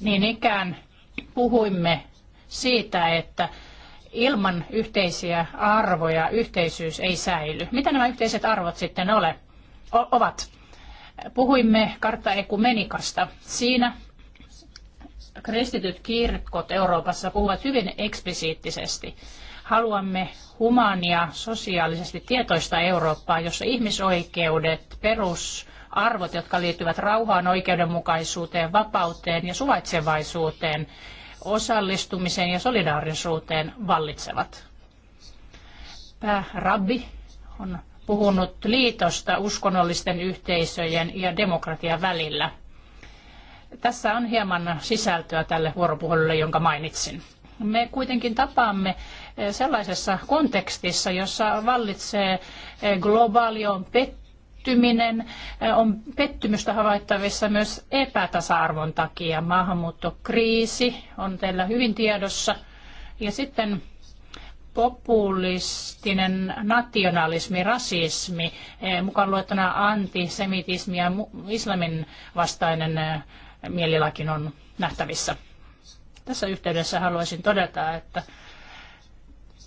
niin ikään puhuimme siitä, että ilman yhteisiä arvoja yhteisyys ei säily. Mitä nämä yhteiset arvot sitten ole, o- ovat? Puhuimme kartta ekumenikasta. Siinä kristityt kirkot Euroopassa puhuvat hyvin eksplisiittisesti. Haluamme humania, sosiaalisesti tietoista Eurooppaa, jossa ihmisoikeudet, perus arvot, jotka liittyvät rauhaan, oikeudenmukaisuuteen, vapauteen ja suvaitsevaisuuteen, osallistumiseen ja solidaarisuuteen vallitsevat. Päärabbi on puhunut liitosta uskonnollisten yhteisöjen ja demokratian välillä. Tässä on hieman sisältöä tälle vuoropuhelulle, jonka mainitsin. Me kuitenkin tapaamme eh, sellaisessa kontekstissa, jossa vallitsee eh, globaali on pettyminen eh, on pettymystä havaittavissa myös epätasa-arvon takia. Maahanmuuttokriisi on teillä hyvin tiedossa. Ja sitten populistinen nationalismi, rasismi, eh, mukaan luettuna antisemitismi ja islamin vastainen eh, mielilakin on nähtävissä. Tässä yhteydessä haluaisin todeta, että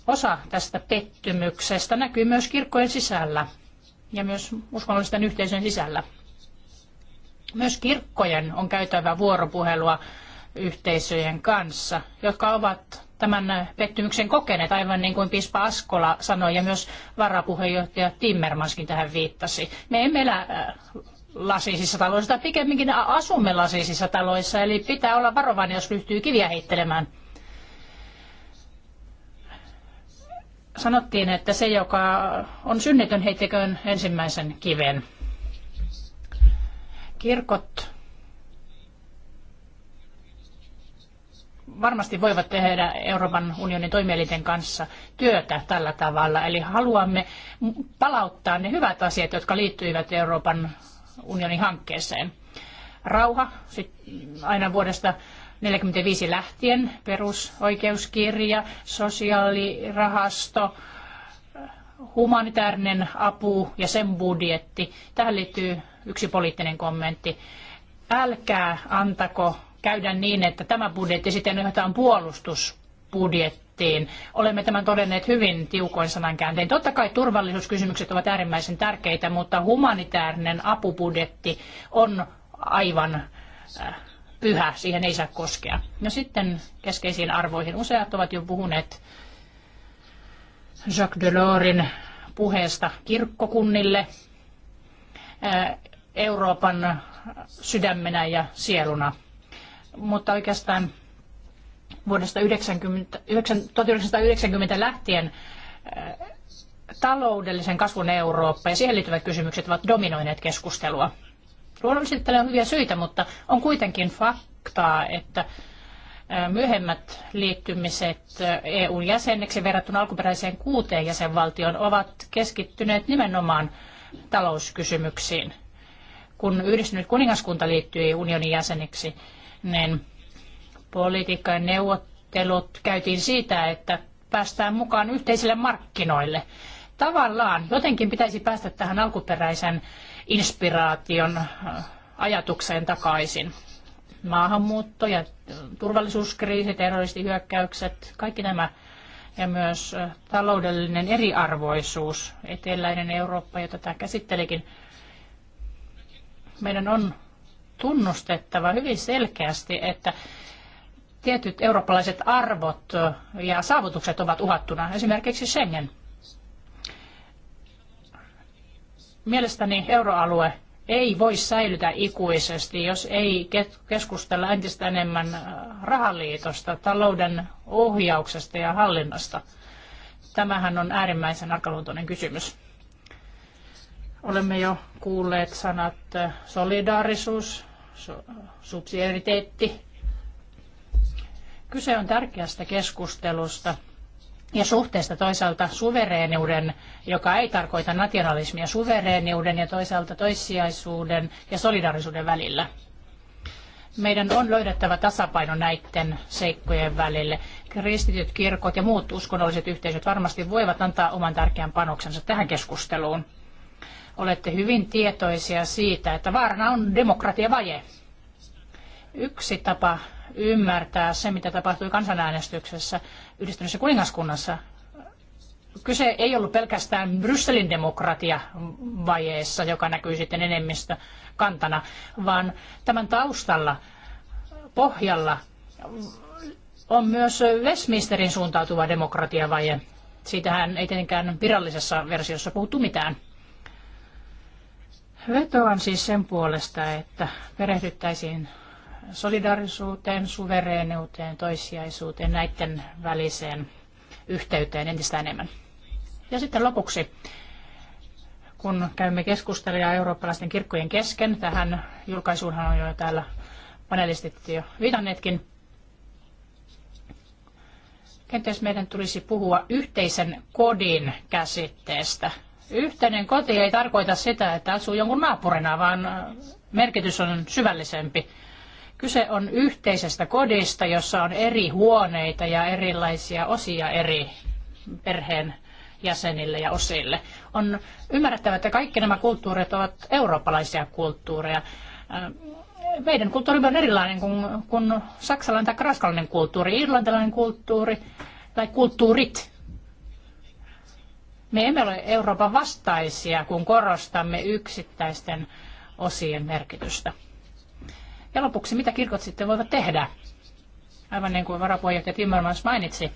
osa tästä pettymyksestä näkyy myös kirkkojen sisällä ja myös uskonnollisten yhteisön sisällä. Myös kirkkojen on käytävä vuoropuhelua yhteisöjen kanssa, jotka ovat tämän pettymyksen kokeneet, aivan niin kuin Pispa Askola sanoi ja myös varapuheenjohtaja Timmermanskin tähän viittasi. Me emme elä äh, lasisissa taloissa tai pikemminkin asumme lasisissa taloissa, eli pitää olla varovainen, jos ryhtyy kiviä heittelemään. sanottiin, että se, joka on synnytön, heittiköön ensimmäisen kiven. Kirkot varmasti voivat tehdä Euroopan unionin toimielinten kanssa työtä tällä tavalla. Eli haluamme palauttaa ne hyvät asiat, jotka liittyivät Euroopan unionin hankkeeseen. Rauha sit aina vuodesta 45 lähtien, perusoikeuskirja, sosiaalirahasto, humanitaarinen apu ja sen budjetti. Tähän liittyy yksi poliittinen kommentti. Älkää antako käydä niin, että tämä budjetti sitten johdetaan puolustusbudjettiin. Olemme tämän todenneet hyvin tiukoin sanankääntein. Totta kai turvallisuuskysymykset ovat äärimmäisen tärkeitä, mutta humanitaarinen apubudjetti on aivan äh, pyhä, siihen ei saa koskea. No sitten keskeisiin arvoihin. Useat ovat jo puhuneet Jacques Delorsin puheesta kirkkokunnille eh, Euroopan sydämenä ja sieluna. Mutta oikeastaan vuodesta 90, 1990 lähtien eh, taloudellisen kasvun Eurooppa ja siihen liittyvät kysymykset ovat dominoineet keskustelua. Luonnollisesti tällä on hyviä syitä, mutta on kuitenkin faktaa, että myöhemmät liittymiset EUn jäseneksi verrattuna alkuperäiseen kuuteen jäsenvaltioon ovat keskittyneet nimenomaan talouskysymyksiin. Kun yhdistynyt kuningaskunta liittyi unionin jäseneksi, niin politiikan neuvottelut käytiin siitä, että päästään mukaan yhteisille markkinoille. Tavallaan jotenkin pitäisi päästä tähän alkuperäisen inspiraation äh, ajatukseen takaisin. Maahanmuutto ja turvallisuuskriisi, terroristihyökkäykset, kaikki nämä ja myös äh, taloudellinen eriarvoisuus, eteläinen Eurooppa, jota tämä käsittelikin. Meidän on tunnustettava hyvin selkeästi, että tietyt eurooppalaiset arvot äh, ja saavutukset ovat uhattuna, esimerkiksi Schengen. Mielestäni euroalue ei voi säilytä ikuisesti, jos ei keskustella entistä enemmän äh, rahaliitosta, talouden ohjauksesta ja hallinnasta. Tämähän on äärimmäisen arkaluontoinen kysymys. Olemme jo kuulleet sanat äh, solidaarisuus, subsidiariteetti. Kyse on tärkeästä keskustelusta – ja suhteesta toisaalta suvereeniuden, joka ei tarkoita nationalismia, suvereeniuden ja toisaalta toissijaisuuden ja solidarisuuden välillä. Meidän on löydettävä tasapaino näiden seikkojen välille. Kristityt kirkot ja muut uskonnolliset yhteisöt varmasti voivat antaa oman tärkeän panoksensa tähän keskusteluun. Olette hyvin tietoisia siitä, että vaarana on demokratiavaje. Yksi tapa ymmärtää se, mitä tapahtui kansanäänestyksessä, yhdistyneessä kuningaskunnassa. Kyse ei ollut pelkästään Brysselin demokratiavajeessa, joka näkyy sitten enemmistö kantana, vaan tämän taustalla, pohjalla on myös Westminsterin suuntautuva demokratiavaje. Siitähän ei tietenkään virallisessa versiossa puhuttu mitään. Vetoan siis sen puolesta, että perehdyttäisiin solidarisuuteen, suvereeneuteen, toissijaisuuteen, näiden väliseen yhteyteen entistä enemmän. Ja sitten lopuksi, kun käymme keskusteluja eurooppalaisten kirkkojen kesken, tähän julkaisuunhan on jo täällä panelistit jo viitanneetkin, kenties meidän tulisi puhua yhteisen kodin käsitteestä. Yhteinen koti ei tarkoita sitä, että asuu jonkun naapurina, vaan merkitys on syvällisempi. Kyse on yhteisestä kodista, jossa on eri huoneita ja erilaisia osia eri perheen jäsenille ja osille. On ymmärrettävä, että kaikki nämä kulttuurit ovat eurooppalaisia kulttuureja. Äh, meidän kulttuurimme on erilainen kuin, kuin saksalainen tai ranskalainen kulttuuri, irlantilainen kulttuuri tai kulttuurit. Me emme ole Euroopan vastaisia, kun korostamme yksittäisten osien merkitystä. Ja lopuksi, mitä kirkot sitten voivat tehdä? Aivan niin kuin varapuheenjohtaja Timmermans mainitsi,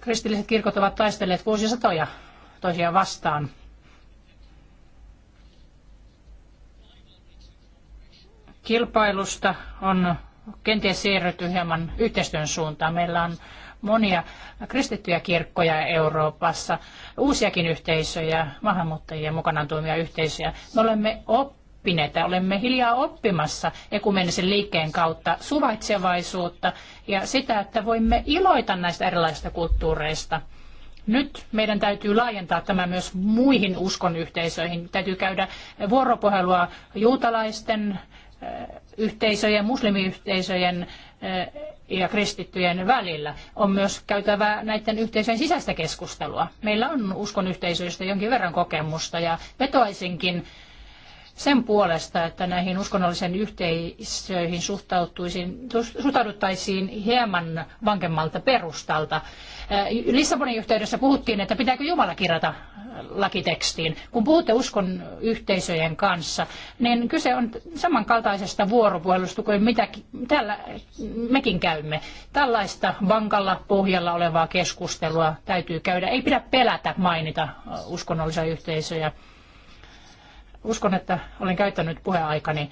kristilliset kirkot ovat taistelleet vuosisatoja toisiaan vastaan. Kilpailusta on kenties siirrytty hieman yhteistyön suuntaan. Meillä on monia kristittyjä kirkkoja Euroopassa, uusiakin yhteisöjä, maahanmuuttajia mukanaan tuomia yhteisöjä. Me olemme oppineet, olemme hiljaa oppimassa ekumenisen liikkeen kautta suvaitsevaisuutta ja sitä, että voimme iloita näistä erilaisista kulttuureista. Nyt meidän täytyy laajentaa tämä myös muihin uskon yhteisöihin. Täytyy käydä vuoropuhelua juutalaisten eh, yhteisöjen, muslimiyhteisöjen ja kristittyjen välillä. On myös käytävä näiden yhteisöjen sisäistä keskustelua. Meillä on uskon yhteisöistä jonkin verran kokemusta ja vetoaisinkin sen puolesta, että näihin uskonnollisiin yhteisöihin suhtauduttaisiin hieman vankemmalta perustalta. Lissabonin yhteydessä puhuttiin, että pitääkö Jumala kirjata lakitekstiin. Kun puhutte uskon yhteisöjen kanssa, niin kyse on samankaltaisesta vuoropuhelusta kuin mitä täällä mekin käymme. Tällaista vankalla pohjalla olevaa keskustelua täytyy käydä. Ei pidä pelätä mainita uskonnollisia yhteisöjä uskon, että olen käyttänyt puheaikani.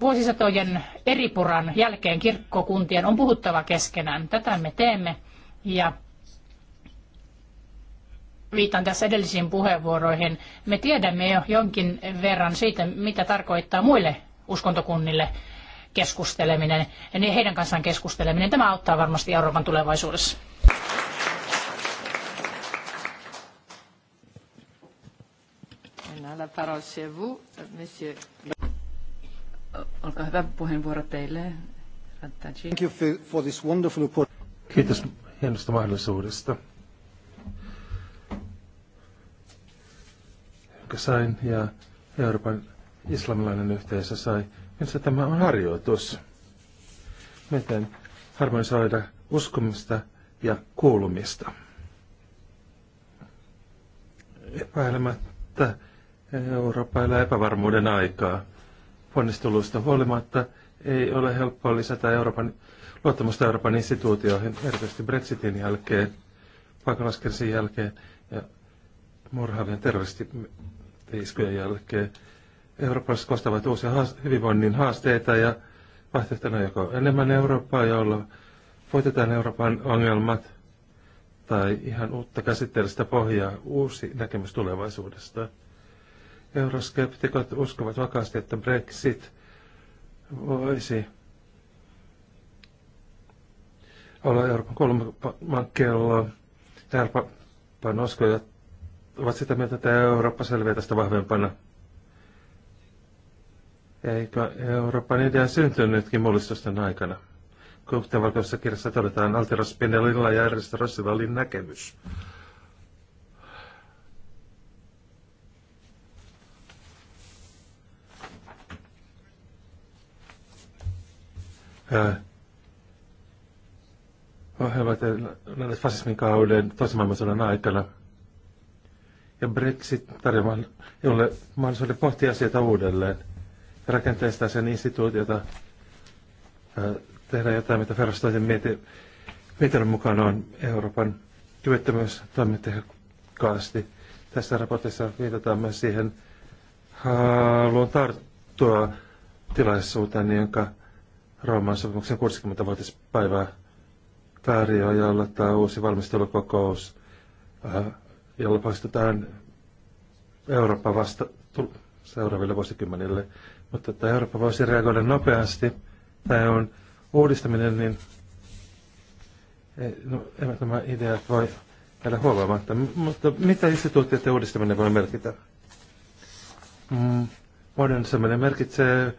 Vuosisatojen eripuran jälkeen kirkkokuntien on puhuttava keskenään. Tätä me teemme ja viitan tässä edellisiin puheenvuoroihin. Me tiedämme jo jonkin verran siitä, mitä tarkoittaa muille uskontokunnille keskusteleminen ja heidän kanssaan keskusteleminen. Tämä auttaa varmasti Euroopan tulevaisuudessa. la parole chez vous, monsieur. Eh, olkaa hyvä puheenvuoro teille. Thank you for this wonderful report. Kiitos hienosta mahdollisuudesta. Jonka sain ja Euroopan islamilainen yhteisö sai. Minusta tämä on harjoitus. Miten harmonisoida uskomista ja kuulumista. Epäilemättä Eurooppa elää epävarmuuden aikaa. Ponnisteluista huolimatta ei ole helppoa lisätä Euroopan, luottamusta Euroopan instituutioihin, erityisesti Brexitin jälkeen, pakolaiskriisin jälkeen ja murhaavien terroristiiskujen jälkeen. Euroopassa kostavat uusia hyvinvoinnin haasteita ja vaihtoehtona joko enemmän Eurooppaa, jolla voitetaan Euroopan ongelmat – tai ihan uutta käsitteellistä pohjaa, uusi näkemys tulevaisuudesta. Euroskeptikot uskovat vakaasti, että Brexit voisi olla Euroopan kolman kello. Euroopan uskojat ovat sitä mieltä, että Eurooppa selviää tästä vahvempana. Eikö Euroopan idea syntynytkin mullistusten aikana? Kuten valkoisessa kirjassa todetaan, Altiros Spinellilla ja Ernesto oli näkemys. Äh, ohjelmat fasismin kauden toisen maailmansodan aikana. Ja Brexit tarjoaa jolle mahdollisuuden pohtia asioita uudelleen, rakenteista sen instituutiota, äh, tehdä jotain, mitä Ferrastoisen mietinnön mukaan on Euroopan työttömyys toimintehokkaasti. Tässä raportissa viitataan myös siihen haluan tarttua tilaisuuteen, jonka Rooman sopimuksen 60-vuotispäivää pääriä tämä uusi valmistelukokous, äh, jolla poistetaan Eurooppa vasta seuraaville vuosikymmenille. Mutta että Eurooppa voisi reagoida nopeasti, tämä on uudistaminen, niin no, eivät nämä ideat voi jäädä huomaamatta. Mutta mitä instituutioiden uudistaminen voi merkitä? Mm, modernisoiminen merkitsee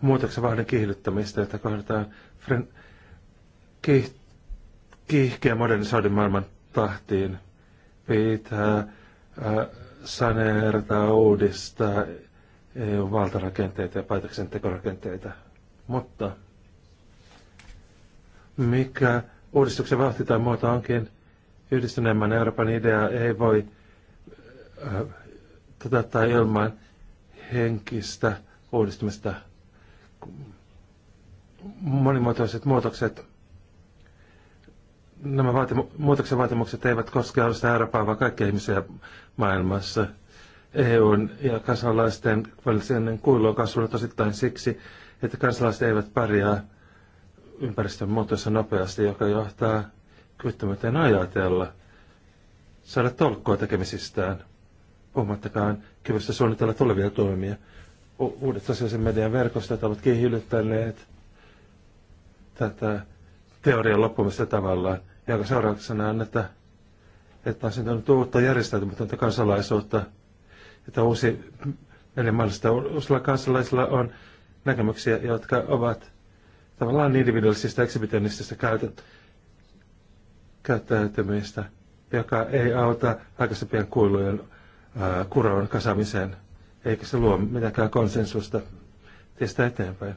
muutoksen vauhdin kiihdyttämistä, että kohdataan fren, kiih, kiihkeä modernisoidun maailman tahtiin. Pitää äh, saneerata, uudistaa EU-valtarakenteita ja päätöksentekorakenteita. Mutta mikä uudistuksen vauhti tai muoto onkin, yhdistyneemmän Euroopan idea ei voi äh, toteuttaa ilman henkistä uudistumista – monimuotoiset muutokset, nämä vaatimu- muutoksen vaatimukset eivät koske ainoastaan Eurooppaa, vaan kaikkia ihmisiä maailmassa. EUn ja kansalaisten välisen kuilu on kasvanut osittain siksi, että kansalaiset eivät pärjää ympäristön muutossa nopeasti, joka johtaa kyvyttömyyteen ajatella, saada tolkkua tekemisistään, puhumattakaan kyvystä suunnitella tulevia toimia uudet sosiaalisen median verkostot ovat kiihdyttäneet tätä teorian loppumista tavallaan, jonka seurauksena on, että, että on syntynyt uutta järjestäytymätöntä kansalaisuutta, että uusi eli mahdollista uusilla kansalaisilla on näkemyksiä, jotka ovat tavallaan individuaalisista eksibitionistista käytet, käyttäytymistä, joka ei auta aikaisempien kuilujen ää, kuroon kasaamiseen – eikä se luo mitenkään konsensusta tästä eteenpäin.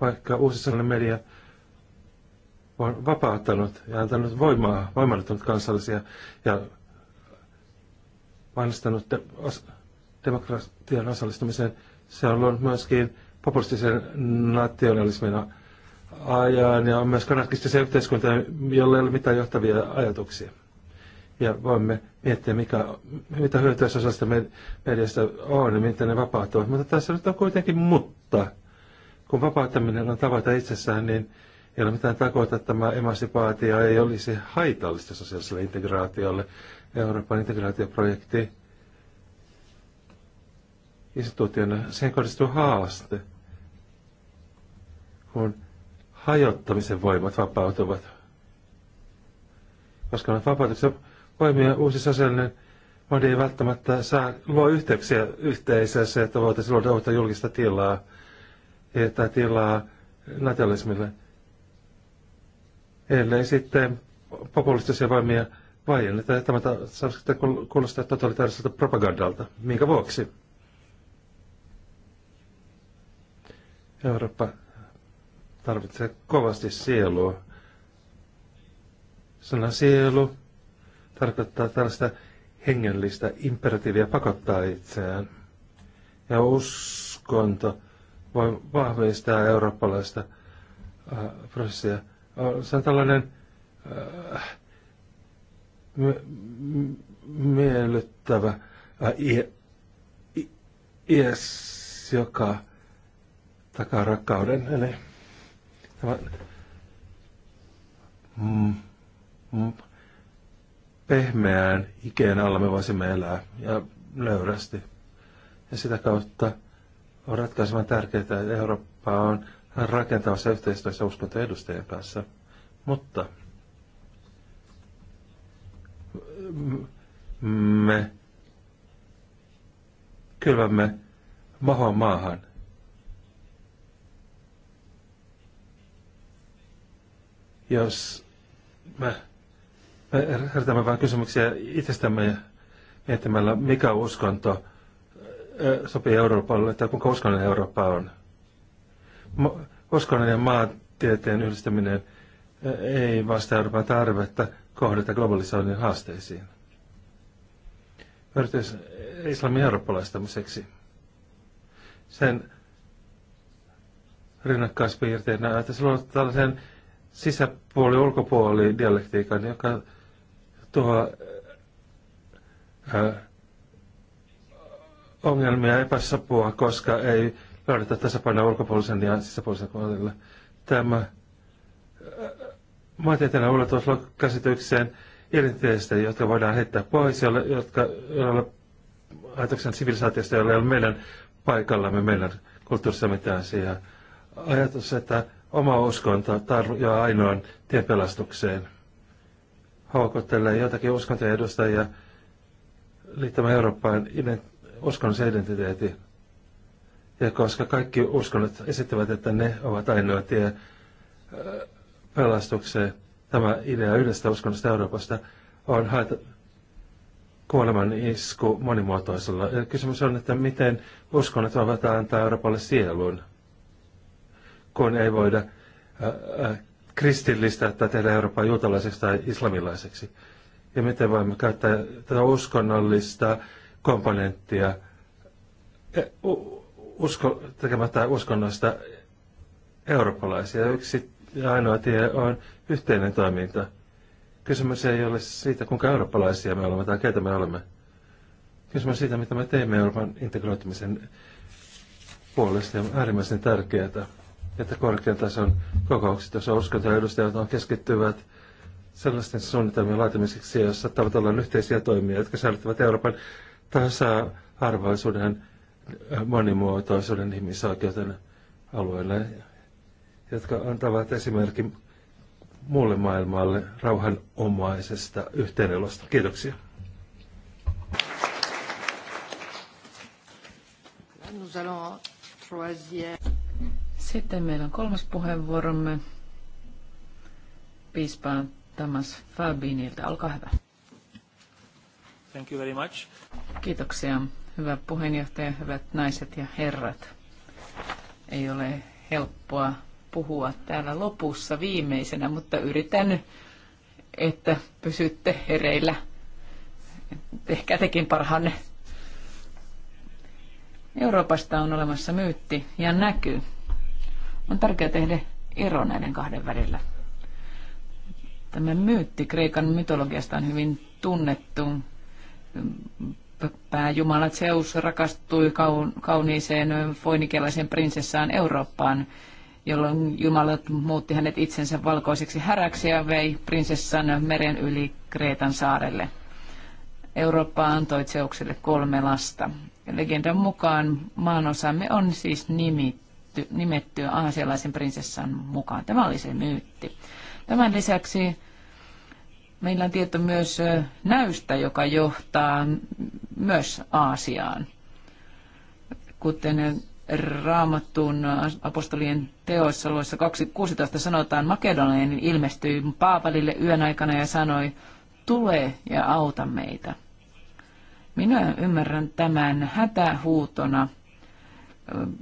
Vaikka uusi sellainen media on vapauttanut ja antanut voimaa, voimannuttanut kansallisia ja vannistanut de- os- demokratian osallistumiseen, se on luonut myöskin populistisen nationalismin ajan ja on myös anarkistisen yhteiskunta, jolla ei ole mitään johtavia ajatuksia ja voimme miettiä, mikä, mitä hyötyä sosiaalista mediasta on ja miten ne vapautuvat. Mutta tässä nyt on kuitenkin mutta. Kun vapauttaminen on tavoite itsessään, niin ei ole mitään takoita, että tämä emansipaatio ei olisi haitallista sosiaaliselle integraatiolle. Euroopan integraatioprojekti instituutiona, siihen kohdistuu haaste, kun hajottamisen voimat vapautuvat. Koska ne vapautukset poimia uusi sosiaalinen modi ei välttämättä saa luo yhteyksiä yhteisössä, että voitaisiin luoda uutta julkista tilaa tai tilaa nationalismille. Ellei sitten populistisia voimia vaienneta. Tämä saisi kuulostaa totalitaariselta propagandalta. Minkä vuoksi? Eurooppa tarvitsee kovasti sielua. Sana sielu tarkoittaa tällaista hengellistä imperatiivia pakottaa itseään. Ja uskonto voi vahvistaa eurooppalaista äh, prosessia. Se on tällainen äh, miellyttävä äh, ies, joka takaa rakkauden. Eli tämä, mm, mm, pehmeään ikeen alla me voisimme elää ja löyrästi. Ja sitä kautta on ratkaisevan tärkeää, että Eurooppa on rakentavassa yhteistyössä edustajien kanssa. Mutta me kylvämme mahoa maahan. Jos me me herätämme vain kysymyksiä itsestämme miettimällä, mikä uskonto sopii Euroopalle tai kuinka uskonnollinen Eurooppa on. Uskonnon ja maantieteen yhdistäminen ei vastaa Euroopan tarvetta kohdata globalisoinnin haasteisiin. Yritys islamin eurooppalaistamiseksi. Sen rinnakkaispiirteinä, että se luo tällaisen sisäpuoli-ulkopuoli-dialektiikan, joka tuo ää, ongelmia, epäsapua, koska ei löydetä tasapainoa ulkopuolisen ja sisäpuolisen kohdalla. Tämä maantieteellinen ulottuvuus luo käsitykseen identiteetistä, jotka voidaan heittää pois, jolle, jotka, joilla ajatuksen sivilisaatiosta, jolla ei ole meidän paikallamme, meidän kulttuurissa mitään siihen. Ajatus, että oma uskonto tarjoaa ainoan tien pelastukseen haukottelee jotakin uskontojen edustajia liittämään Eurooppaan uskonnollisen identiteetin. Ja koska kaikki uskonnot esittävät, että ne ovat ainoa tie äh, pelastukseen, tämä idea yhdestä uskonnosta Euroopasta on haeta kuoleman isku monimuotoisella. Ja kysymys on, että miten uskonnot voivat antaa Euroopalle sielun, kun ei voida äh, äh, kristillistä tai tehdä Eurooppaa juutalaiseksi tai islamilaiseksi. Ja miten voimme käyttää tätä uskonnollista komponenttia e, usko, tekemättä uskonnoista eurooppalaisia. Yksi ja ainoa tie on yhteinen toiminta. Kysymys ei ole siitä, kuinka eurooppalaisia me olemme tai keitä me olemme. Kysymys siitä, mitä me teemme Euroopan integroitumisen puolesta ja on äärimmäisen tärkeää että korkean tason kokoukset, jossa uskontoedustajat on keskittyvät sellaisten suunnitelmien laatimiseksi, jossa tavoitellaan yhteisiä toimia, jotka säilyttävät Euroopan tasa-arvoisuuden, monimuotoisuuden ihmisoikeuden alueelle, jotka antavat esimerkin muulle maailmalle rauhanomaisesta yhteenelosta. Kiitoksia. Nous allons troisième. Sitten meillä on kolmas puheenvuoromme. Piispa Thomas Fabiniltä. olkaa hyvä. Thank you very much. Kiitoksia, hyvä puheenjohtaja, hyvät naiset ja herrat. Ei ole helppoa puhua täällä lopussa viimeisenä, mutta yritän, että pysytte hereillä. Tehkää tekin parhaanne. Euroopasta on olemassa myytti ja näkyy. On tärkeää tehdä ero näiden kahden välillä. Tämä myytti Kreikan mytologiasta on hyvin tunnettu. Pääjumala Zeus rakastui kauniiseen foinikelaiseen prinsessaan Eurooppaan, jolloin jumalat muutti hänet itsensä valkoiseksi häräksi ja vei prinsessan meren yli Kreetan saarelle. Eurooppa antoi Zeukselle kolme lasta. Legendan mukaan maanosamme on siis nimi nimetty, nimetty aasialaisen prinsessan mukaan. Tämä oli se myytti. Tämän lisäksi meillä on tieto myös näystä, joka johtaa myös Aasiaan. Kuten raamattuun apostolien teoissa luossa 2016 sanotaan, Makedonien ilmestyi Paavalille yön aikana ja sanoi, tule ja auta meitä. Minä ymmärrän tämän hätähuutona –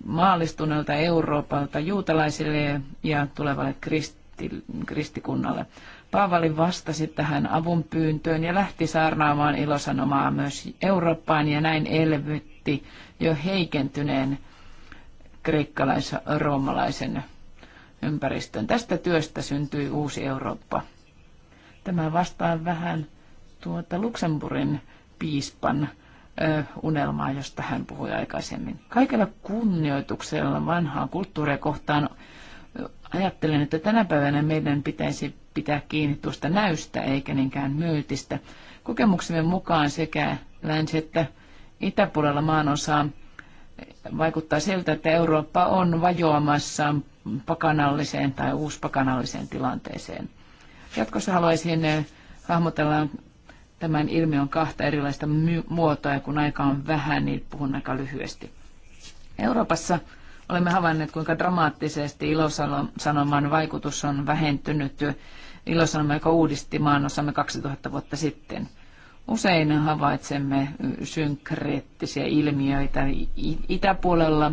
maallistuneelta Euroopalta juutalaisille ja tulevalle kristi, kristikunnalle. Paavali vastasi tähän avunpyyntöön ja lähti saarnaamaan ilosanomaa myös Eurooppaan ja näin elvytti jo heikentyneen kreikkalais-roomalaisen ympäristön. Tästä työstä syntyi uusi Eurooppa. Tämä vastaa vähän tuota Luxemburgin piispan unelmaa, josta hän puhui aikaisemmin. Kaikella kunnioituksella vanhaa kulttuuria kohtaan ajattelen, että tänä päivänä meidän pitäisi pitää kiinni tuosta näystä eikä niinkään myytistä. Kokemuksemme mukaan sekä länsi- että itäpuolella maanosaa vaikuttaa siltä, että Eurooppa on vajoamassa pakanalliseen tai uuspakanalliseen tilanteeseen. Jatkossa haluaisin hahmotella tämän ilmiön kahta erilaista muotoa ja kun aika on vähän, niin puhun aika lyhyesti. Euroopassa olemme havainneet, kuinka dramaattisesti ilosanoman vaikutus on vähentynyt. Ilosanoma, joka uudisti maanosamme 2000 vuotta sitten. Usein havaitsemme synkreettisiä ilmiöitä itäpuolella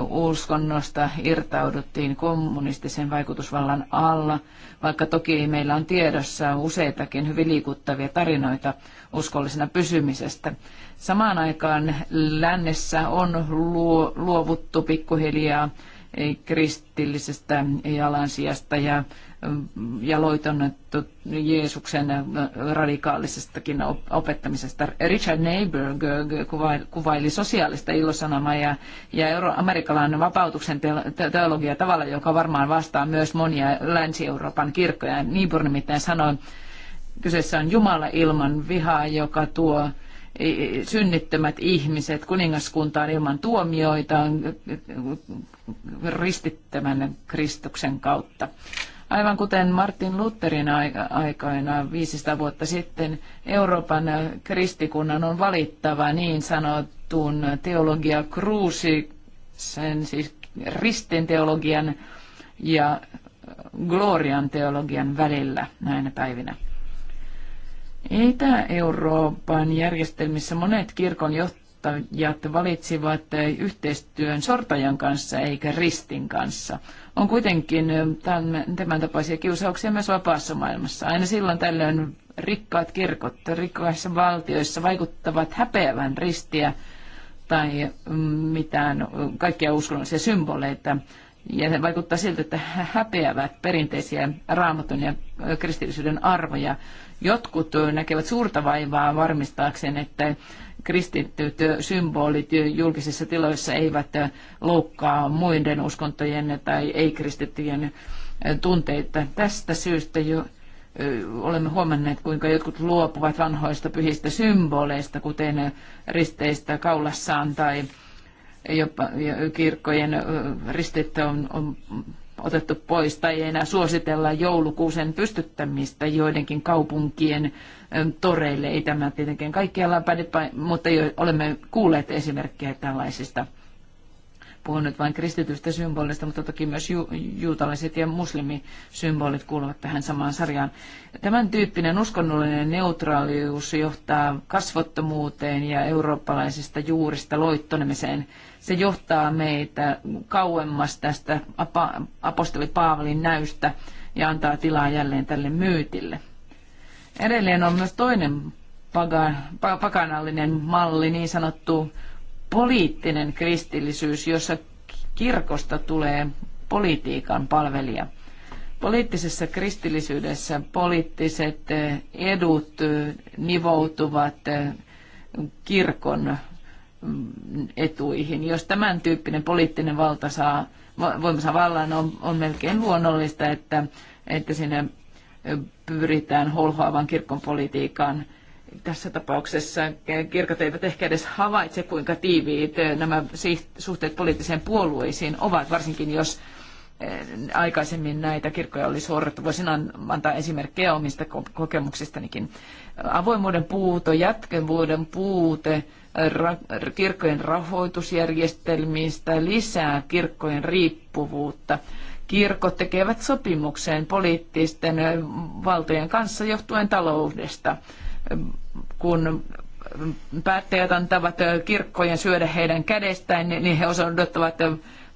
uskonnosta irtauduttiin kommunistisen vaikutusvallan alla, vaikka toki meillä on tiedossa useitakin hyvin liikuttavia tarinoita uskollisena pysymisestä. Samaan aikaan lännessä on luovuttu pikkuhiljaa kristillisestä jalansijasta ja jaloitonnettu Jeesuksen radikaalisestakin opettamisesta. Richard Neyberg kuvaili sosiaalista ilosanomaa ja, ja euroamerikkalainen vapautuksen teologia tavalla, joka varmaan vastaa myös monia Länsi-Euroopan kirkkoja. Niebuhr nimittäin sanoi, kyseessä on Jumala ilman vihaa, joka tuo synnittömät ihmiset kuningaskuntaan ilman tuomioita, ristittämällä Kristuksen kautta. Aivan kuten Martin Lutherin aikoina 500 vuotta sitten, Euroopan kristikunnan on valittava niin sanotun teologia kruusi, sen siis ristin teologian ja glorian teologian välillä näinä päivinä. Itä-Euroopan järjestelmissä monet kirkon johtajat johtajat valitsivat yhteistyön sortajan kanssa eikä ristin kanssa. On kuitenkin tämän tapaisia kiusauksia myös vapaassa maailmassa. Aina silloin tällöin rikkaat kirkot rikkaissa valtioissa vaikuttavat häpeävän ristiä tai mm, mitään kaikkia uskonnollisia symboleita. Ja vaikuttaa siltä, että häpeävät perinteisiä raamatun ja kristillisyyden arvoja. Jotkut näkevät suurta vaivaa varmistaakseen, että kristityt symbolit julkisissa tiloissa eivät loukkaa muiden uskontojen tai ei-kristittyjen tunteita. Tästä syystä jo olemme huomanneet, kuinka jotkut luopuvat vanhoista pyhistä symboleista, kuten risteistä kaulassaan tai jopa kirkkojen ristittä on, on otettu pois tai ei enää suositella joulukuusen pystyttämistä joidenkin kaupunkien toreille. Ei tämä tietenkään kaikkialla päde, mutta jo olemme kuulleet esimerkkejä tällaisista. Puhun nyt vain kristitystä symbolista, mutta toki myös ju- juutalaiset ja muslimisymbolit kuuluvat tähän samaan sarjaan. Tämän tyyppinen uskonnollinen neutraalius johtaa kasvottomuuteen ja eurooppalaisista juurista loittonemiseen. Se johtaa meitä kauemmas tästä apostoli Paavalin näystä ja antaa tilaa jälleen tälle myytille. Edelleen on myös toinen pa, pakanallinen malli, niin sanottu poliittinen kristillisyys, jossa kirkosta tulee politiikan palvelija. Poliittisessa kristillisyydessä poliittiset eh, edut eh, nivoutuvat eh, kirkon mm, etuihin. Jos tämän tyyppinen poliittinen valta saa, voimassa vallan, on, on melkein luonnollista, että, että siinä pyritään holhoavan kirkon politiikan Tässä tapauksessa kirkot eivät ehkä edes havaitse, kuinka tiiviit eh, nämä suhteet poliittiseen puolueisiin ovat, varsinkin jos eh, aikaisemmin näitä kirkkoja oli suorattu. Voisin antaa esimerkkejä omista kokemuksistanikin. Avoimuuden puuto, jatkevuuden puute, ra- kirkkojen rahoitusjärjestelmistä lisää kirkkojen riippuvuutta kirkot tekevät sopimukseen poliittisten valtojen kanssa johtuen taloudesta. Kun päättäjät antavat kirkkojen syödä heidän kädestään, niin, niin he osoittavat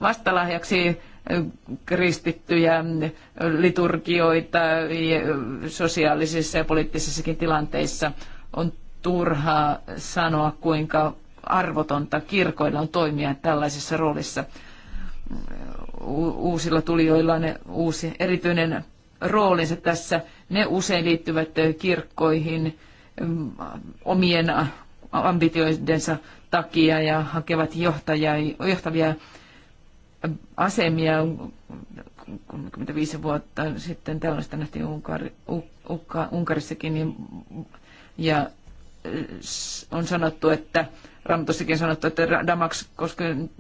vastalahjaksi kristittyjä liturgioita sosiaalisissa ja poliittisissakin tilanteissa. On turhaa sanoa, kuinka arvotonta kirkoilla on toimia tällaisessa roolissa uusilla tulijoilla on uusi erityinen roolinsa tässä. Ne usein liittyvät kirkkoihin mm, omien ambitioidensa takia ja hakevat johtajia, johtavia asemia. 35 vuotta sitten tällaista nähtiin Unkari, Unkarissakin niin- ja on sanottu, että Raamatussakin sanottu, että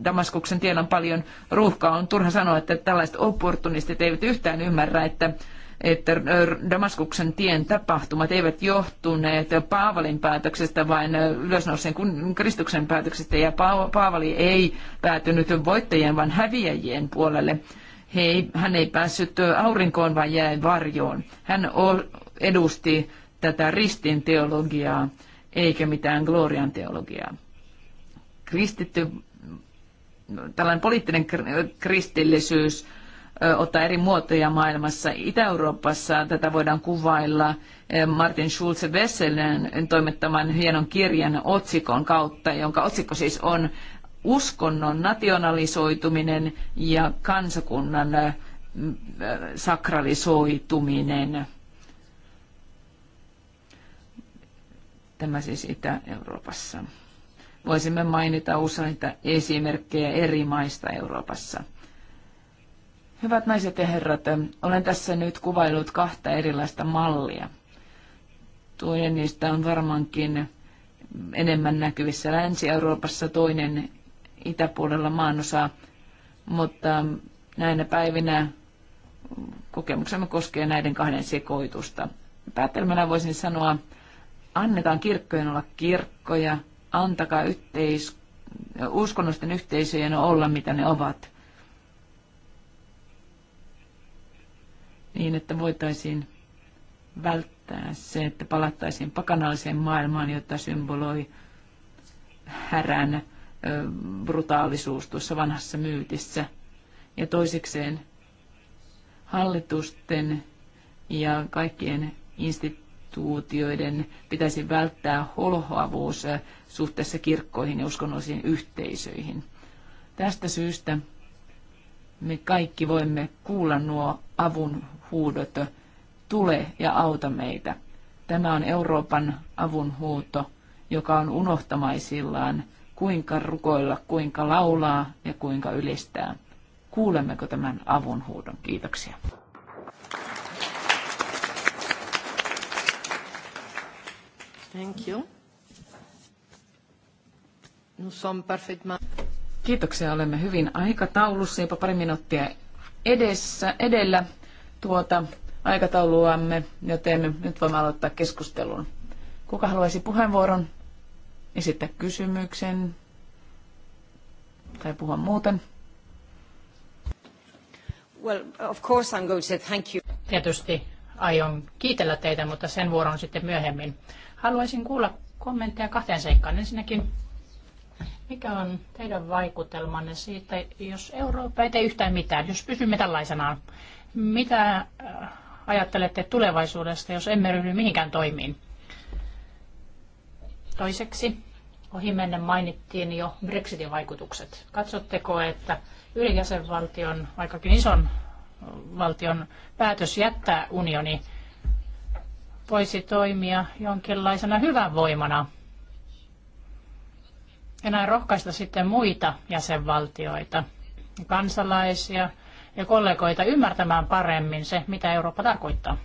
Damaskuksen tiellä on paljon ruuhkaa. On turha sanoa, että tällaiset opportunistit eivät yhtään ymmärrä, että että Damaskuksen tien tapahtumat eivät johtuneet Paavalin päätöksestä, vaan ylösnouseen Kristuksen päätöksestä. Ja Paavali ei päätynyt voittajien, vaan häviäjien puolelle. He hän ei päässyt aurinkoon, vaan jäi varjoon. Hän edusti tätä ristin teologiaa, eikä mitään glorian teologiaa kristitty, no, tällainen poliittinen kristillisyys ottaa eri muotoja maailmassa. Itä-Euroopassa tätä voidaan kuvailla Martin Schulze Wesselen toimittaman hienon kirjan otsikon kautta, jonka otsikko siis on uskonnon nationalisoituminen ja kansakunnan sakralisoituminen. Tämä siis Itä-Euroopassa. Voisimme mainita useita esimerkkejä eri maista Euroopassa. Hyvät naiset ja herrat, olen tässä nyt kuvailut kahta erilaista mallia. Toinen niistä on varmaankin enemmän näkyvissä Länsi-Euroopassa, toinen itäpuolella maanosaa, mutta näinä päivinä kokemuksemme koskee näiden kahden sekoitusta. Päättelmänä voisin sanoa, annetaan kirkkojen olla kirkkoja, antakaa yhteis, uskonnollisten yhteisöjen olla mitä ne ovat. Niin, että voitaisiin välttää se, että palattaisiin pakanalliseen maailmaan, jota symboloi härän brutaalisuus tuossa vanhassa myytissä. Ja toisekseen hallitusten ja kaikkien instituutioiden instituutioiden pitäisi välttää holhoavuus eh, suhteessa kirkkoihin ja uskonnollisiin yhteisöihin. Tästä syystä me kaikki voimme kuulla nuo avun huudot, eh, tule ja auta meitä. Tämä on Euroopan avunhuuto, joka on unohtamaisillaan, kuinka rukoilla, kuinka laulaa ja kuinka ylistää. Kuulemmeko tämän avunhuudon? Kiitoksia. Thank you. Kiitoksia, olemme hyvin aikataulussa, jopa pari minuuttia edessä, edellä tuota aikatauluamme, joten nyt voimme aloittaa keskustelun. Kuka haluaisi puheenvuoron, esittää kysymyksen tai puhua muuten? Well, of course I'm going to say thank you. Tietysti aion kiitellä teitä, mutta sen vuoron sitten myöhemmin. Haluaisin kuulla kommentteja kahteen seikkaan. Ensinnäkin, mikä on teidän vaikutelmanne siitä, jos Eurooppa ei tee yhtään mitään, jos pysymme tällaisenaan? Mitä äh, ajattelette tulevaisuudesta, jos emme ryhdy mihinkään toimiin? Toiseksi, ohimennen mainittiin jo Brexitin vaikutukset. Katsotteko, että ylijäsenvaltion, vaikkakin ison valtion päätös jättää unioni voisi toimia jonkinlaisena hyvän voimana ja näin rohkaista sitten muita jäsenvaltioita, kansalaisia ja kollegoita ymmärtämään paremmin se, mitä Eurooppa tarkoittaa.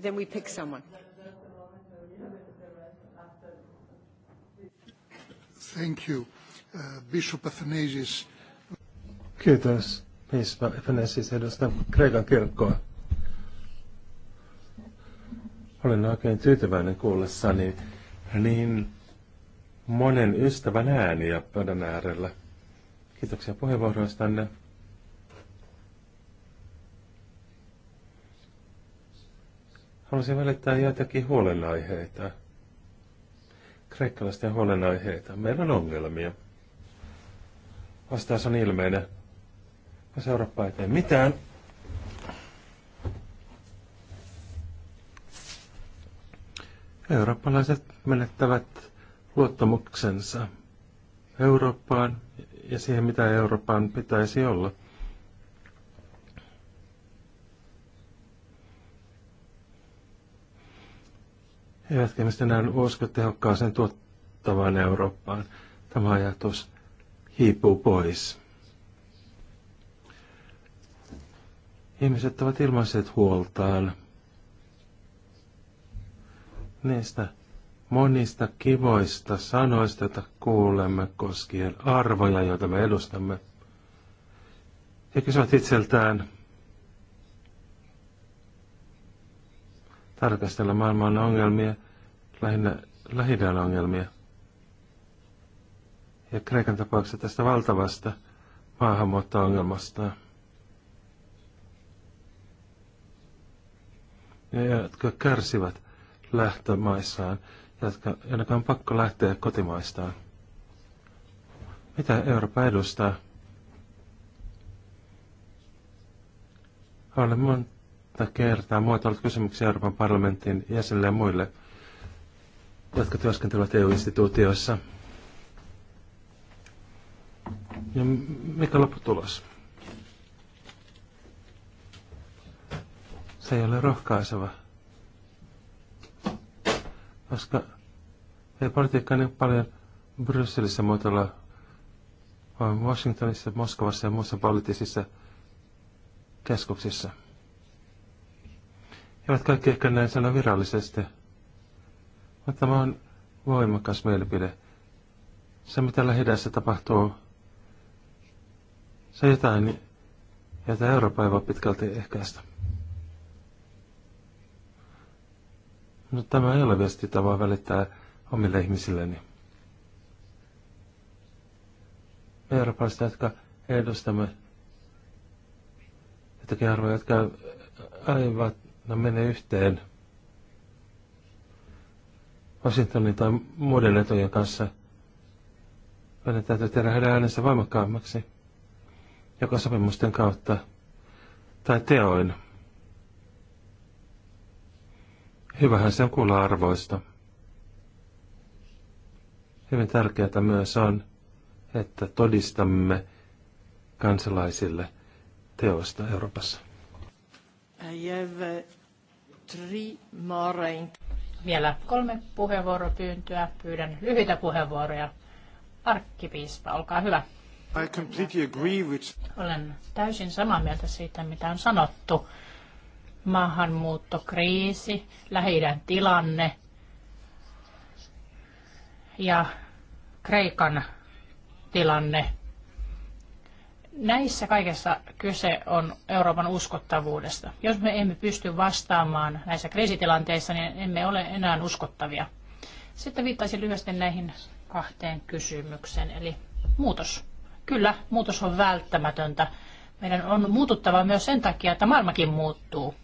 Then we pick someone. Thank you. Uh, Bishop Athanasius. Kiitos. Piispa Athanasius, edustan Kreikan kirkkoa. Olen oikein tyytyväinen kuullessani niin monen ystävän ääniä pöydän äärellä. Kiitoksia puheenvuoroistanne. Haluaisin välittää joitakin huolenaiheita kreikkalaisten huolenaiheita. Meillä on ongelmia. Vastaus on ilmeinen. Ja Eurooppa ei mitään, eurooppalaiset menettävät luottamuksensa Eurooppaan ja siihen, mitä Euroopan pitäisi olla. Eivätkä mistä näin usko tehokkaaseen tuottavaan Eurooppaan. Tämä ajatus hiipuu pois. Ihmiset ovat ilmaiset huoltaan niistä monista kivoista sanoista, joita kuulemme koskien arvoja, joita me edustamme. Ja kysyvät itseltään, tarkastella maailman ongelmia, lähinnä lähidän ongelmia. Ja Kreikan tapauksessa tästä valtavasta maahanmuutto-ongelmasta. Ja jotka kärsivät lähtömaissaan, jotka ainakaan on pakko lähteä kotimaistaan. Mitä Eurooppa edustaa? Olen monta kertaa muotoillut kysymyksiä Euroopan parlamentin jäsenille ja muille, jotka työskentelevät EU-instituutioissa. Ja mikä lopputulos? Se ei ole rohkaiseva, koska ei politiikka niin paljon Brysselissä muotoilla, vaan Washingtonissa, Moskovassa ja muissa poliittisissa keskuksissa – eivät kaikki ehkä näin sano virallisesti, mutta tämä on voimakas mielipide. Se, mitä lähidässä tapahtuu, se jotain, jota Eurooppa ei voi pitkälti ehkäistä. No, tämä ei ole viesti, jota voi välittää omille ihmisilleni. Me eurooppalaiset, jotka edustamme jotakin arvoja, jotka aivat No mene yhteen Washingtonin tai muiden etujen kanssa. Meidän täytyy tehdä heidän äänensä voimakkaammaksi, joko sopimusten kautta tai teoin. Hyvähän se on kuulla arvoista. Hyvin tärkeää myös on, että todistamme kansalaisille teoista Euroopassa. Vielä kolme puheenvuoropyyntöä. Pyydän lyhyitä puheenvuoroja. Arkkipiispa, olkaa hyvä. I completely agree with... Olen täysin samaa mieltä siitä, mitä on sanottu. Maahanmuuttokriisi, lähi tilanne ja Kreikan tilanne Näissä kaikessa kyse on Euroopan uskottavuudesta. Jos me emme pysty vastaamaan näissä kriisitilanteissa, niin emme ole enää uskottavia. Sitten viittaisin lyhyesti näihin kahteen kysymykseen, eli muutos. Kyllä, muutos on välttämätöntä. Meidän on muututtava myös sen takia, että maailmakin muuttuu.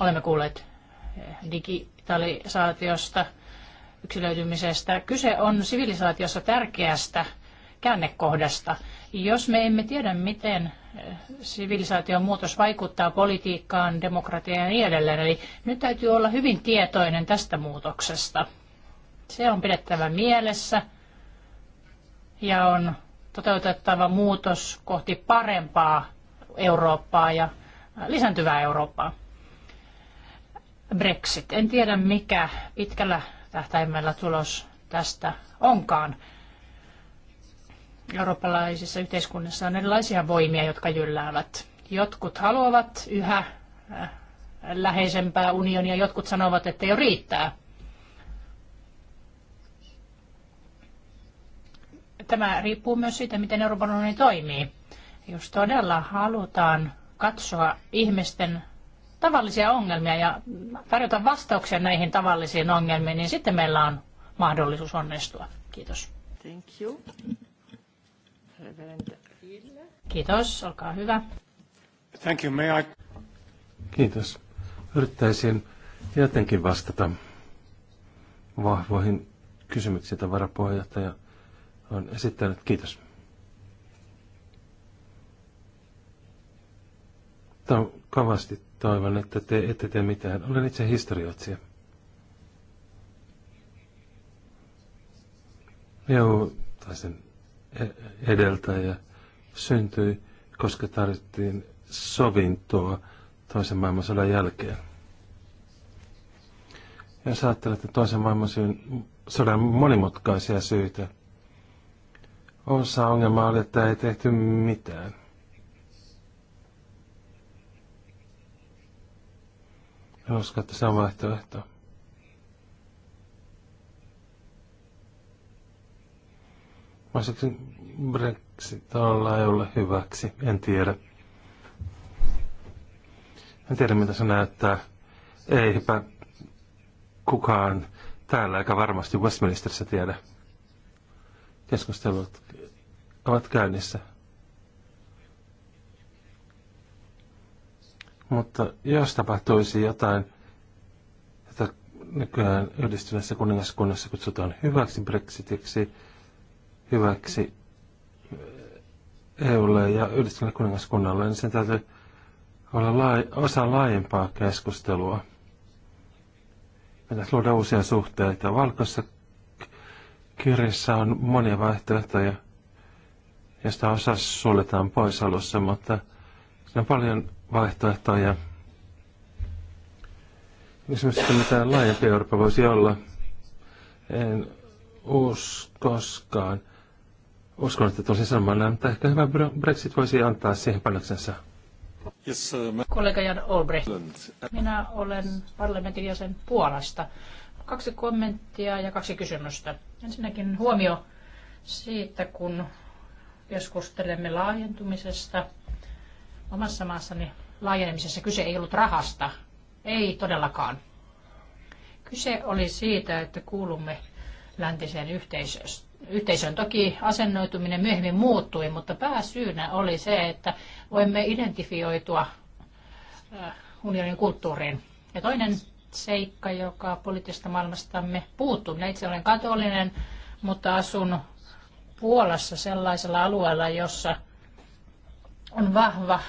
Olemme kuulleet digitalisaatiosta, yksilöitymisestä. Kyse on sivilisaatiossa tärkeästä käännekohdasta. Jos me emme tiedä, miten eh, sivilisaation muutos vaikuttaa politiikkaan, demokratiaan ja niin edelleen, eli nyt täytyy olla hyvin tietoinen tästä muutoksesta. Se on pidettävä mielessä ja on toteutettava muutos kohti parempaa Eurooppaa ja eh, lisääntyvää Eurooppaa. Brexit. En tiedä, mikä pitkällä tähtäimellä tulos tästä onkaan eurooppalaisissa yhteiskunnissa on erilaisia voimia, jotka jylläävät. Jotkut haluavat yhä äh, läheisempää unionia, jotkut sanovat, että jo riittää. Tämä riippuu myös siitä, miten Euroopan unioni toimii. Jos todella halutaan katsoa ihmisten tavallisia ongelmia ja tarjota vastauksia näihin tavallisiin ongelmiin, niin sitten meillä on mahdollisuus onnistua. Kiitos. Thank you. Kiitos, olkaa hyvä. Thank you, may I... Kiitos. Yrittäisin jotenkin vastata vahvoihin kysymyksiin, joita varapuheenjohtaja on esittänyt. Kiitos. Kavasti toivon, että te ette tee mitään. Olen itse historioitsija. Joo, tai sen E- edeltäjä syntyi, koska tarvittiin sovintoa toisen maailmansodan jälkeen. Ja jos ajattelette toisen maailmansodan monimutkaisia syitä, osa ongelmaa oli, että ei tehty mitään. En usko, että se on vaihtoehto. Mä sanoisin, Brexit on EUlle hyväksi? En tiedä. En tiedä, mitä se näyttää. Eipä kukaan täällä eikä varmasti Westminsterissä tiedä. Keskustelut ovat käynnissä. Mutta jos tapahtuisi jotain, että nykyään yhdistyneessä kuningaskunnassa kutsutaan hyväksi Brexitiksi, hyväksi EUlle ja yhdistyneelle kuningaskunnalle, niin sen täytyy olla laaj- osa laajempaa keskustelua. Pitäisi luoda uusia suhteita. Valkoisessa kirjassa on monia vaihtoehtoja, joista osa suljetaan pois alussa, mutta siinä on paljon vaihtoehtoja. Esimerkiksi, mitä laajempi Eurooppa voisi olla, en usko koskaan – Uskon, että tosi samalla, mutta ehkä hyvä Brexit voisi antaa siihen panoksensa. Yes, mä... Kollega Jan Olbrecht. Minä olen parlamentin jäsen Puolasta. Kaksi kommenttia ja kaksi kysymystä. Ensinnäkin huomio siitä, kun keskustelemme laajentumisesta. Omassa maassani laajenemisessa kyse ei ollut rahasta. Ei todellakaan. Kyse oli siitä, että kuulumme läntiseen yhteisöön Yhteisön toki asennoituminen myöhemmin muuttui, mutta pääsyynä oli se, että voimme identifioitua äh, unionin kulttuuriin. Ja toinen seikka, joka poliittisesta maailmastamme puuttuu. Minä itse olen katolinen, mutta asun Puolassa sellaisella alueella, jossa on vahva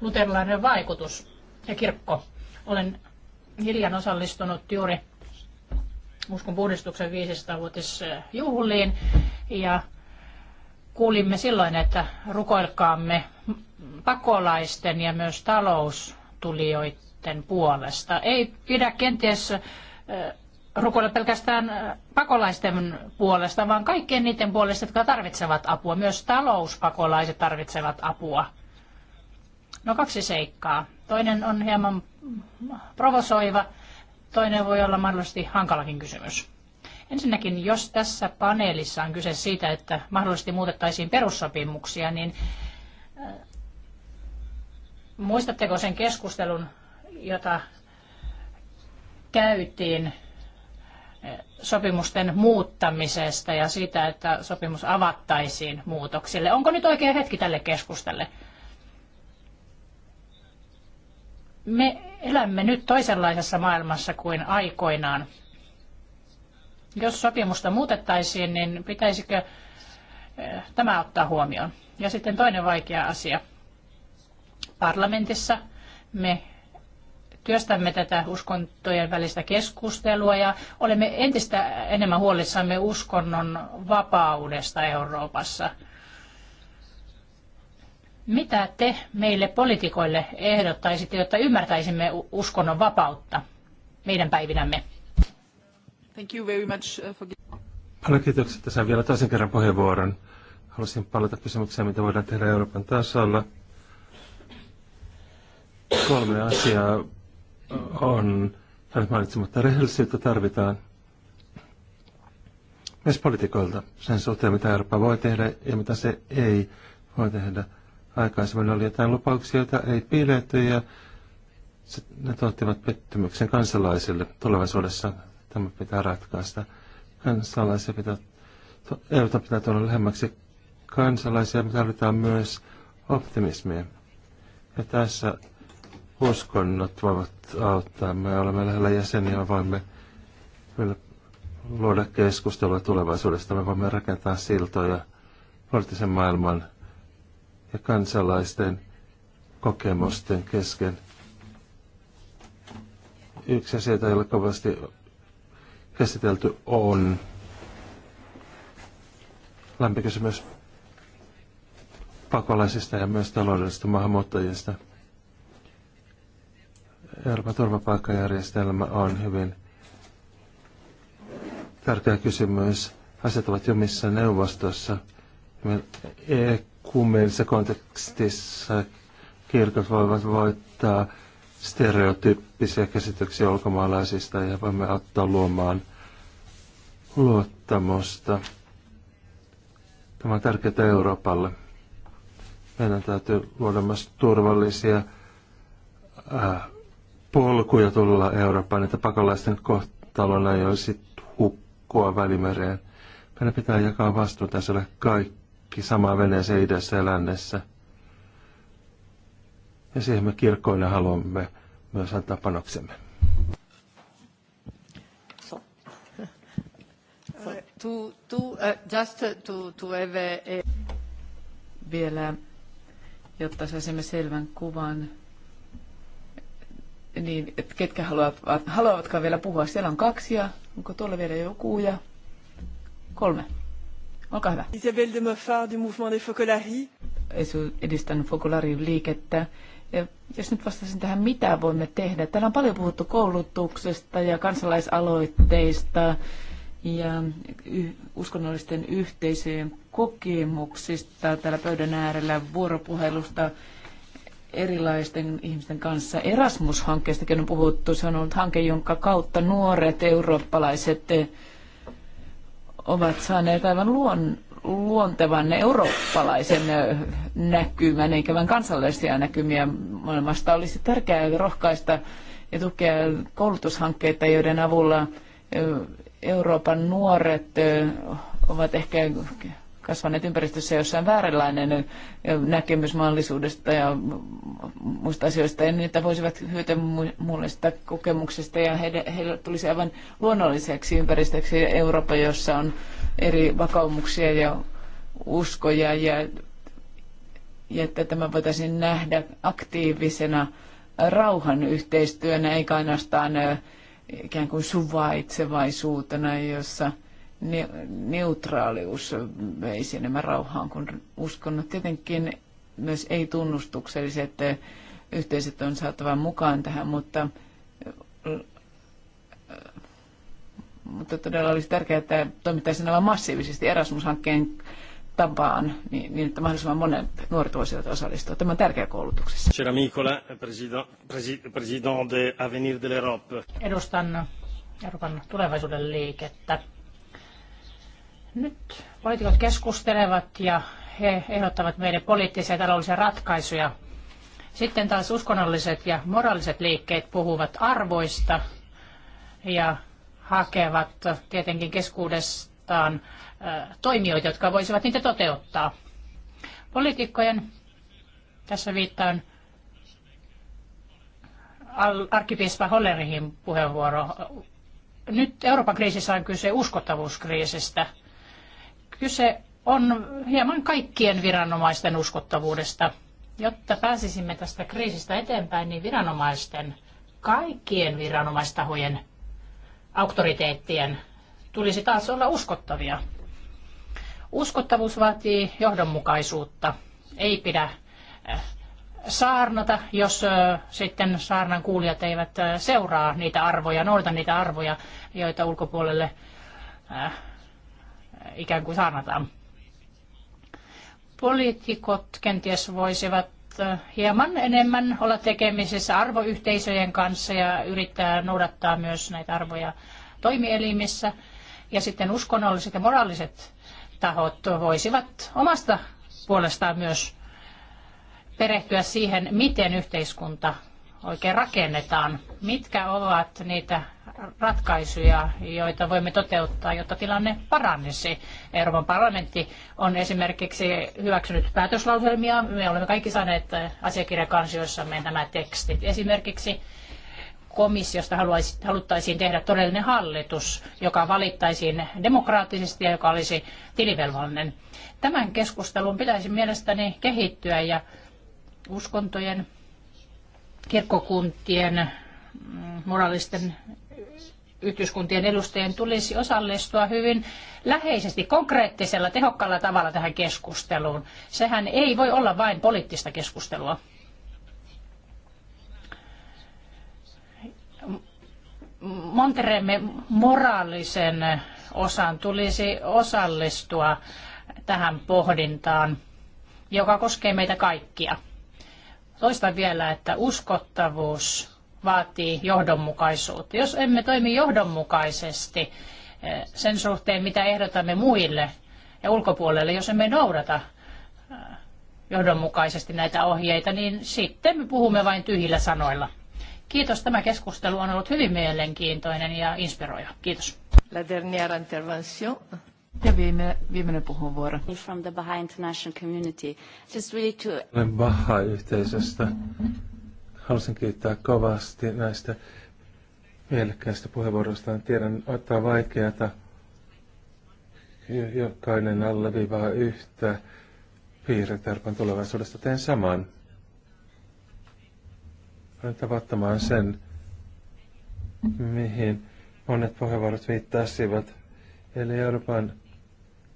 luterilainen vaikutus ja kirkko. Olen hiljan osallistunut juuri uskon puhdistuksen 500-vuotisjuhliin eh, ja kuulimme silloin, että rukoilkaamme pakolaisten ja myös taloustulijoiden puolesta. Ei pidä kenties eh, rukoilla pelkästään eh, pakolaisten puolesta, vaan kaikkien niiden puolesta, jotka tarvitsevat apua. Myös talouspakolaiset tarvitsevat apua. No kaksi seikkaa. Toinen on hieman provosoiva toinen voi olla mahdollisesti hankalakin kysymys. Ensinnäkin, jos tässä paneelissa on kyse siitä, että mahdollisesti muutettaisiin perussopimuksia, niin äh, muistatteko sen keskustelun, jota käytiin äh, sopimusten muuttamisesta ja siitä, että sopimus avattaisiin muutoksille. Onko nyt oikea hetki tälle keskustelle? Me Elämme nyt toisenlaisessa maailmassa kuin aikoinaan. Jos sopimusta muutettaisiin, niin pitäisikö eh, tämä ottaa huomioon? Ja sitten toinen vaikea asia. Parlamentissa me työstämme tätä uskontojen välistä keskustelua ja olemme entistä enemmän huolissamme uskonnon vapaudesta Euroopassa – mitä te meille poliitikoille ehdottaisitte, jotta ymmärtäisimme uskonnon vapautta meidän päivinämme? Thank you very much uh, for... Paljon kiitoksia, että sain vielä toisen kerran puheenvuoron. Haluaisin palata kysymykseen, mitä voidaan tehdä Euroopan tasolla. Kolme asiaa on jäänyt mainitsematta. Rehellisyyttä tarvitaan myös poliitikoilta sen suhteen, mitä Eurooppa voi tehdä ja mitä se ei voi tehdä. Aikaisemmin oli jotain lupauksia, joita ei pidetty ja ne tuottivat pettymyksen kansalaisille tulevaisuudessa. Tämä pitää ratkaista. Kansalaisia pitää, EUta pitää tulla lähemmäksi kansalaisia. Me tarvitaan myös optimismia. Ja tässä uskonnot voivat auttaa. Me olemme lähellä jäseniä, voimme luoda keskustelua tulevaisuudesta. Me voimme rakentaa siltoja poliittisen maailman ja kansalaisten kokemusten kesken. Yksi asia, jota ei ole kovasti käsitelty, on lämpikysymys pakolaisista ja myös taloudellisista maahanmuuttajista. Euroopan turvapaikkajärjestelmä on hyvin tärkeä kysymys. Asiat ovat jumissa neuvostossa kummeellisessa kontekstissa kirkot voivat voittaa stereotyyppisiä käsityksiä ulkomaalaisista ja voimme auttaa luomaan luottamusta. Tämä on tärkeää Euroopalle. Meidän täytyy luoda myös turvallisia ää, äh, polkuja tulla Eurooppaan, että pakolaisten kohtalona ei olisi hukkua välimereen. Meidän pitää jakaa vastuuta sille kaikki samaa veneeseen idässä ja lännessä. Ja siihen me kirkkoille haluamme myös antaa panoksemme. So. So. To, to, uh, just to, to have a... Vielä, jotta saisimme selvän kuvan, niin, ketkä haluavat, haluavatkaan vielä puhua. Siellä on kaksi ja onko tuolla vielä joku ja kolme. Olkaa hyvä. Isabelle de Moffat du Mouvement des Focolari. Edistän Focolari-liikettä. Ja jos nyt vastasin tähän, mitä voimme tehdä? Täällä on paljon puhuttu koulutuksesta ja kansalaisaloitteista ja uskonnollisten yhteisöjen kokemuksista täällä pöydän äärellä, vuoropuhelusta erilaisten ihmisten kanssa. Erasmus-hankkeestakin on puhuttu. Se on ollut hanke, jonka kautta nuoret eurooppalaiset ovat saaneet aivan luon, luontevan eurooppalaisen näkymän, eikä vain kansallisia näkymiä maailmasta. Olisi tärkeää rohkaista ja tukea koulutushankkeita, joiden avulla Euroopan nuoret ovat ehkä kasvaneet ympäristössä, jossa on vääränlainen näkemys mahdollisuudesta ja muista asioista, ja niitä voisivat hyötyä sitä kokemuksesta, ja heille, heille tulisi aivan luonnolliseksi ympäristöksi Eurooppa, jossa on eri vakaumuksia ja uskoja, ja, ja että tämä voitaisiin nähdä aktiivisena rauhan yhteistyönä, eikä ainoastaan ikään kuin suvaitsevaisuutena, jossa – ne, neutraalius veisi enemmän rauhaan kuin uskonnot. Tietenkin myös ei-tunnustukselliset yhteiset on saatava mukaan tähän, mutta, mutta todella olisi tärkeää, että toimittaisiin aivan massiivisesti Erasmus-hankkeen tapaan, niin, niin että mahdollisimman monet nuoret voisivat osallistua. Tämä on tärkeä koulutuksessa. Cher Mikola, president de Avenir de l'Europe. Edustan Euroopan tulevaisuuden liikettä. Nyt poliitikot keskustelevat ja he ehdottavat meille poliittisia ja taloudellisia ratkaisuja. Sitten taas uskonnolliset ja moraaliset liikkeet puhuvat arvoista ja hakevat tietenkin keskuudestaan toimijoita, jotka voisivat niitä toteuttaa. Poliitikkojen, tässä viittaan arkkipiispa Hollerihin puheenvuoro. Nyt Euroopan kriisissä on kyse uskottavuuskriisistä – kyse on hieman kaikkien viranomaisten uskottavuudesta. Jotta pääsisimme tästä kriisistä eteenpäin, niin viranomaisten, kaikkien viranomaistahojen auktoriteettien tulisi taas olla uskottavia. Uskottavuus vaatii johdonmukaisuutta. Ei pidä eh, saarnata, jos eh, sitten saarnan kuulijat eivät eh, seuraa niitä arvoja, noita niitä arvoja, joita ulkopuolelle ikään kuin saarnataan. Poliitikot kenties voisivat äh, hieman enemmän olla tekemisissä arvoyhteisöjen kanssa ja yrittää noudattaa myös näitä arvoja toimielimissä. Ja sitten uskonnolliset ja moraaliset tahot voisivat omasta puolestaan myös perehtyä siihen, miten yhteiskunta oikein rakennetaan, mitkä ovat niitä ratkaisuja, joita voimme toteuttaa, jotta tilanne paranisi. Euroopan parlamentti on esimerkiksi hyväksynyt päätöslauselmia. Me olemme kaikki saaneet asiakirjakansioissamme nämä tekstit. Esimerkiksi komissiosta haluttaisiin tehdä todellinen hallitus, joka valittaisiin demokraattisesti ja joka olisi tilivelvollinen. Tämän keskustelun pitäisi mielestäni kehittyä ja uskontojen, kirkkokuntien, mm, moraalisten yhteiskuntien edustajien tulisi osallistua hyvin läheisesti, konkreettisella, tehokkaalla tavalla tähän keskusteluun. Sehän ei voi olla vain poliittista keskustelua. Montereemme moraalisen osan tulisi osallistua tähän pohdintaan, joka koskee meitä kaikkia. Toistan vielä, että uskottavuus vaatii johdonmukaisuutta. Jos emme toimi johdonmukaisesti eh, sen suhteen, mitä ehdotamme muille ja ulkopuolelle, jos emme noudata eh, johdonmukaisesti näitä ohjeita, niin sitten me puhumme vain tyhjillä sanoilla. Kiitos. Tämä keskustelu on ollut hyvin mielenkiintoinen ja inspiroiva. Kiitos. La dernière intervention. Ja viime, viimeinen puheenvuoro. From the Baha'i International Community. Just really to... Baha'i-yhteisöstä. Haluaisin kiittää kovasti näistä mielekkäistä puheenvuoroista. Tiedän, ottaa vaikeata. Jokainen alleviivaa yhtä piirretarpan tulevaisuudesta. Teen saman. Olen tavattamaan sen, mihin monet puheenvuorot viittasivat. Eli Euroopan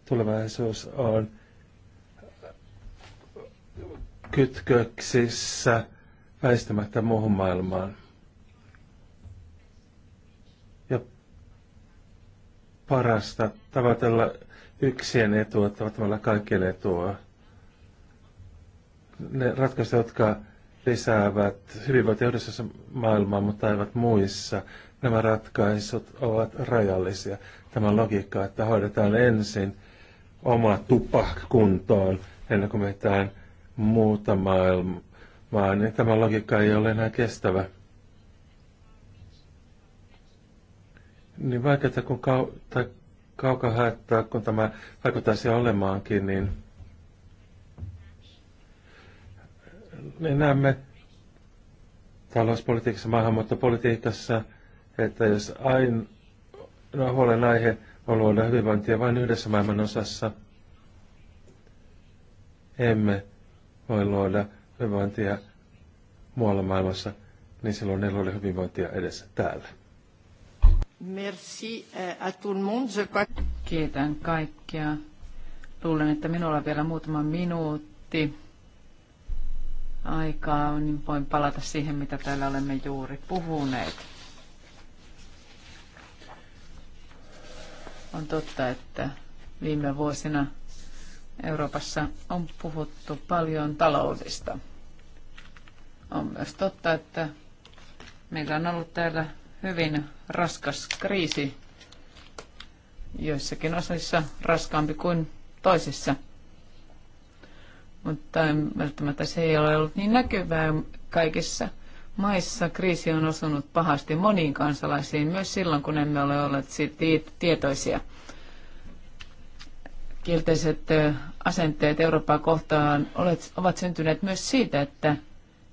tulevaisuus on kytköksissä – väistämättä muuhun maailmaan. Ja parasta tavatella yksien etua, tavatella kaikkien etua. Ne ratkaisut, jotka lisäävät hyvinvointia yhdessä maailmaa, mutta eivät muissa. Nämä ratkaisut ovat rajallisia. Tämä logiikka, että hoidetaan ensin oma tupa kuntoon ennen kuin mitään muuta maailmaa vaan tämä logiikka ei ole enää kestävä. Niin vaikeaa kun kau- tai kauka haettaa, kun tämä vaikuttaa vaikuttaisi olemaankin, niin, niin näemme talouspolitiikassa, maahanmuuttopolitiikassa, että jos aina no, huolenaihe on luoda hyvinvointia vain yhdessä maailman osassa, emme voi luoda hyvinvointia muualla maailmassa, niin silloin niillä oli hyvinvointia edessä täällä. Merci eh, à tout le monde. Kiitän kaikkia. Luulen, että minulla on vielä muutama minuutti aikaa, niin voin palata siihen, mitä täällä olemme juuri puhuneet. On totta, että viime vuosina Euroopassa on puhuttu paljon taloudesta. On myös totta, että meillä on ollut täällä hyvin raskas kriisi, joissakin osissa raskaampi kuin toisissa. Mutta välttämättä se ei ole ollut niin näkyvää kaikissa maissa. Kriisi on osunut pahasti moniin kansalaisiin, myös silloin kun emme ole olleet siitä tietoisia. Kielteiset asenteet Eurooppaa kohtaan ovat syntyneet myös siitä, että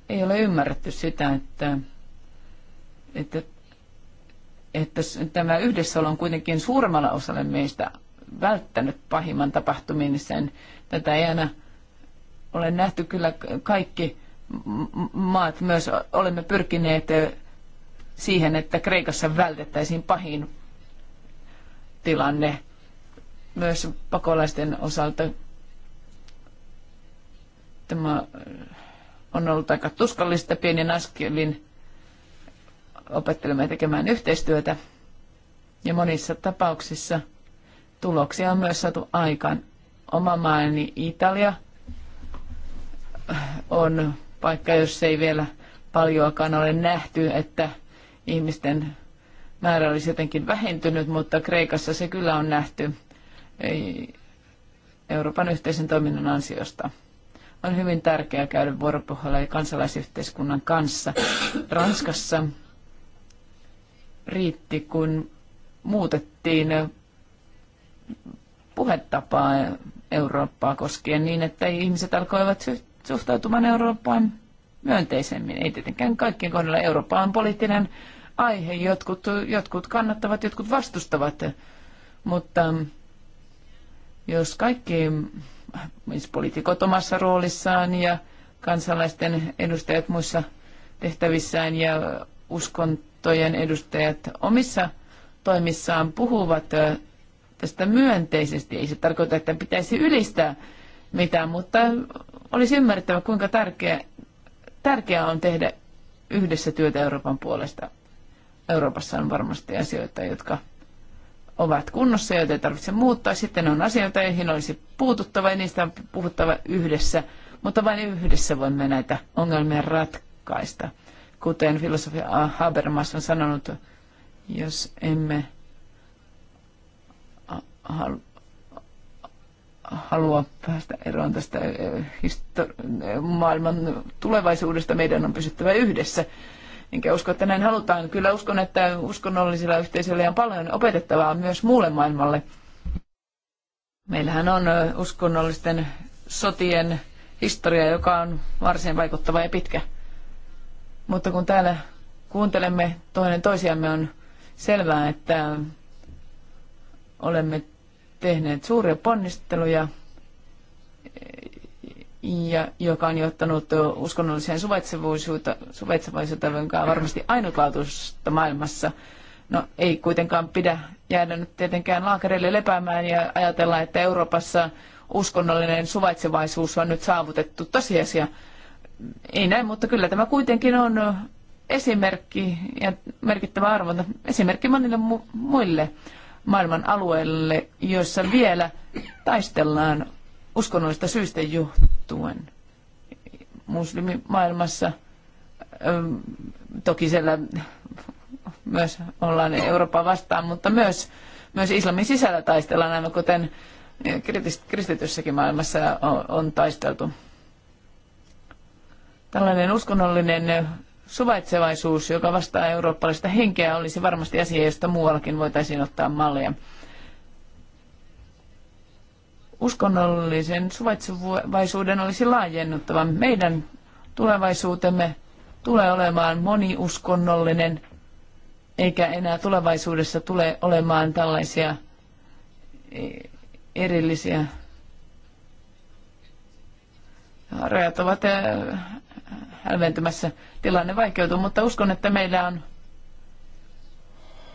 ei ole ymmärretty sitä, että, että, että tämä yhdessäolo on kuitenkin suuremmalla osalla meistä välttänyt pahimman tapahtumin sen. Tätä ei aina ole nähty kyllä kaikki maat myös olemme pyrkineet siihen, että Kreikassa vältettäisiin pahin tilanne myös pakolaisten osalta. Tämä on ollut aika tuskallista pienin askelin opettelemaan tekemään yhteistyötä ja monissa tapauksissa tuloksia on myös saatu aikaan. Oma maani Italia on paikka, jos ei vielä paljoakaan ole nähty, että ihmisten määrä olisi jotenkin vähentynyt, mutta Kreikassa se kyllä on nähty Ei Euroopan yhteisen toiminnan ansiosta on hyvin tärkeää käydä vuoropuhelua kansalaisyhteiskunnan kanssa. Ranskassa riitti, kun muutettiin puhetapaa Eurooppaa koskien niin, että ihmiset alkoivat suhtautumaan Eurooppaan myönteisemmin. Ei tietenkään kaikkien kohdalla. Eurooppa on poliittinen aihe. Jotkut, jotkut kannattavat, jotkut vastustavat. Mutta jos kaikki myös siis poliitikot omassa roolissaan ja kansalaisten edustajat muissa tehtävissään ja uskontojen edustajat omissa toimissaan puhuvat tästä myönteisesti. Ei se tarkoita, että pitäisi ylistää mitään, mutta olisi ymmärrettävä, kuinka tärkeä, tärkeää on tehdä yhdessä työtä Euroopan puolesta. Euroopassa on varmasti asioita, jotka ovat kunnossa, joita ei tarvitse muuttaa. Sitten on asioita, joihin olisi puututtava ja niistä on puhuttava yhdessä, mutta vain yhdessä voimme näitä ongelmia ratkaista. Kuten filosofia Habermas on sanonut, jos emme halua päästä eroon tästä eh, eh, maailman tulevaisuudesta, meidän on pysyttävä yhdessä enkä usko, että näin halutaan. Kyllä uskon, että uskonnollisilla yhteisöillä on paljon opetettavaa myös muulle maailmalle. Meillähän on uskonnollisten sotien historia, joka on varsin vaikuttava ja pitkä. Mutta kun täällä kuuntelemme toinen toisiamme, on selvää, että olemme tehneet suuria ponnisteluja ja joka on johtanut uskonnolliseen suvaitsevaisuuteen, joka on varmasti ainutlaatuista maailmassa. No ei kuitenkaan pidä jäädä nyt tietenkään laakereille lepäämään ja ajatella, että Euroopassa uskonnollinen suvaitsevaisuus on nyt saavutettu tosiasia. Ei näin, mutta kyllä tämä kuitenkin on esimerkki ja merkittävä arvo, esimerkki monille mu- muille maailman alueille, joissa vielä taistellaan uskonnollista syistä johtuen. Muslimimaailmassa ähm, toki siellä myös ollaan Euroopan vastaan, mutta myös, myös islamin sisällä taistellaan, aivan kuten kristityssäkin maailmassa on taisteltu. Tällainen uskonnollinen suvaitsevaisuus, joka vastaa eurooppalaista henkeä, olisi varmasti asia, josta muuallakin voitaisiin ottaa mallia uskonnollisen suvaitsevaisuuden olisi laajennuttava. Meidän tulevaisuutemme tulee olemaan moniuskonnollinen, eikä enää tulevaisuudessa tule olemaan tällaisia erillisiä rajat ovat äh, hälventymässä. Tilanne vaikeutuu, mutta uskon, että meillä on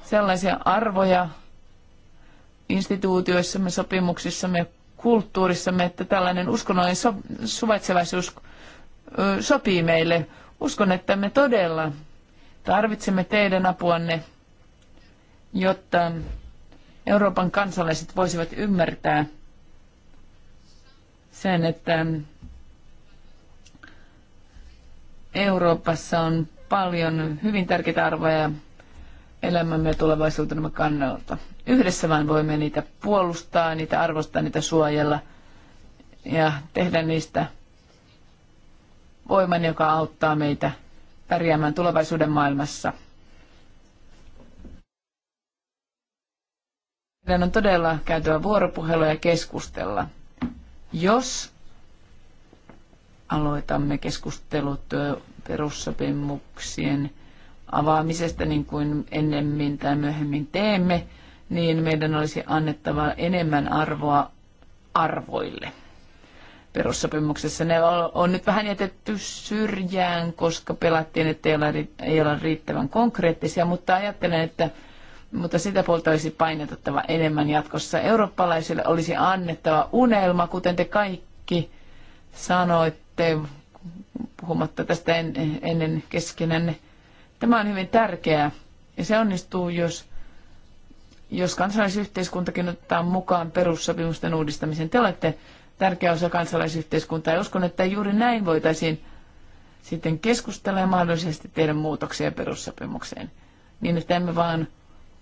sellaisia arvoja instituutioissamme, sopimuksissamme, kulttuurissamme, että tällainen uskonnollinen so- suvaitsevaisuus sopii meille. Uskon, että me todella tarvitsemme teidän apuanne, jotta Euroopan kansalaiset voisivat ymmärtää sen, että Euroopassa on paljon hyvin tärkeitä arvoja elämämme ja tulevaisuutemme kannalta. Yhdessä vaan voimme niitä puolustaa, niitä arvostaa, niitä suojella ja tehdä niistä voiman, joka auttaa meitä pärjäämään tulevaisuuden maailmassa. Meidän on todella käytävä vuoropuhelua ja keskustella. Jos aloitamme keskustelut perussopimuksien avaamisesta, niin kuin ennemmin tai myöhemmin teemme, niin meidän olisi annettava enemmän arvoa arvoille. Perussopimuksessa ne on nyt vähän jätetty syrjään, koska pelattiin, että ei ole, ei ole riittävän konkreettisia, mutta ajattelen, että mutta sitä puolta olisi painotettava enemmän jatkossa. Eurooppalaisille olisi annettava unelma, kuten te kaikki sanoitte, puhumatta tästä en, ennen keskenänne. Tämä on hyvin tärkeää ja se onnistuu, jos jos kansalaisyhteiskuntakin ottaa mukaan perussopimusten uudistamisen, te olette tärkeä osa kansalaisyhteiskuntaa. Ja uskon, että juuri näin voitaisiin sitten keskustella ja mahdollisesti tehdä muutoksia perussopimukseen. Niin, että emme vaan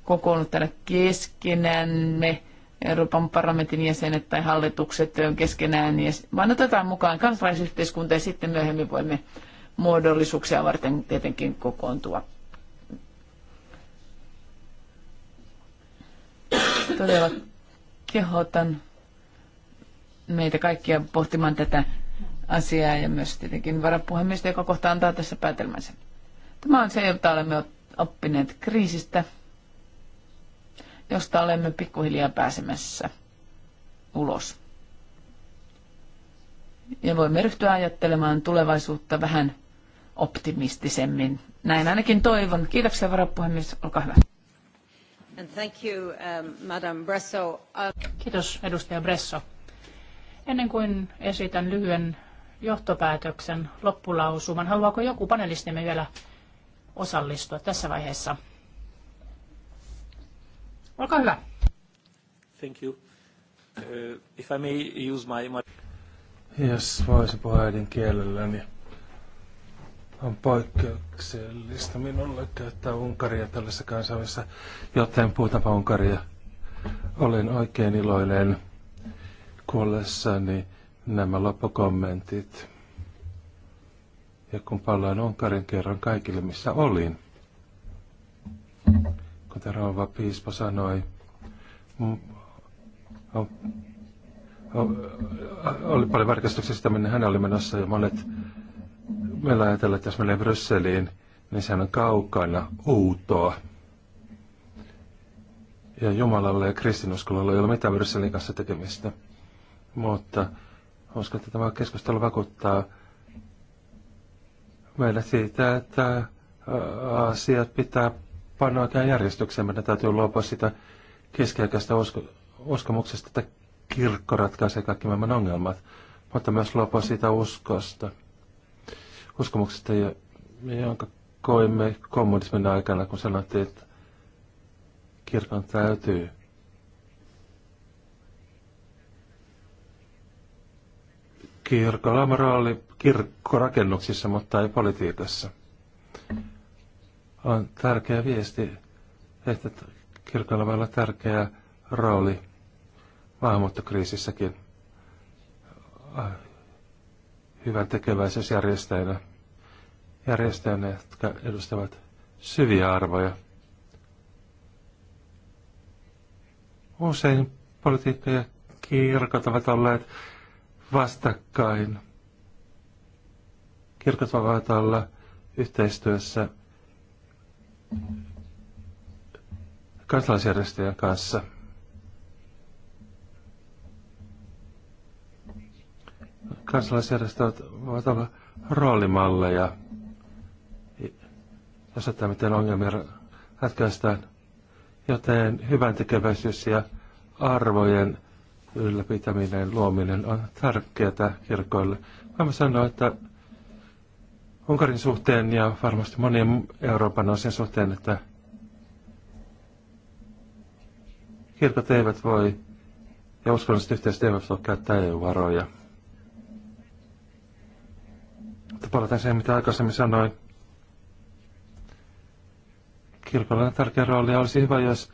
kokoonnu täällä keskenämme, Euroopan parlamentin jäsenet tai hallitukset keskenään, vaan otetaan mukaan kansalaisyhteiskunta ja sitten myöhemmin voimme muodollisuuksia varten tietenkin kokoontua Todella kehotan meitä kaikkia pohtimaan tätä asiaa ja myös tietenkin varapuhemiestä, joka kohta antaa tässä päätelmänsä. Tämä on se, jota olemme oppineet kriisistä, josta olemme pikkuhiljaa pääsemässä ulos. Ja voimme ryhtyä ajattelemaan tulevaisuutta vähän optimistisemmin. Näin ainakin toivon. Kiitoksia varapuhemies, olkaa hyvä thank you, um, Madam Bresso. Uh, Kiitos, edustaja Bresso. Ennen kuin esitän lyhyen johtopäätöksen loppulausuman, haluaako joku panelistimme vielä osallistua tässä vaiheessa? Olkaa hyvä. Thank you. Uh, if I may use my... Jos voisi puheiden kielelläni. Niin on poikkeuksellista minulle käyttää Unkaria tällaisessa kansainvälisessä, joten puhutaanpa Unkaria. Olen oikein iloinen kuollessani nämä loppukommentit. Ja kun palaan Unkarin kerran kaikille, missä olin. Kuten Rauva Piispa sanoi, mm, oli paljon varkastuksia sitä, minne hän oli menossa ja monet meillä ajatellaan, että jos menee Brysseliin, niin sehän on kaukana outoa. Ja Jumalalle ja kristinuskolle ei ole mitään Brysselin kanssa tekemistä. Mutta uskon, että tämä keskustelu vakuuttaa meille siitä, että asiat pitää panna oikein järjestykseen. Meidän täytyy luopua sitä keskiaikaista uskomuksesta, että kirkko ratkaisee kaikki maailman ongelmat, mutta myös luopua siitä uskosta – uskomuksesta, jonka koimme kommunismin aikana, kun sanottiin, että kirkon täytyy kirkolla on rooli kirkkorakennuksissa, mutta ei politiikassa. On tärkeä viesti, että kirkolla voi olla tärkeä rooli maahanmuuttokriisissäkin ah, hyvän tekeväisyysjärjestäjänä järjestöön, jotka edustavat syviä arvoja. Usein politiikka ja kirkot ovat olleet vastakkain. Kirkot voivat olla yhteistyössä kansalaisjärjestöjen kanssa. Kansalaisjärjestöt voivat olla roolimalleja osoittaa, miten ongelmia ratkaistaan. Joten hyvän tekeväisyys ja arvojen ylläpitäminen, luominen on tärkeää kirkoille. Mä sanoin, että Unkarin suhteen ja varmasti monien Euroopan osien suhteen, että kirkot eivät voi ja uskonnolliset yhteisöt eivät voi käyttää EU-varoja. Mutta palataan siihen, mitä aikaisemmin sanoin. Kilpailu on tärkeä rooli ja olisi hyvä, jos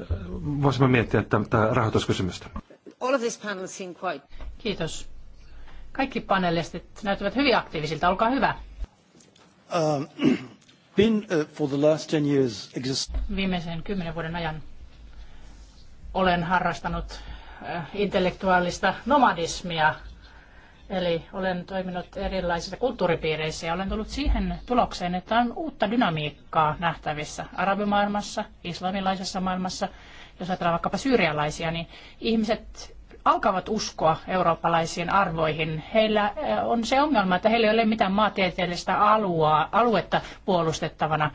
äh, voisimme miettiä tätä rahoituskysymystä. Kiitos. Kaikki panelistit näyttävät hyvin aktiivisilta. Olkaa hyvä. Ähm, äh, Viimeisen kymmenen vuoden ajan olen harrastanut äh, intellektuaalista nomadismia Eli olen toiminut erilaisissa kulttuuripiireissä ja olen tullut siihen tulokseen, että on uutta dynamiikkaa nähtävissä arabimaailmassa, islamilaisessa maailmassa. Jos ajatellaan vaikkapa syyrialaisia, niin ihmiset alkavat uskoa eurooppalaisiin arvoihin. Heillä eh, on se ongelma, että heillä ei ole mitään maantieteellistä alua, aluetta puolustettavana.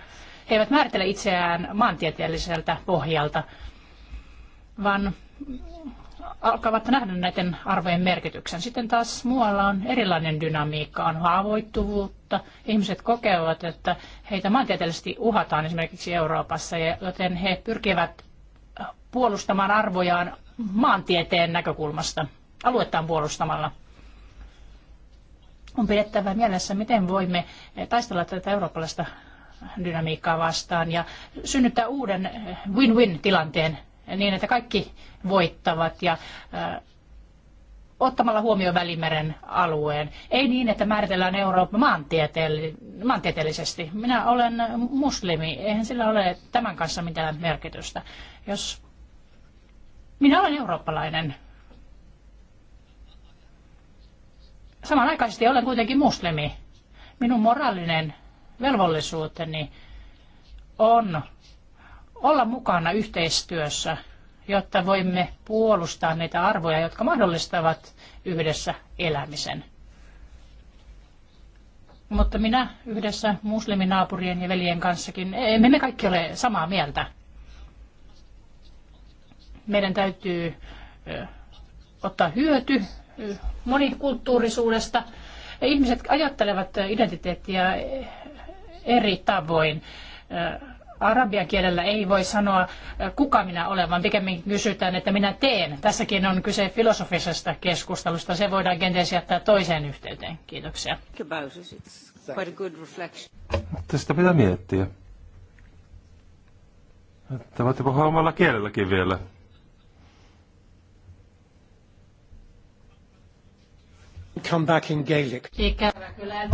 He eivät määrittele itseään maantieteelliseltä pohjalta, vaan alkavat nähdä näiden arvojen merkityksen. Sitten taas muualla on erilainen dynamiikka, on haavoittuvuutta. Ihmiset kokevat, että heitä maantieteellisesti uhataan esimerkiksi Euroopassa, joten he pyrkivät puolustamaan arvojaan maantieteen näkökulmasta, aluettaan puolustamalla. On pidettävä mielessä, miten voimme taistella tätä eurooppalaista dynamiikkaa vastaan ja synnyttää uuden win-win-tilanteen niin, että kaikki voittavat ja ottamalla huomioon Välimeren alueen. Ei niin, että määritellään Eurooppa maantieteelli- maantieteellisesti. Minä olen muslimi, eihän sillä ole tämän kanssa mitään merkitystä. Jos minä olen eurooppalainen, samanaikaisesti olen kuitenkin muslimi. Minun moraalinen velvollisuuteni on olla mukana yhteistyössä, jotta voimme puolustaa niitä arvoja, jotka mahdollistavat yhdessä elämisen. Mutta minä yhdessä musliminaapurien ja veljen kanssakin, e, emme me kaikki ole samaa mieltä. Meidän täytyy ottaa hyöty monikulttuurisuudesta. Ihmiset ajattelevat identiteettiä eri tavoin arabian kielellä ei voi sanoa, äh, kuka minä olen, vaan pikemminkin kysytään, että minä teen. Tässäkin on kyse filosofisesta keskustelusta. Se voidaan kenties jättää toiseen yhteyteen. Kiitoksia. Tästä pitää miettiä. Tämä voitte puhua omalla kielelläkin vielä. Come back in Gaelic. Ikävä kyllä.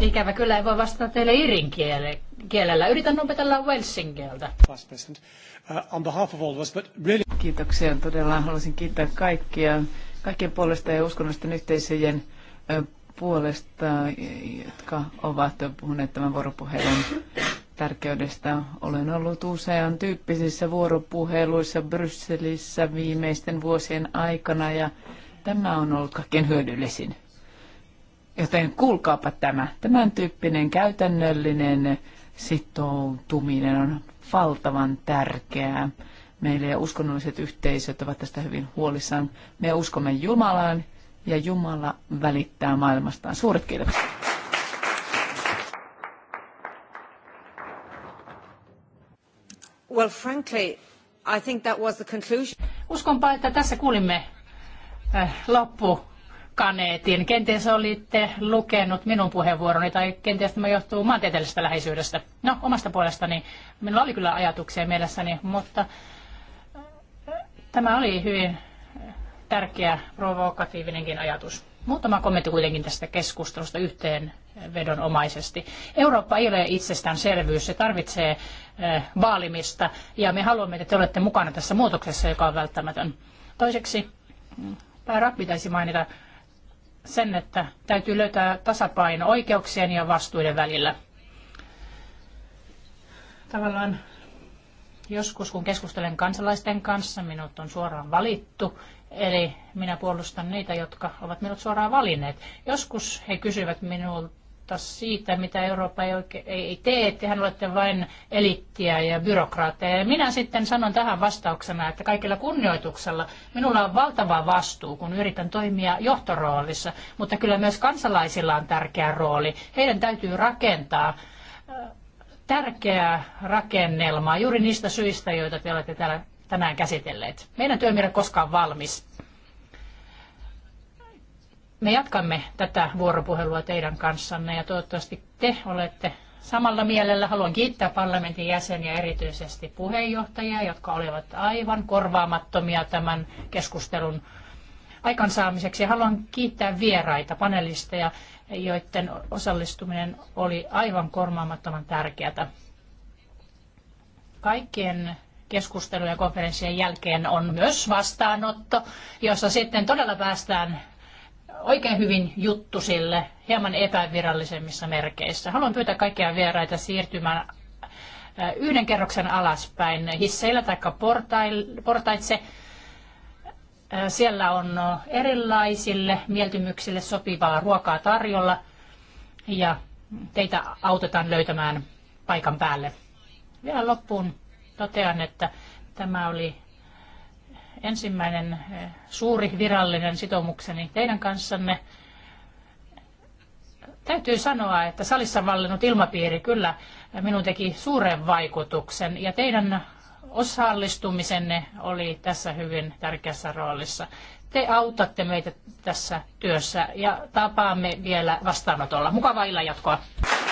Ikävä kyllä ei voi vastata teille irin kielellä. Yritän opetella Welsin kieltä. Uh, Kiitoksia. Todella haluaisin kiittää kaikkia, kaikkien puolesta ja uskonnollisten yhteisöjen puolesta, jotka ovat puhuneet tämän vuoropuhelun tärkeydestä. Olen ollut usean tyyppisissä vuoropuheluissa Brysselissä viimeisten vuosien aikana ja tämä on ollut kaikkein hyödyllisin. Joten kuulkaapa tämä. Tämän tyyppinen käytännöllinen sitoutuminen on valtavan tärkeää meille ja uskonnolliset yhteisöt ovat tästä hyvin huolissaan. Me uskomme Jumalaan ja Jumala välittää maailmastaan. Suuret kiitokset. Well, frankly, I think that was the conclusion. Uskonpa, että tässä kuulimme äh, loppu Kaneetin. Kenties olitte lukenut minun puheenvuoroni tai kenties tämä johtuu maantieteellisestä läheisyydestä. No, omasta puolestani minulla oli kyllä ajatuksia mielessäni, mutta äh, tämä oli hyvin äh, tärkeä provokatiivinenkin ajatus. Muutama kommentti kuitenkin tästä keskustelusta yhteen äh, vedonmaisesti. Eurooppa ei ole itsestäänselvyys, se tarvitsee vaalimista ja me haluamme, että te olette mukana tässä muutoksessa, joka on välttämätön. Toiseksi mm, Päärak pitäisi mainita sen, että täytyy löytää tasapaino oikeuksien ja vastuiden välillä. Tavallaan joskus, kun keskustelen kansalaisten kanssa, minut on suoraan valittu, eli minä puolustan niitä, jotka ovat minut suoraan valinneet. Joskus he kysyvät minulta, huolta siitä, mitä Eurooppa ei, oikein, ei tee. hän olette vain elittiä ja byrokraatteja. Ja minä sitten sanon tähän vastauksena, että kaikilla kunnioituksella minulla on valtava vastuu, kun yritän toimia johtoroolissa. Mutta kyllä myös kansalaisilla on tärkeä rooli. Heidän täytyy rakentaa äh, tärkeää rakennelmaa juuri niistä syistä, joita te olette täällä tänään käsitelleet. Meidän työmme ei ole koskaan valmis me jatkamme tätä vuoropuhelua teidän kanssanne ja toivottavasti te olette samalla mielellä. Haluan kiittää parlamentin jäseniä, erityisesti puheenjohtajia, jotka olivat aivan korvaamattomia tämän keskustelun aikansaamiseksi. Haluan kiittää vieraita, panelisteja, joiden osallistuminen oli aivan korvaamattoman tärkeää. Kaikkien keskustelujen ja konferenssien jälkeen on myös vastaanotto, jossa sitten todella päästään oikein hyvin juttu sille hieman epävirallisemmissa merkeissä. Haluan pyytää kaikkia vieraita siirtymään äh, yhden kerroksen alaspäin hisseillä tai portaitse. Äh, siellä on äh, erilaisille mieltymyksille sopivaa ruokaa tarjolla ja teitä autetaan löytämään paikan päälle. Vielä loppuun totean, että tämä oli ensimmäinen eh, suuri virallinen sitoumukseni teidän kanssanne. Täytyy sanoa, että salissa vallinnut ilmapiiri kyllä minun teki suuren vaikutuksen ja teidän osallistumisenne oli tässä hyvin tärkeässä roolissa. Te autatte meitä tässä työssä ja tapaamme vielä vastaanotolla. Mukavaa illan jatkoa.